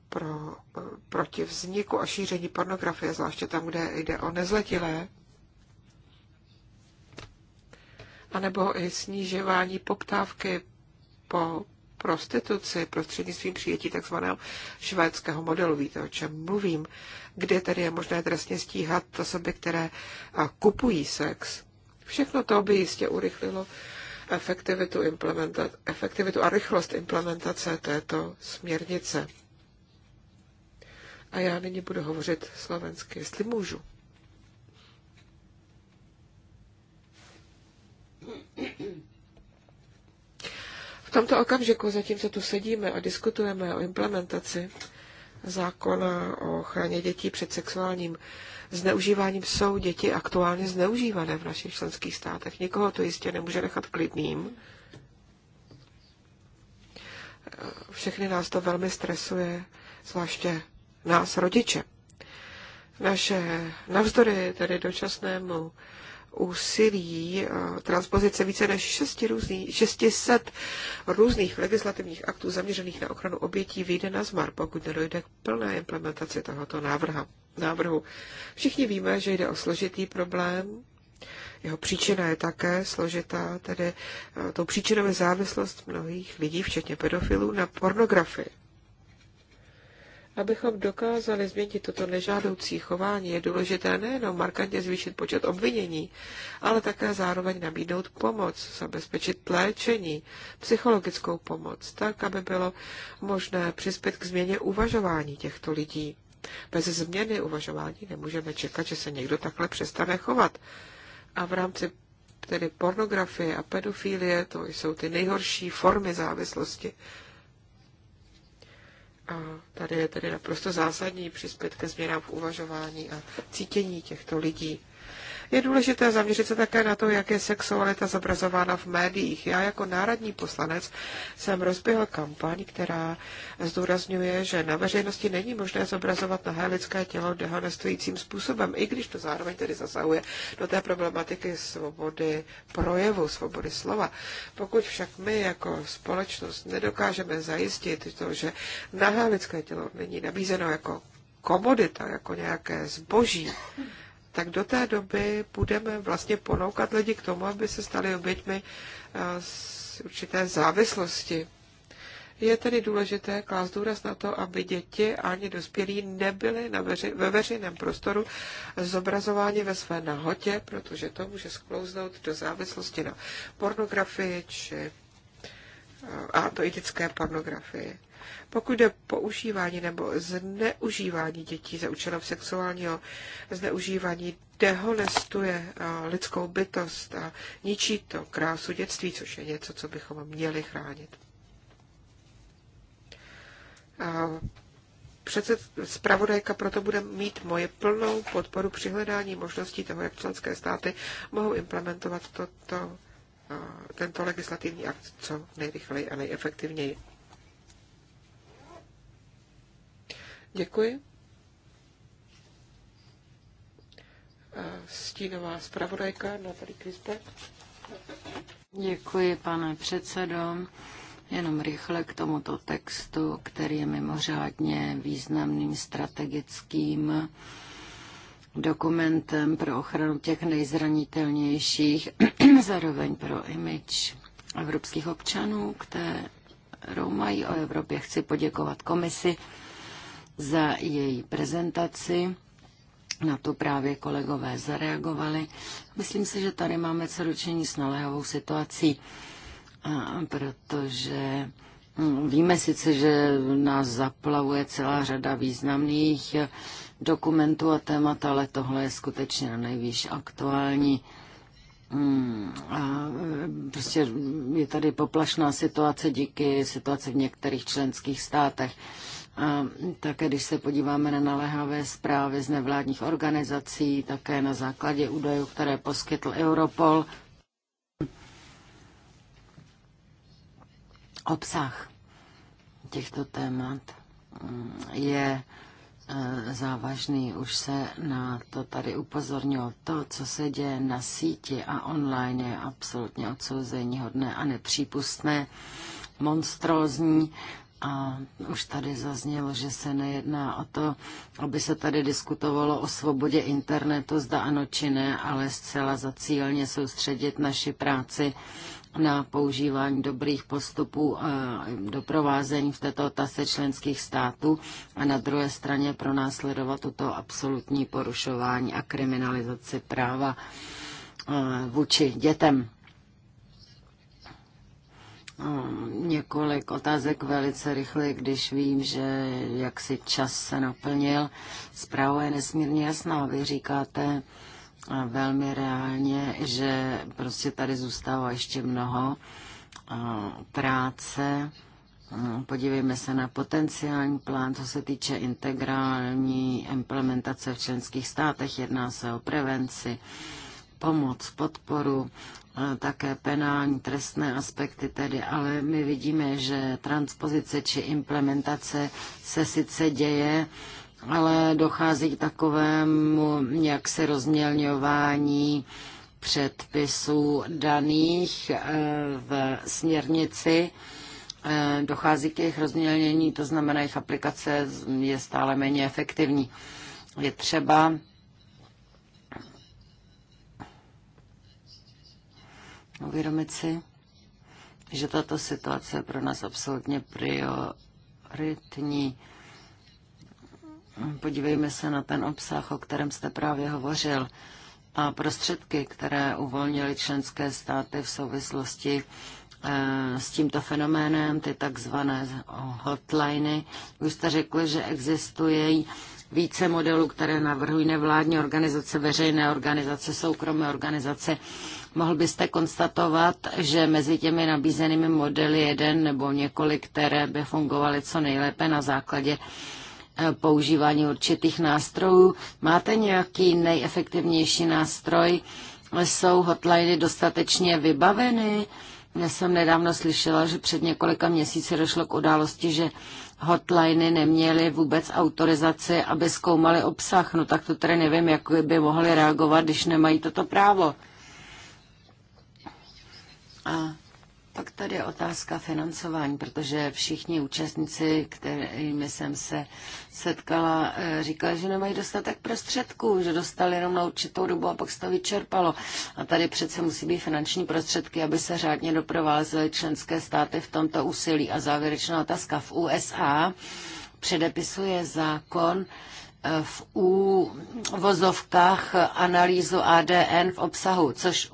pro, eh, proti vzniku a šíření pornografie, zvláště tam, kde jde o nezletilé, anebo i snižování poptávky po prostituci prostřednictvím přijetí tzv. švédského modelu, víte, o čem mluvím, kde tedy je možné trestně stíhat osoby, které kupují sex. Všechno to by jistě urychlilo efektivitu, efektivitu a rychlost implementace této směrnice. A já nyní budu hovořit slovensky, jestli můžu. V tomto okamžiku, zatímco tu sedíme a diskutujeme o implementaci zákona o ochraně dětí před sexuálním zneužíváním, jsou děti aktuálně zneužívané v našich členských státech. Nikoho to jistě nemůže nechat klidným. Všechny nás to velmi stresuje, zvláště nás rodiče. Naše navzdory tedy dočasnému úsilí eh, transpozice více než 600 různých legislativních aktů zaměřených na ochranu obětí vyjde na zmar, pokud nedojde k plné implementaci tohoto návrha, návrhu. Všichni víme, že jde o složitý problém, jeho příčina je také složitá, tedy eh, tou příčinou je závislost mnohých lidí, včetně pedofilů, na pornografii. Abychom dokázali změnit toto nežádoucí chování, je důležité nejenom markantně zvýšit počet obvinění, ale také zároveň nabídnout pomoc, zabezpečit léčení, psychologickou pomoc, tak, aby bylo možné přispět k změně uvažování těchto lidí. Bez změny uvažování nemůžeme čekat, že se někdo takhle přestane chovat. A v rámci tedy pornografie a pedofilie, to jsou ty nejhorší formy závislosti, a tady je tedy naprosto zásadní přispět ke změnám v uvažování a cítění těchto lidí. Je důležité zaměřit se také na to, jak je sexualita zobrazována v médiích. Já jako národní poslanec jsem rozběhl kampaň, která zdůrazňuje, že na veřejnosti není možné zobrazovat nahé lidské tělo dehonestujícím způsobem, i když to zároveň tedy zasahuje do té problematiky svobody projevu, svobody slova. Pokud však my jako společnost nedokážeme zajistit to, že nahé lidské tělo není nabízeno jako komodita, jako nějaké zboží, tak do té doby budeme vlastně ponoukat lidi k tomu, aby se stali oběťmi z eh, určité závislosti. Je tedy důležité klást důraz na to, aby děti ani dospělí nebyly na veři, ve veřejném prostoru zobrazováni ve své nahotě, protože to může sklouznout do závislosti na pornografii či eh, a i dětské pornografii. Pokud jde používání nebo zneužívání dětí za účelem sexuálního zneužívání, dehonestuje eh, lidskou bytost a ničí to krásu dětství, což je něco, co bychom měli chránit. A eh, přece zpravodajka proto bude mít moje plnou podporu při hledání možností toho, jak členské státy mohou implementovat toto, eh, tento legislativní akt co nejrychleji a nejefektivněji. Děkuji. Stínová zpravodajka Natalie Krisbeck. Děkuji, pane předsedo. Jenom rychle k tomuto textu, který je mimořádně významným strategickým dokumentem pro ochranu těch nejzranitelnějších, zároveň pro image evropských občanů, kterou mají o Evropě. Chci poděkovat komisi za její prezentaci. Na to právě kolegové zareagovali. Myslím si, že tady máme co dočení s naléhavou situací, protože hm, víme sice, že nás zaplavuje celá řada významných dokumentů a témat, ale tohle je skutečně nejvíc aktuální. Hm, a e, prostě je tady poplašná situace díky situaci v některých členských státech. A také když se podíváme na naléhavé zprávy z nevládních organizací, také na základě údajů, které poskytl Europol, obsah těchto témat mm, je eh, závažný. Už se na to tady upozornilo. To, co se děje na síti a online, je absolutně odsouzení hodné a nepřípustné, monstrózní a už tady zaznělo, že se nejedná o to, aby se tady diskutovalo o svobodě internetu, zda ano či ne, ale zcela zacílně soustředit naši práci na používání dobrých postupů a doprovázení v této otázce členských států a na druhé straně pronásledovat toto absolutní porušování a kriminalizaci práva eh, vůči dětem. No, několik otázek velice rychle, když vím, že jak si čas se naplnil. Zpráva je nesmírně jasná. Vy říkáte velmi reálně, že prostě tady zůstává ještě mnoho práce. No, podívejme se na potenciální plán, co se týče integrální implementace v členských státech. Jedná se o prevenci, pomoc, podporu také penální, trestné aspekty tedy, ale my vidíme, že transpozice či implementace se sice děje, ale dochází k takovému jaksi rozmělňování předpisů daných eh, v směrnici. Eh, dochází k jejich rozmělnění, to znamená, jejich aplikace je stále méně efektivní. Je třeba uvědomit si, že tato situace je pro nás absolutně prioritní. Podívejme se na ten obsah, o kterém jste právě hovořil, a prostředky, které uvolnily členské státy v souvislosti eh, s tímto fenoménem, ty takzvané hotliny. Už jste řekli, že existuje více modelů, které navrhují nevládní organizace, veřejné organizace, soukromé organizace. Mohl byste konstatovat, že mezi těmi nabízenými modely jeden nebo několik, které by fungovaly co nejlépe na základě eh, používání určitých nástrojů. Máte nějaký nejefektivnější nástroj? Jsou hotliny dostatečně vybaveny? Já jsem nedávno slyšela, že před několika měsíci došlo k události, že hotliny neměly vůbec autorizaci, aby zkoumaly obsah. No tak to tedy nevím, jak by mohly reagovat, když nemají toto právo. A pak tady je otázka financování, protože všichni účastníci, kterými jsem se setkala, eh, říkali, že nemají dostatek prostředků, že dostali jenom na určitou dobu a pak se to vyčerpalo. A tady přece musí být finanční prostředky, aby se řádně doprovázely členské státy v tomto úsilí. A závěrečná otázka v USA předepisuje zákon, v úvozovkách analýzu ADN v obsahu, což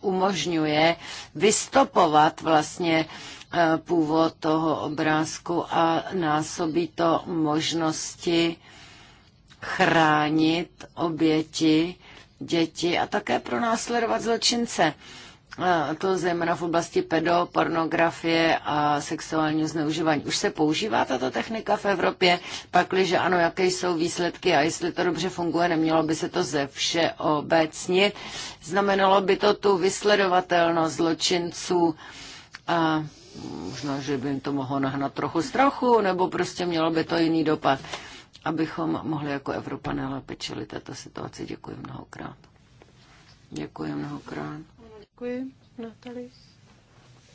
umožňuje vystopovat vlastně e, původ toho obrázku a násobí to možnosti chránit oběti, děti a také pronásledovat zločince to zejména v oblasti pedopornografie a sexuálního zneužívání. Už se používá tato technika v Evropě? Pakliže ano, jaké jsou výsledky a jestli to dobře funguje, nemělo by se to ze vše obecně. Znamenalo by to tu vysledovatelnost zločinců a možná, že by jim to mohlo nahnat trochu strachu, nebo prostě mělo by to jiný dopad, abychom mohli jako Evropané lépe čelit této situaci. Děkuji mnohokrát. Děkuji mnohokrát. Děkuji, Natali,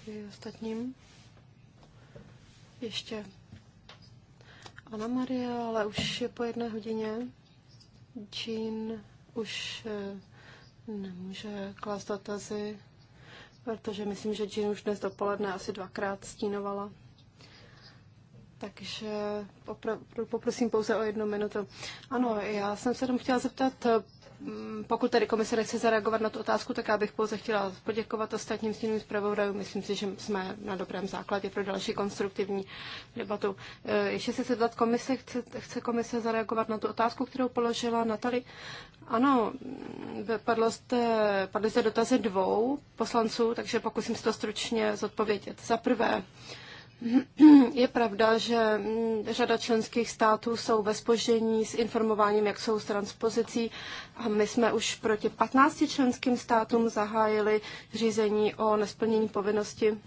i ostatním. Ještě Ana Maria, ale už je po jedné hodině. Jean už eh, nemůže klást dotazy, protože myslím, že Jean už dnes dopoledne asi dvakrát stínovala. Takže poprosím pouze o jednu minutu. Ano, já jsem se tam chtěla zeptat, Mm, pokud tady komise nechce zareagovat na tu otázku, tak já bych pouze chtěla poděkovat ostatním stínům zpravodajům. Myslím si, že jsme na dobrém základě pro další konstruktivní debatu. Eh, ještě se zeptat komise, chce, chce komise zareagovat na tu otázku, kterou položila Natali? Ano, mm, padlo jste, padly zde dotazy dvou poslanců, takže pokusím se to stručně zodpovědět. Za prvé, Je pravda, že mm, řada členských států jsou ve spožení s informováním, jak jsou s transpozicí a my jsme už proti 15 členským státům zahájili řízení o nesplnění povinnosti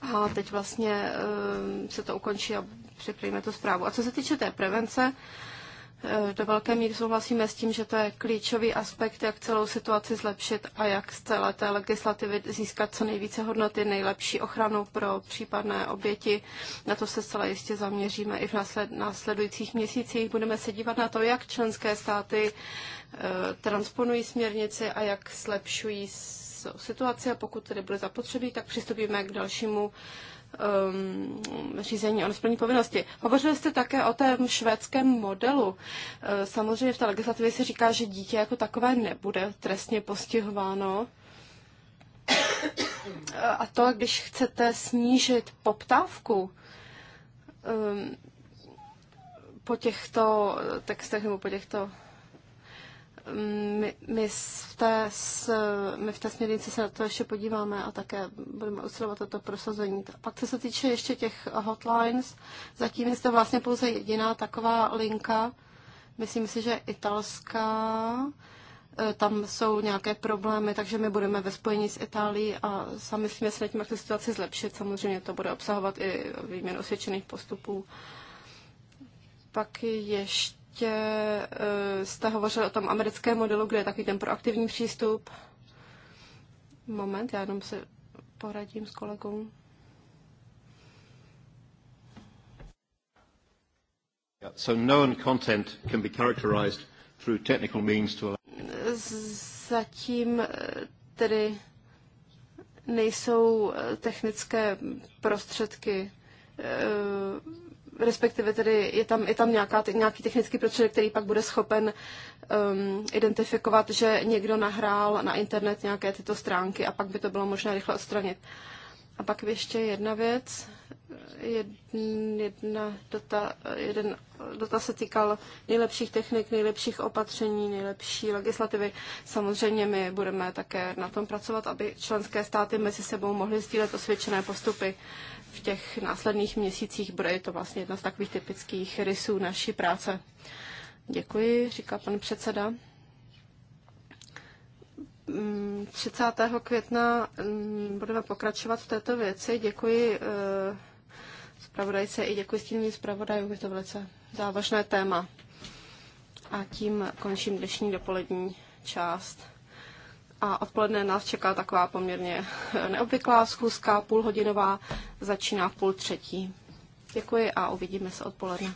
a teď vlastně ehm, se to ukončí a připravíme tu zprávu. A co se týče té prevence, Eh, do velké míry souhlasíme s tím, že to je klíčový aspekt, jak celou situaci zlepšit a jak z celé té legislativy získat co nejvíce hodnoty, nejlepší ochranu pro případné oběti. Na to se zcela jistě zaměříme i v následujících měsících. Budeme se dívat na to, jak členské státy eh, transponují směrnici a jak zlepšují situaci a pokud tedy bude zapotřebí, tak přistupíme k dalšímu um, řízení o nesplní povinnosti. Hovořili jste také o tom švédském modelu. Uh, samozřejmě v té legislativě se říká, že dítě jako takové nebude trestně postihováno. A to, když chcete snížit poptávku um, po těchto textech nebo po těchto my, my, v té, my v té směrnici se na to ještě podíváme a také budeme usilovat o to prosazení. pak co se týče ještě těch hotlines, zatím je to vlastně pouze jediná taková linka. Myslím si, že italská, e, tam jsou nějaké problémy, takže my budeme ve spojení s Itálií a sami jsme se tím, jak tu situaci zlepšit. Samozřejmě to bude obsahovat i výměnu osvědčených postupů. Pak ještě ještě uh, eh, jste hovořil o tom americkém modelu, kde je takový ten proaktivní přístup. Moment, já jenom se poradím s kolegou. So known content can be characterized through technical means to allow... Zatím eh, tedy nejsou eh, technické prostředky respektive tedy je tam, je tam nějaká, nějaký technický prostředek, který pak bude schopen um, identifikovat, že někdo nahrál na internet nějaké tyto stránky a pak by to bylo možné rychle odstranit. A pak ještě jedna věc, jedna dota, jeden dotaz se týkal nejlepších technik, nejlepších opatření, nejlepší legislativy. Samozřejmě my budeme také na tom pracovat, aby členské státy mezi sebou mohly sdílet osvědčené postupy. Uh, v těch následných měsících bude je to vlastně jedna z takových typických rysů naší práce. Děkuji, říká pan předseda. 30. Mm, května mm, budeme pokračovat v této věci. Děkuji eh, zpravodajce i děkuji stínovým zpravodajů. Je to velice závažné téma. A tím končím dnešní dopolední část a odpoledne nás čeká taková poměrně neobvyklá schůzka, půlhodinová, začíná v půl třetí. Děkuji a uvidíme se odpoledne.